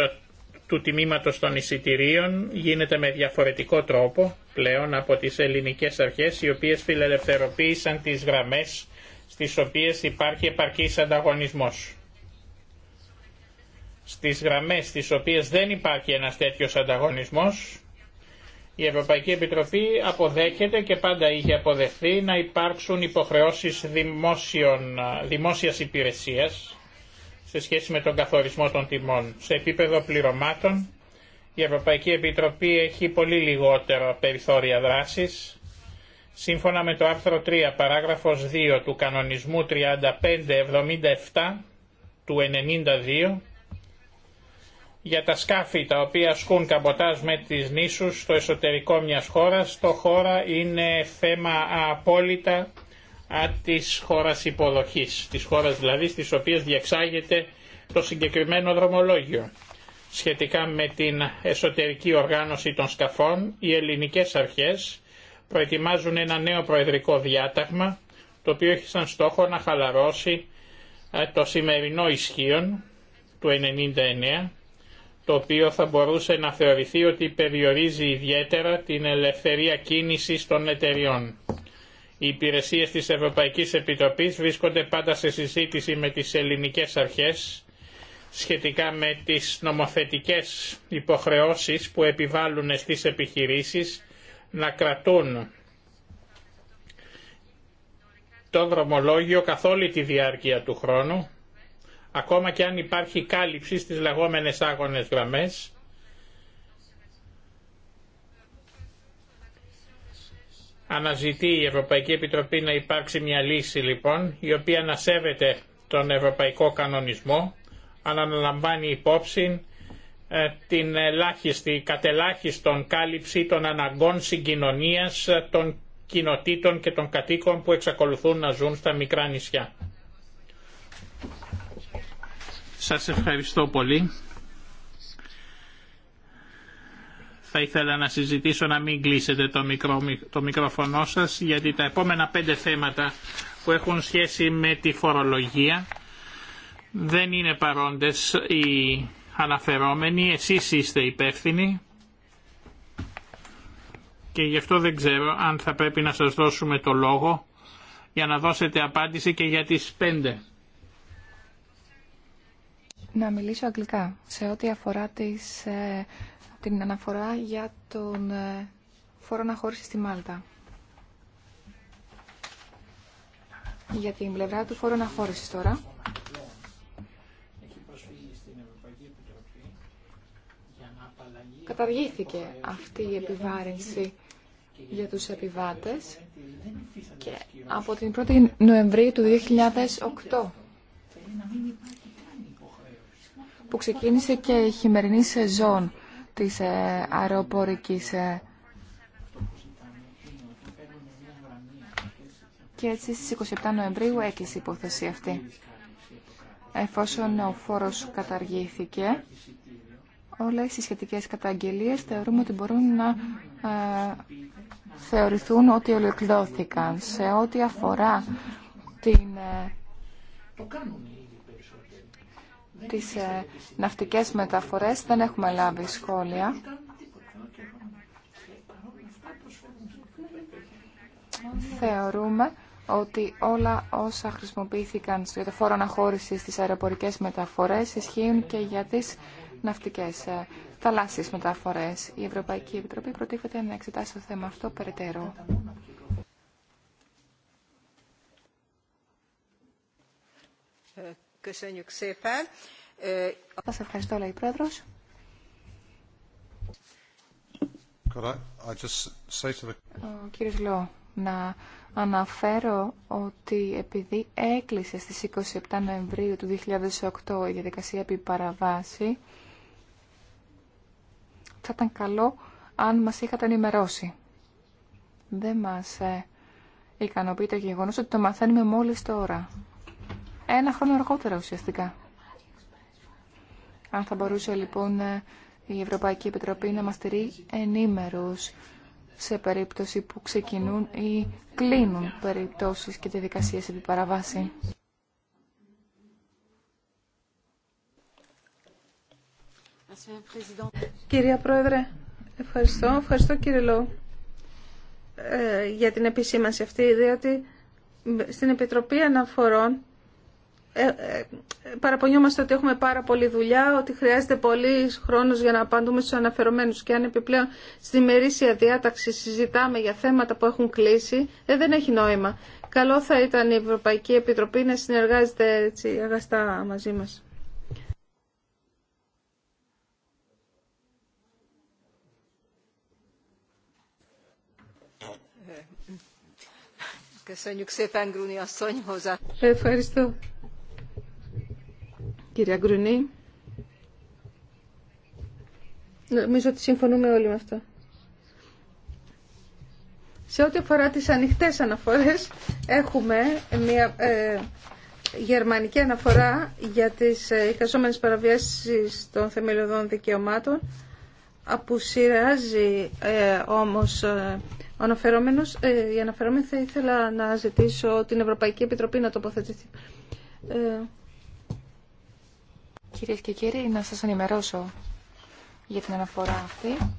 του τιμήματος των εισιτηρίων γίνεται με διαφορετικό τρόπο πλέον από τις ελληνικές αρχές οι οποίες φιλελευθεροποίησαν τις γραμμές στις οποίες υπάρχει επαρκής ανταγωνισμός. Στις γραμμές στις οποίες δεν υπάρχει ένας τέτοιος ανταγωνισμός η Ευρωπαϊκή Επιτροπή αποδέχεται και πάντα είχε αποδεχθεί να υπάρξουν υποχρεώσεις δημόσιων, δημόσιας υπηρεσίας σε σχέση με τον καθορισμό των τιμών. Σε επίπεδο πληρωμάτων, η Ευρωπαϊκή Επιτροπή έχει πολύ λιγότερο περιθώρια δράσης. Σύμφωνα με το άρθρο 3, παράγραφος 2 του κανονισμού 3577 του 92, για τα σκάφη τα οποία ασκούν καμποτάζ με τις νήσους στο εσωτερικό μιας χώρας, το χώρα είναι θέμα απόλυτα της χώρα υποδοχής, της χώρας δηλαδή στι οποίε διεξάγεται το συγκεκριμένο δρομολόγιο. Σχετικά με την εσωτερική οργάνωση των σκαφών, οι ελληνικές αρχές προετοιμάζουν ένα νέο προεδρικό διάταγμα, το οποίο έχει σαν στόχο να χαλαρώσει το σημερινό ισχύον του 1999, το οποίο θα μπορούσε να θεωρηθεί ότι περιορίζει ιδιαίτερα την ελευθερία κίνησης των εταιριών. Οι υπηρεσίες της Ευρωπαϊκής Επιτροπής βρίσκονται πάντα σε συζήτηση με τις ελληνικές αρχές σχετικά με τις νομοθετικές υποχρεώσεις που επιβάλλουν στις επιχειρήσεις να κρατούν το δρομολόγιο καθ' όλη τη διάρκεια του χρόνου, ακόμα και αν υπάρχει κάλυψη στις λεγόμενες άγονες γραμμές, Αναζητεί η Ευρωπαϊκή Επιτροπή να υπάρξει μια λύση λοιπόν η οποία να σέβεται τον Ευρωπαϊκό Κανονισμό αλλά να λαμβάνει υπόψη ε, την ελάχιστη, κατελάχιστον κάλυψη των αναγκών συγκοινωνίας ε, των κοινοτήτων και των κατοίκων που εξακολουθούν να ζουν στα μικρά νησιά. Σας ευχαριστώ πολύ. θα ήθελα να συζητήσω να μην κλείσετε το, μικρό, το μικρόφωνο σας γιατί τα επόμενα πέντε θέματα που έχουν σχέση με τη φορολογία δεν είναι παρόντες οι αναφερόμενοι, εσείς είστε υπεύθυνοι και γι' αυτό δεν ξέρω αν θα πρέπει να σας δώσουμε το λόγο για να δώσετε απάντηση και για τις πέντε. Να μιλήσω αγγλικά σε ό,τι αφορά τις ε, την αναφορά για τον ε, φόρο αναχώρηση στη Μάλτα. Για την πλευρά του φόρου αναχώρηση τώρα. Καταργήθηκε αυτή η επιβάρυνση για τους επιβάτες και από την 1η Νοεμβρίου του 2008 που ξεκίνησε και η χειμερινή σεζόν της ε, αεροπορικής ε. και έτσι στις 27 Νοεμβρίου έκλεισε η υπόθεση αυτή. Εφόσον ο φόρος καταργήθηκε, όλες οι σχετικές καταγγελίες θεωρούμε ότι μπορούν να ε, θεωρηθούν ότι ολοκληρώθηκαν. Σε ό,τι αφορά την τις ε, ναυτικές μεταφορές δεν έχουμε λάβει σχόλια. Θεωρούμε ότι όλα όσα χρησιμοποιήθηκαν για το φόρο αναχώρηση στις αεροπορικές μεταφορές ισχύουν και για τις ναυτικές ε, θαλάσσιες μεταφορές. Η Ευρωπαϊκή Επιτροπή προτίθεται να εξετάσει το θέμα αυτό περαιτέρω. Ε, σας ευχαριστώ, λέει Πρόεδρος. Κύριε Λό, να αναφέρω ότι επειδή έκλεισε στις 27 Νοεμβρίου του 2008 η διαδικασία επί παραβάση, θα ήταν καλό αν μας είχατε ενημερώσει. Δεν μας ε, ικανοποιεί το γεγονός ότι το μαθαίνουμε μόλις τώρα ένα χρόνο αργότερα ουσιαστικά. Αν θα μπορούσε λοιπόν η Ευρωπαϊκή Επιτροπή να μας στηρεί ενήμερους σε περίπτωση που ξεκινούν ή κλείνουν περιπτώσεις και διαδικασίες επί παραβάση. Κυρία Πρόεδρε, ευχαριστώ. Ευχαριστώ κύριε Λό ε, για την επισήμανση αυτή, διότι στην Επιτροπή Αναφορών ε, ε, παραπονιόμαστε ότι έχουμε πάρα πολλή δουλειά, ότι χρειάζεται πολύ χρόνος για να απαντούμε στου αναφερομένους και αν επιπλέον στη μερίσια διάταξη συζητάμε για θέματα που έχουν κλείσει, ε, δεν έχει νόημα. Καλό θα ήταν η Ευρωπαϊκή Επιτροπή να συνεργάζεται έτσι αγαστά μαζί μας. Ευχαριστώ. Κυρία Γκρουνή. Νομίζω ότι συμφωνούμε όλοι με αυτό. Σε ό,τι αφορά τις ανοιχτές αναφορές, έχουμε μια ε, γερμανική αναφορά για τις ε, εικαζόμενες παραβιάσεις των θεμελιωδών δικαιωμάτων, απουσιάζει ε, όμως ε, ο αναφερόμενος. Ε, για αναφερόμενη θα ήθελα να ζητήσω την Ευρωπαϊκή Επιτροπή να τοποθετηθεί. Ε, Κυρίες και κύριοι, να σας ενημερώσω για την αναφορά αυτή,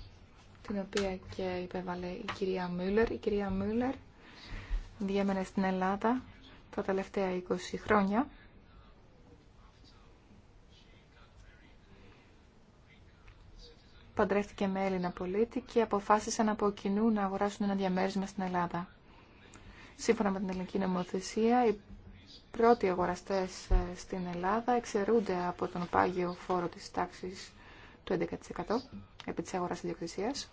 την οποία και υπέβαλε η κυρία Μούλερ. Η κυρία Μούλερ διέμενε στην Ελλάδα τα τελευταία 20 χρόνια. Παντρεύτηκε με Έλληνα πολίτη και αποφάσισαν από κοινού να αγοράσουν ένα διαμέρισμα στην Ελλάδα. Σύμφωνα με την ελληνική νομοθεσία, πρώτοι αγοραστές ε, στην Ελλάδα εξαιρούνται από τον πάγιο φόρο της τάξης του 11% επί της αγοράς ιδιοκτησίας.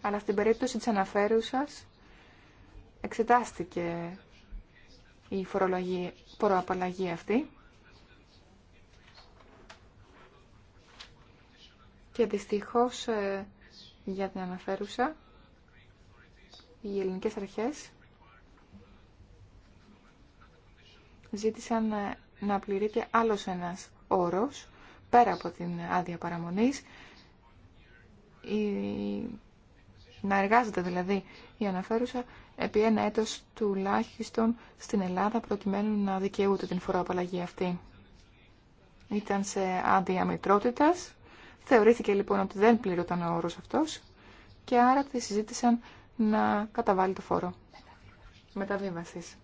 Αλλά στην περίπτωση της αναφέρουσας εξετάστηκε η φοροαπαλλαγή αυτή και δυστυχώς ε, για την αναφέρουσα οι ελληνικές αρχές ζήτησαν ε, να πληρείται άλλος ένας όρος, πέρα από την άδεια παραμονής, να εργάζεται δηλαδή η αναφέρουσα επί ένα έτος τουλάχιστον στην Ελλάδα προκειμένου να δικαιούται την φοροαπαλλαγή αυτή. Ήταν σε άδεια μητρότητας. Θεωρήθηκε λοιπόν ότι δεν πληρωταν ο όρος αυτός και άρα τη συζήτησαν να καταβάλει το φόρο μεταβίβασης.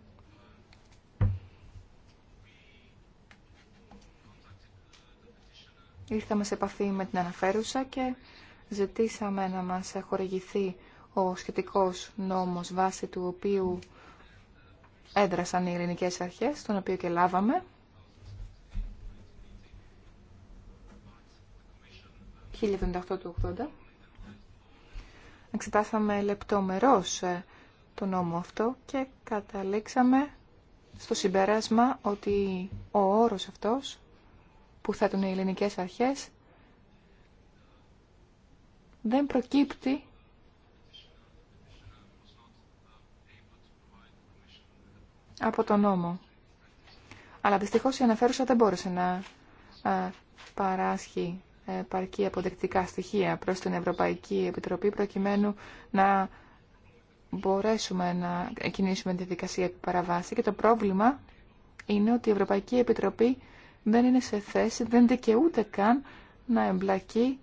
Ήρθαμε σε επαφή με την αναφέρουσα και ζητήσαμε να μας χορηγηθεί ο σχετικός νόμος βάση του οποίου έδρασαν οι ελληνικές αρχές, τον οποίο και λάβαμε. του 80. Εξετάσαμε λεπτομερός ε, το νόμο αυτό και καταλήξαμε στο συμπέρασμα ότι ο όρος αυτός που θέτουν οι ελληνικές αρχές δεν προκύπτει από τον νόμο. Αλλά δυστυχώς η αναφέρουσα δεν μπόρεσε να παράσχει παρκή αποδεκτικά στοιχεία προς την Ευρωπαϊκή Επιτροπή προκειμένου να μπορέσουμε να κινήσουμε τη δικασία επί παραβάση και το πρόβλημα είναι ότι η Ευρωπαϊκή Επιτροπή δεν είναι σε θέση, δεν δικαιούται καν να εμπλακεί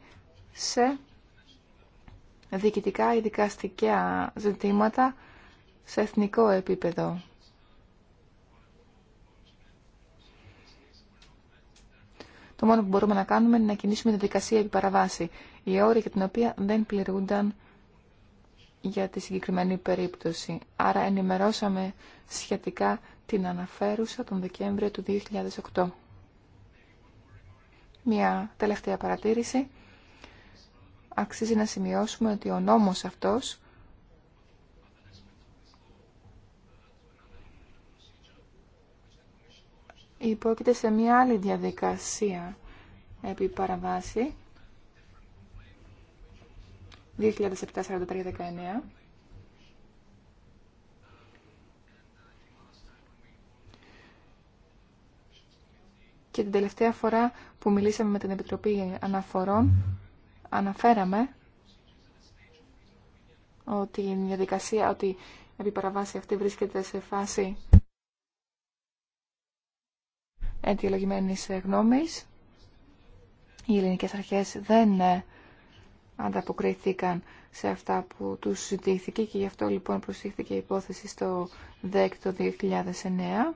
σε διοικητικά ή δικαστικά ζητήματα σε εθνικό επίπεδο. Το μόνο που μπορούμε να κάνουμε είναι να κινήσουμε τη δικασία επί παραβάση, η όρη για την οποία δεν πληρούνταν για τη συγκεκριμένη περίπτωση. Άρα ενημερώσαμε σχετικά την αναφέρουσα τον Δεκέμβριο του 2008. Μια τελευταία παρατήρηση. Αξίζει να σημειώσουμε ότι ο νόμος αυτός υπόκειται σε μια άλλη διαδικασία επί παραβάση 2007-43-19 και την τελευταία φορά που μιλήσαμε με την Επιτροπή Αναφορών αναφέραμε ότι η διαδικασία, ότι η επιπαραβάση αυτή βρίσκεται σε φάση αιτιολογημένης γνώμης. Οι ελληνικές αρχές δεν ανταποκρίθηκαν σε αυτά που τους ζητήθηκε και γι' αυτό λοιπόν προσήχθηκε η υπόθεση στο ΔΕΚ το 2009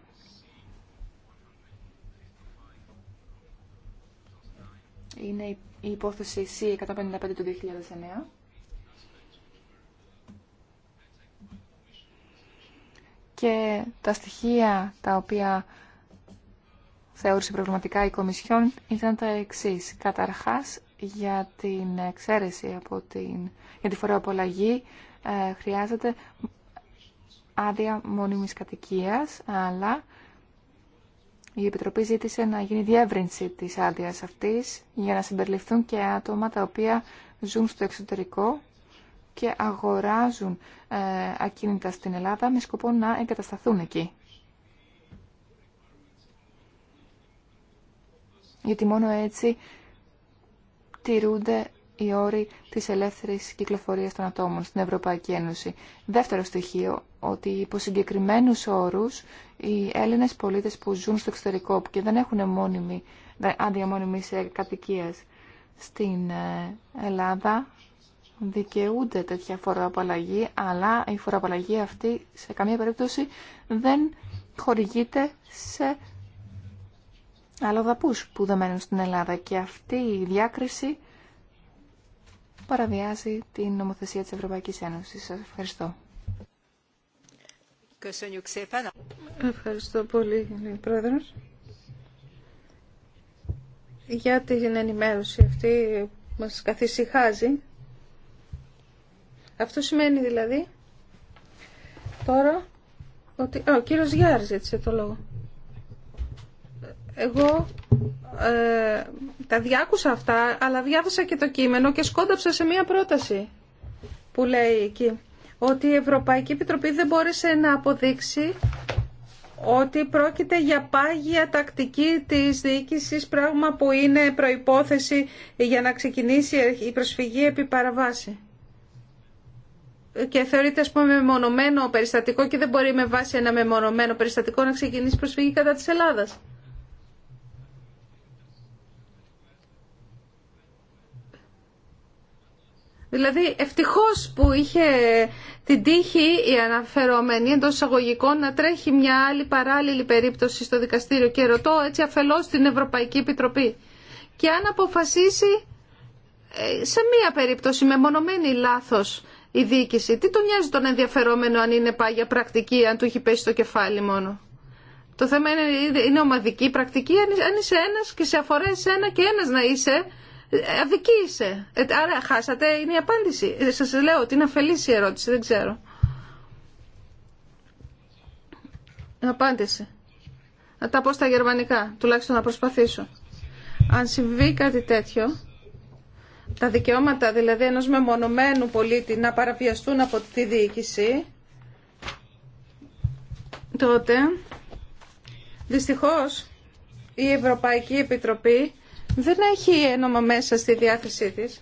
είναι η υπόθεση C155 του 2009. Και τα στοιχεία τα οποία θεώρησε προβληματικά η Κομισιόν ήταν τα εξής. Καταρχάς, για την εξαίρεση από την, για τη φοροαπολαγή ε, χρειάζεται άδεια μόνιμης κατοικίας, αλλά η Επιτροπή ζήτησε να γίνει διεύρυνση της άδεια αυτής για να συμπεριληφθούν και άτομα τα οποία ζουν στο εξωτερικό και αγοράζουν ε, ακίνητα στην Ελλάδα με σκοπό να εγκατασταθούν εκεί. Γιατί μόνο έτσι τηρούνται οι όροι της ελεύθερης κυκλοφορίας των ατόμων στην Ευρωπαϊκή Ένωση. Δεύτερο στοιχείο, ότι υπό συγκεκριμένου όρους οι Έλληνες πολίτες που ζουν στο εξωτερικό και δεν έχουν μόνιμη, άδεια μόνιμης κατοικίας στην ε, Ελλάδα δικαιούνται τέτοια φοροαπαλλαγή, αλλά η φοροαπαλλαγή αυτή σε καμία περίπτωση δεν χορηγείται σε αλλοδαπούς που δεν μένουν στην Ελλάδα. Και αυτή η διάκριση παραβιάζει την νομοθεσία της Ευρωπαϊκής Ένωσης. Σας ευχαριστώ. Ευχαριστώ πολύ, Πρόεδρος. Για την ενημέρωση αυτή που μας καθησυχάζει. Αυτό σημαίνει δηλαδή τώρα ότι... Α, ο κύριος Γιάρης έτσι το λόγο. Εγώ ε, τα διάκουσα αυτά, αλλά διάβασα και το κείμενο και σκόνταψα σε μία πρόταση που λέει εκεί ότι η Ευρωπαϊκή Επιτροπή δεν μπόρεσε να αποδείξει ότι πρόκειται για πάγια τακτική της διοίκησης, πράγμα που είναι προϋπόθεση για να ξεκινήσει η προσφυγή επί παραβάση. Και θεωρείται, ας πούμε, μεμονωμένο περιστατικό και δεν μπορεί με βάση ένα μεμονωμένο περιστατικό να ξεκινήσει προσφυγή κατά της Ελλάδας. Δηλαδή ευτυχώς που είχε την τύχη η αναφερόμενη εντό εισαγωγικών να τρέχει μια άλλη παράλληλη περίπτωση στο δικαστήριο και ρωτώ έτσι αφελώς την Ευρωπαϊκή Επιτροπή. Και αν αποφασίσει ε, σε μία περίπτωση με μονομένη λάθος η διοίκηση, τι τον νοιάζει τον ενδιαφερόμενο αν είναι πάγια πρακτική, αν του έχει πέσει το κεφάλι μόνο. Το θέμα είναι, είναι ομαδική πρακτική, αν είσαι ένας και σε αφορά εσένα και ένας να είσαι, Αδικήσε. Άρα χάσατε, είναι η απάντηση. Ε, σας λέω ότι είναι αφελής η ερώτηση, δεν ξέρω. Απάντηση. Να τα πω στα γερμανικά, τουλάχιστον να προσπαθήσω. Αν συμβεί κάτι τέτοιο, τα δικαιώματα δηλαδή ενός μεμονωμένου πολίτη να παραβιαστούν από τη διοίκηση, τότε δυστυχώς η Ευρωπαϊκή Επιτροπή δεν έχει ένομα μέσα στη διάθεσή της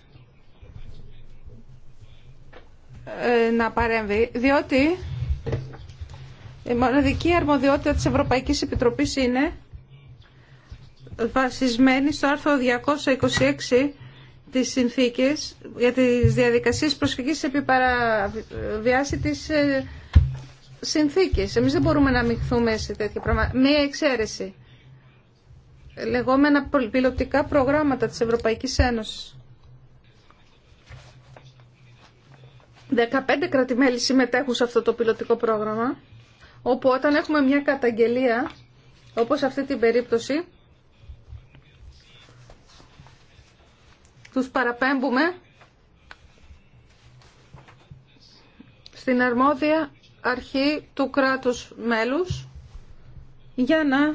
ε, να παρέμβει, διότι η μοναδική αρμοδιότητα της Ευρωπαϊκής Επιτροπής είναι βασισμένη στο άρθρο 226 της συνθήκης για τις διαδικασίες προσφυγής επί παραβιάση της ε, συνθήκης. Εμείς δεν μπορούμε να μειχθούμε σε τέτοια πράγματα. Μία εξαίρεση λεγόμενα πιλωτικά προγράμματα της Ευρωπαϊκής Ένωσης. 15 κράτη-μέλη συμμετέχουν σε αυτό το πιλωτικό πρόγραμμα, όπου όταν έχουμε μια καταγγελία, όπως αυτή την περίπτωση, τους παραπέμπουμε στην αρμόδια αρχή του κράτους μέλους για να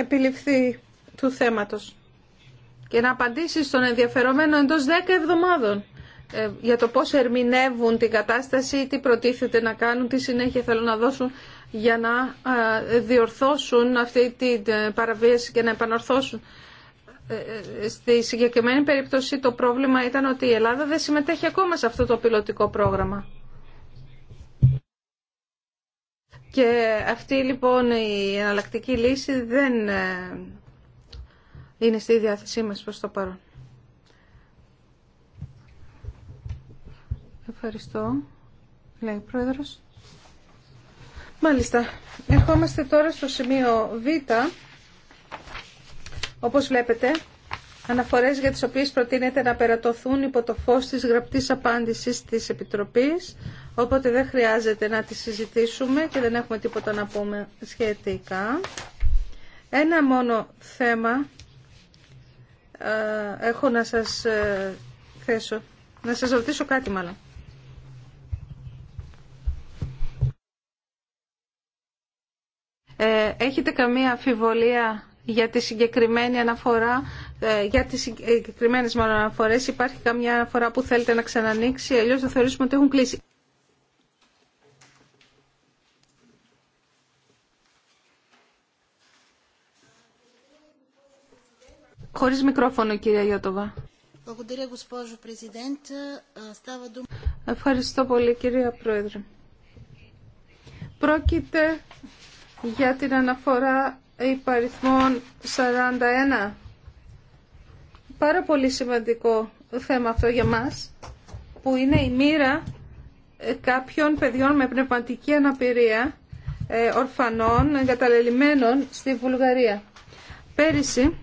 επιληφθεί του θέματος και να απαντήσει στον ενδιαφερομένο εντός 10 εβδομάδων ε, για το πώς ερμηνεύουν την κατάσταση, τι προτίθεται να κάνουν, τι συνέχεια θέλουν να δώσουν για να διορθώσουν αυτή την ε, παραβίαση και να επανορθώσουν. Ε, στη συγκεκριμένη περίπτωση το πρόβλημα ήταν ότι η Ελλάδα δεν συμμετέχει ακόμα σε αυτό το πιλωτικό πρόγραμμα. Και αυτή λοιπόν η εναλλακτική λύση δεν ε, είναι στη διάθεσή μας προς το παρόν. Ευχαριστώ. Λέει ο Πρόεδρος. Μάλιστα. Ερχόμαστε τώρα στο σημείο Β. Όπως βλέπετε, αναφορές για τις οποίες προτείνεται να περατωθούν υπό το φως της γραπτής απάντησης της Επιτροπής, οπότε δεν χρειάζεται να τις συζητήσουμε και δεν έχουμε τίποτα να πούμε σχετικά. Ένα μόνο θέμα ε, έχω να σας ε, θέσω, να σας ρωτήσω κάτι μάλλον. Ε, έχετε καμία αφιβολία για τη συγκεκριμένη αναφορά, ε, για τις ε, συγκεκριμένες αναφορές. Υπάρχει καμιά αναφορά που θέλετε να ξανανοίξει, αλλιώς θα θεωρήσουμε ότι έχουν κλείσει. Χωρίς μικρόφωνο, κυρία Γιώτοβα. Ευχαριστώ πολύ, κυρία Πρόεδρε. Πρόκειται για την αναφορά υπαριθμών 41. Πάρα πολύ σημαντικό θέμα αυτό για μας, που είναι η μοίρα ε, κάποιων παιδιών με πνευματική αναπηρία, ε, ορφανών, εγκαταλελειμμένων στη Βουλγαρία. Πέρυσι,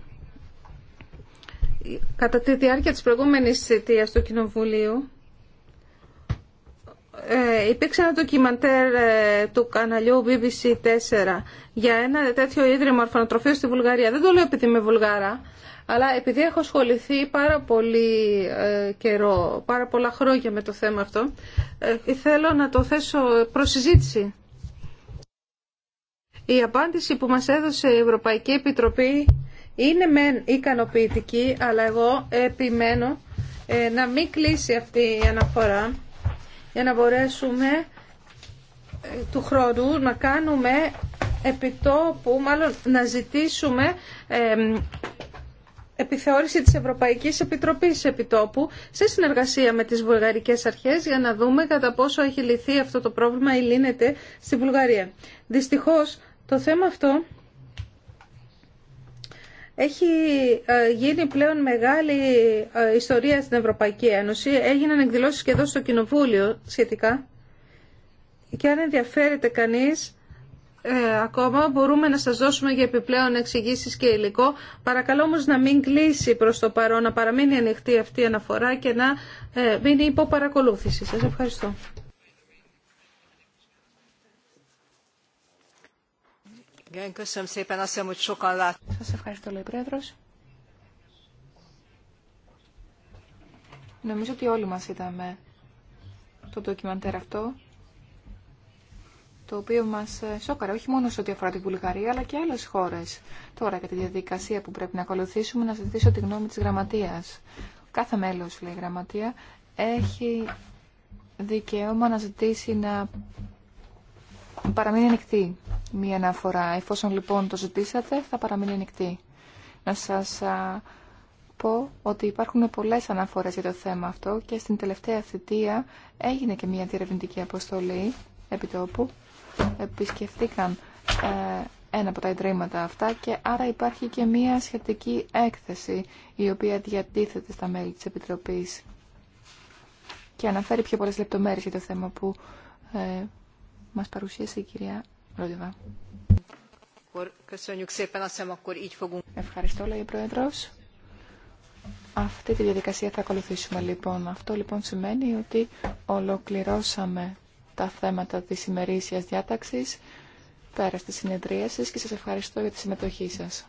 κατά τη διάρκεια της προηγούμενης θητείας του Κοινοβουλίου, ε, υπήρξε ένα ντοκιμαντέρ ε, του καναλιού BBC4 για ένα τέτοιο ίδρυμα ορφανοτροφείου στη Βουλγαρία. Δεν το λέω επειδή είμαι Βουλγάρα, αλλά επειδή έχω ασχοληθεί πάρα πολύ ε, καιρό, πάρα πολλά χρόνια με το θέμα αυτό, ε, θέλω να το θέσω προ συζήτηση. Η απάντηση που μας έδωσε η Ευρωπαϊκή Επιτροπή είναι μεν ικανοποιητική, αλλά εγώ επιμένω να μην κλείσει αυτή η αναφορά για να μπορέσουμε ε, του χρόνου να κάνουμε επιτόπου, μάλλον να ζητήσουμε επιθεώρηση της Ευρωπαϊκής Επιτροπής επιτόπου σε συνεργασία με τις βουλγαρικές αρχές για να δούμε κατά πόσο έχει λυθεί αυτό το πρόβλημα ή λύνεται στη Βουλγαρία. Δυστυχώς το θέμα αυτό έχει ε, γίνει πλέον μεγάλη ε, ιστορία στην Ευρωπαϊκή Ένωση. Έγιναν εκδηλώσεις και εδώ στο Κοινοβούλιο σχετικά. Και αν ενδιαφέρεται κανείς, ε, ακόμα μπορούμε να σας δώσουμε για επιπλέον εξηγήσεις και υλικό. Παρακαλώ όμως να μην κλείσει προς το παρόν, να παραμείνει ανοιχτή αυτή η αναφορά και να ε, μείνει υπό παρακολούθηση. Σας ευχαριστώ. Σας ευχαριστώ, λέει Πρόεδρος. Νομίζω ότι όλοι μας είδαμε το ντοκιμαντέρ αυτό, το οποίο μας ε, σόκαρε όχι μόνο σε ό,τι αφορά την Βουλγαρία, αλλά και άλλες χώρες. Τώρα, για τη διαδικασία που πρέπει να ακολουθήσουμε, να ζητήσω τη γνώμη της Γραμματείας. Κάθε μέλος, λέει η Γραμματεία, έχει δικαίωμα να ζητήσει να παραμείνει ανοιχτή μία αναφορά. Εφόσον λοιπόν το ζητήσατε, θα παραμείνει ανοιχτή. Να σας πω ότι υπάρχουν πολλές αναφορές για το θέμα αυτό και στην τελευταία θητεία έγινε και μία διερευνητική αποστολή επιτόπου. Επισκεφτήκαν ε, ένα από τα ιδρύματα αυτά και άρα υπάρχει και μία σχετική έκθεση η οποία διατίθεται στα μέλη της Επιτροπής και αναφέρει πιο πολλές λεπτομέρειες για το θέμα που ε, μας παρουσίασε η κυρία Ρόντεβα. Ευχαριστώ, λέει ο Πρόεδρος. Αυτή τη διαδικασία θα ακολουθήσουμε λοιπόν. Αυτό λοιπόν σημαίνει ότι ολοκληρώσαμε τα θέματα της ημερήσιας διάταξης πέρα τη συνεδρίασης και σας ευχαριστώ για τη συμμετοχή σας.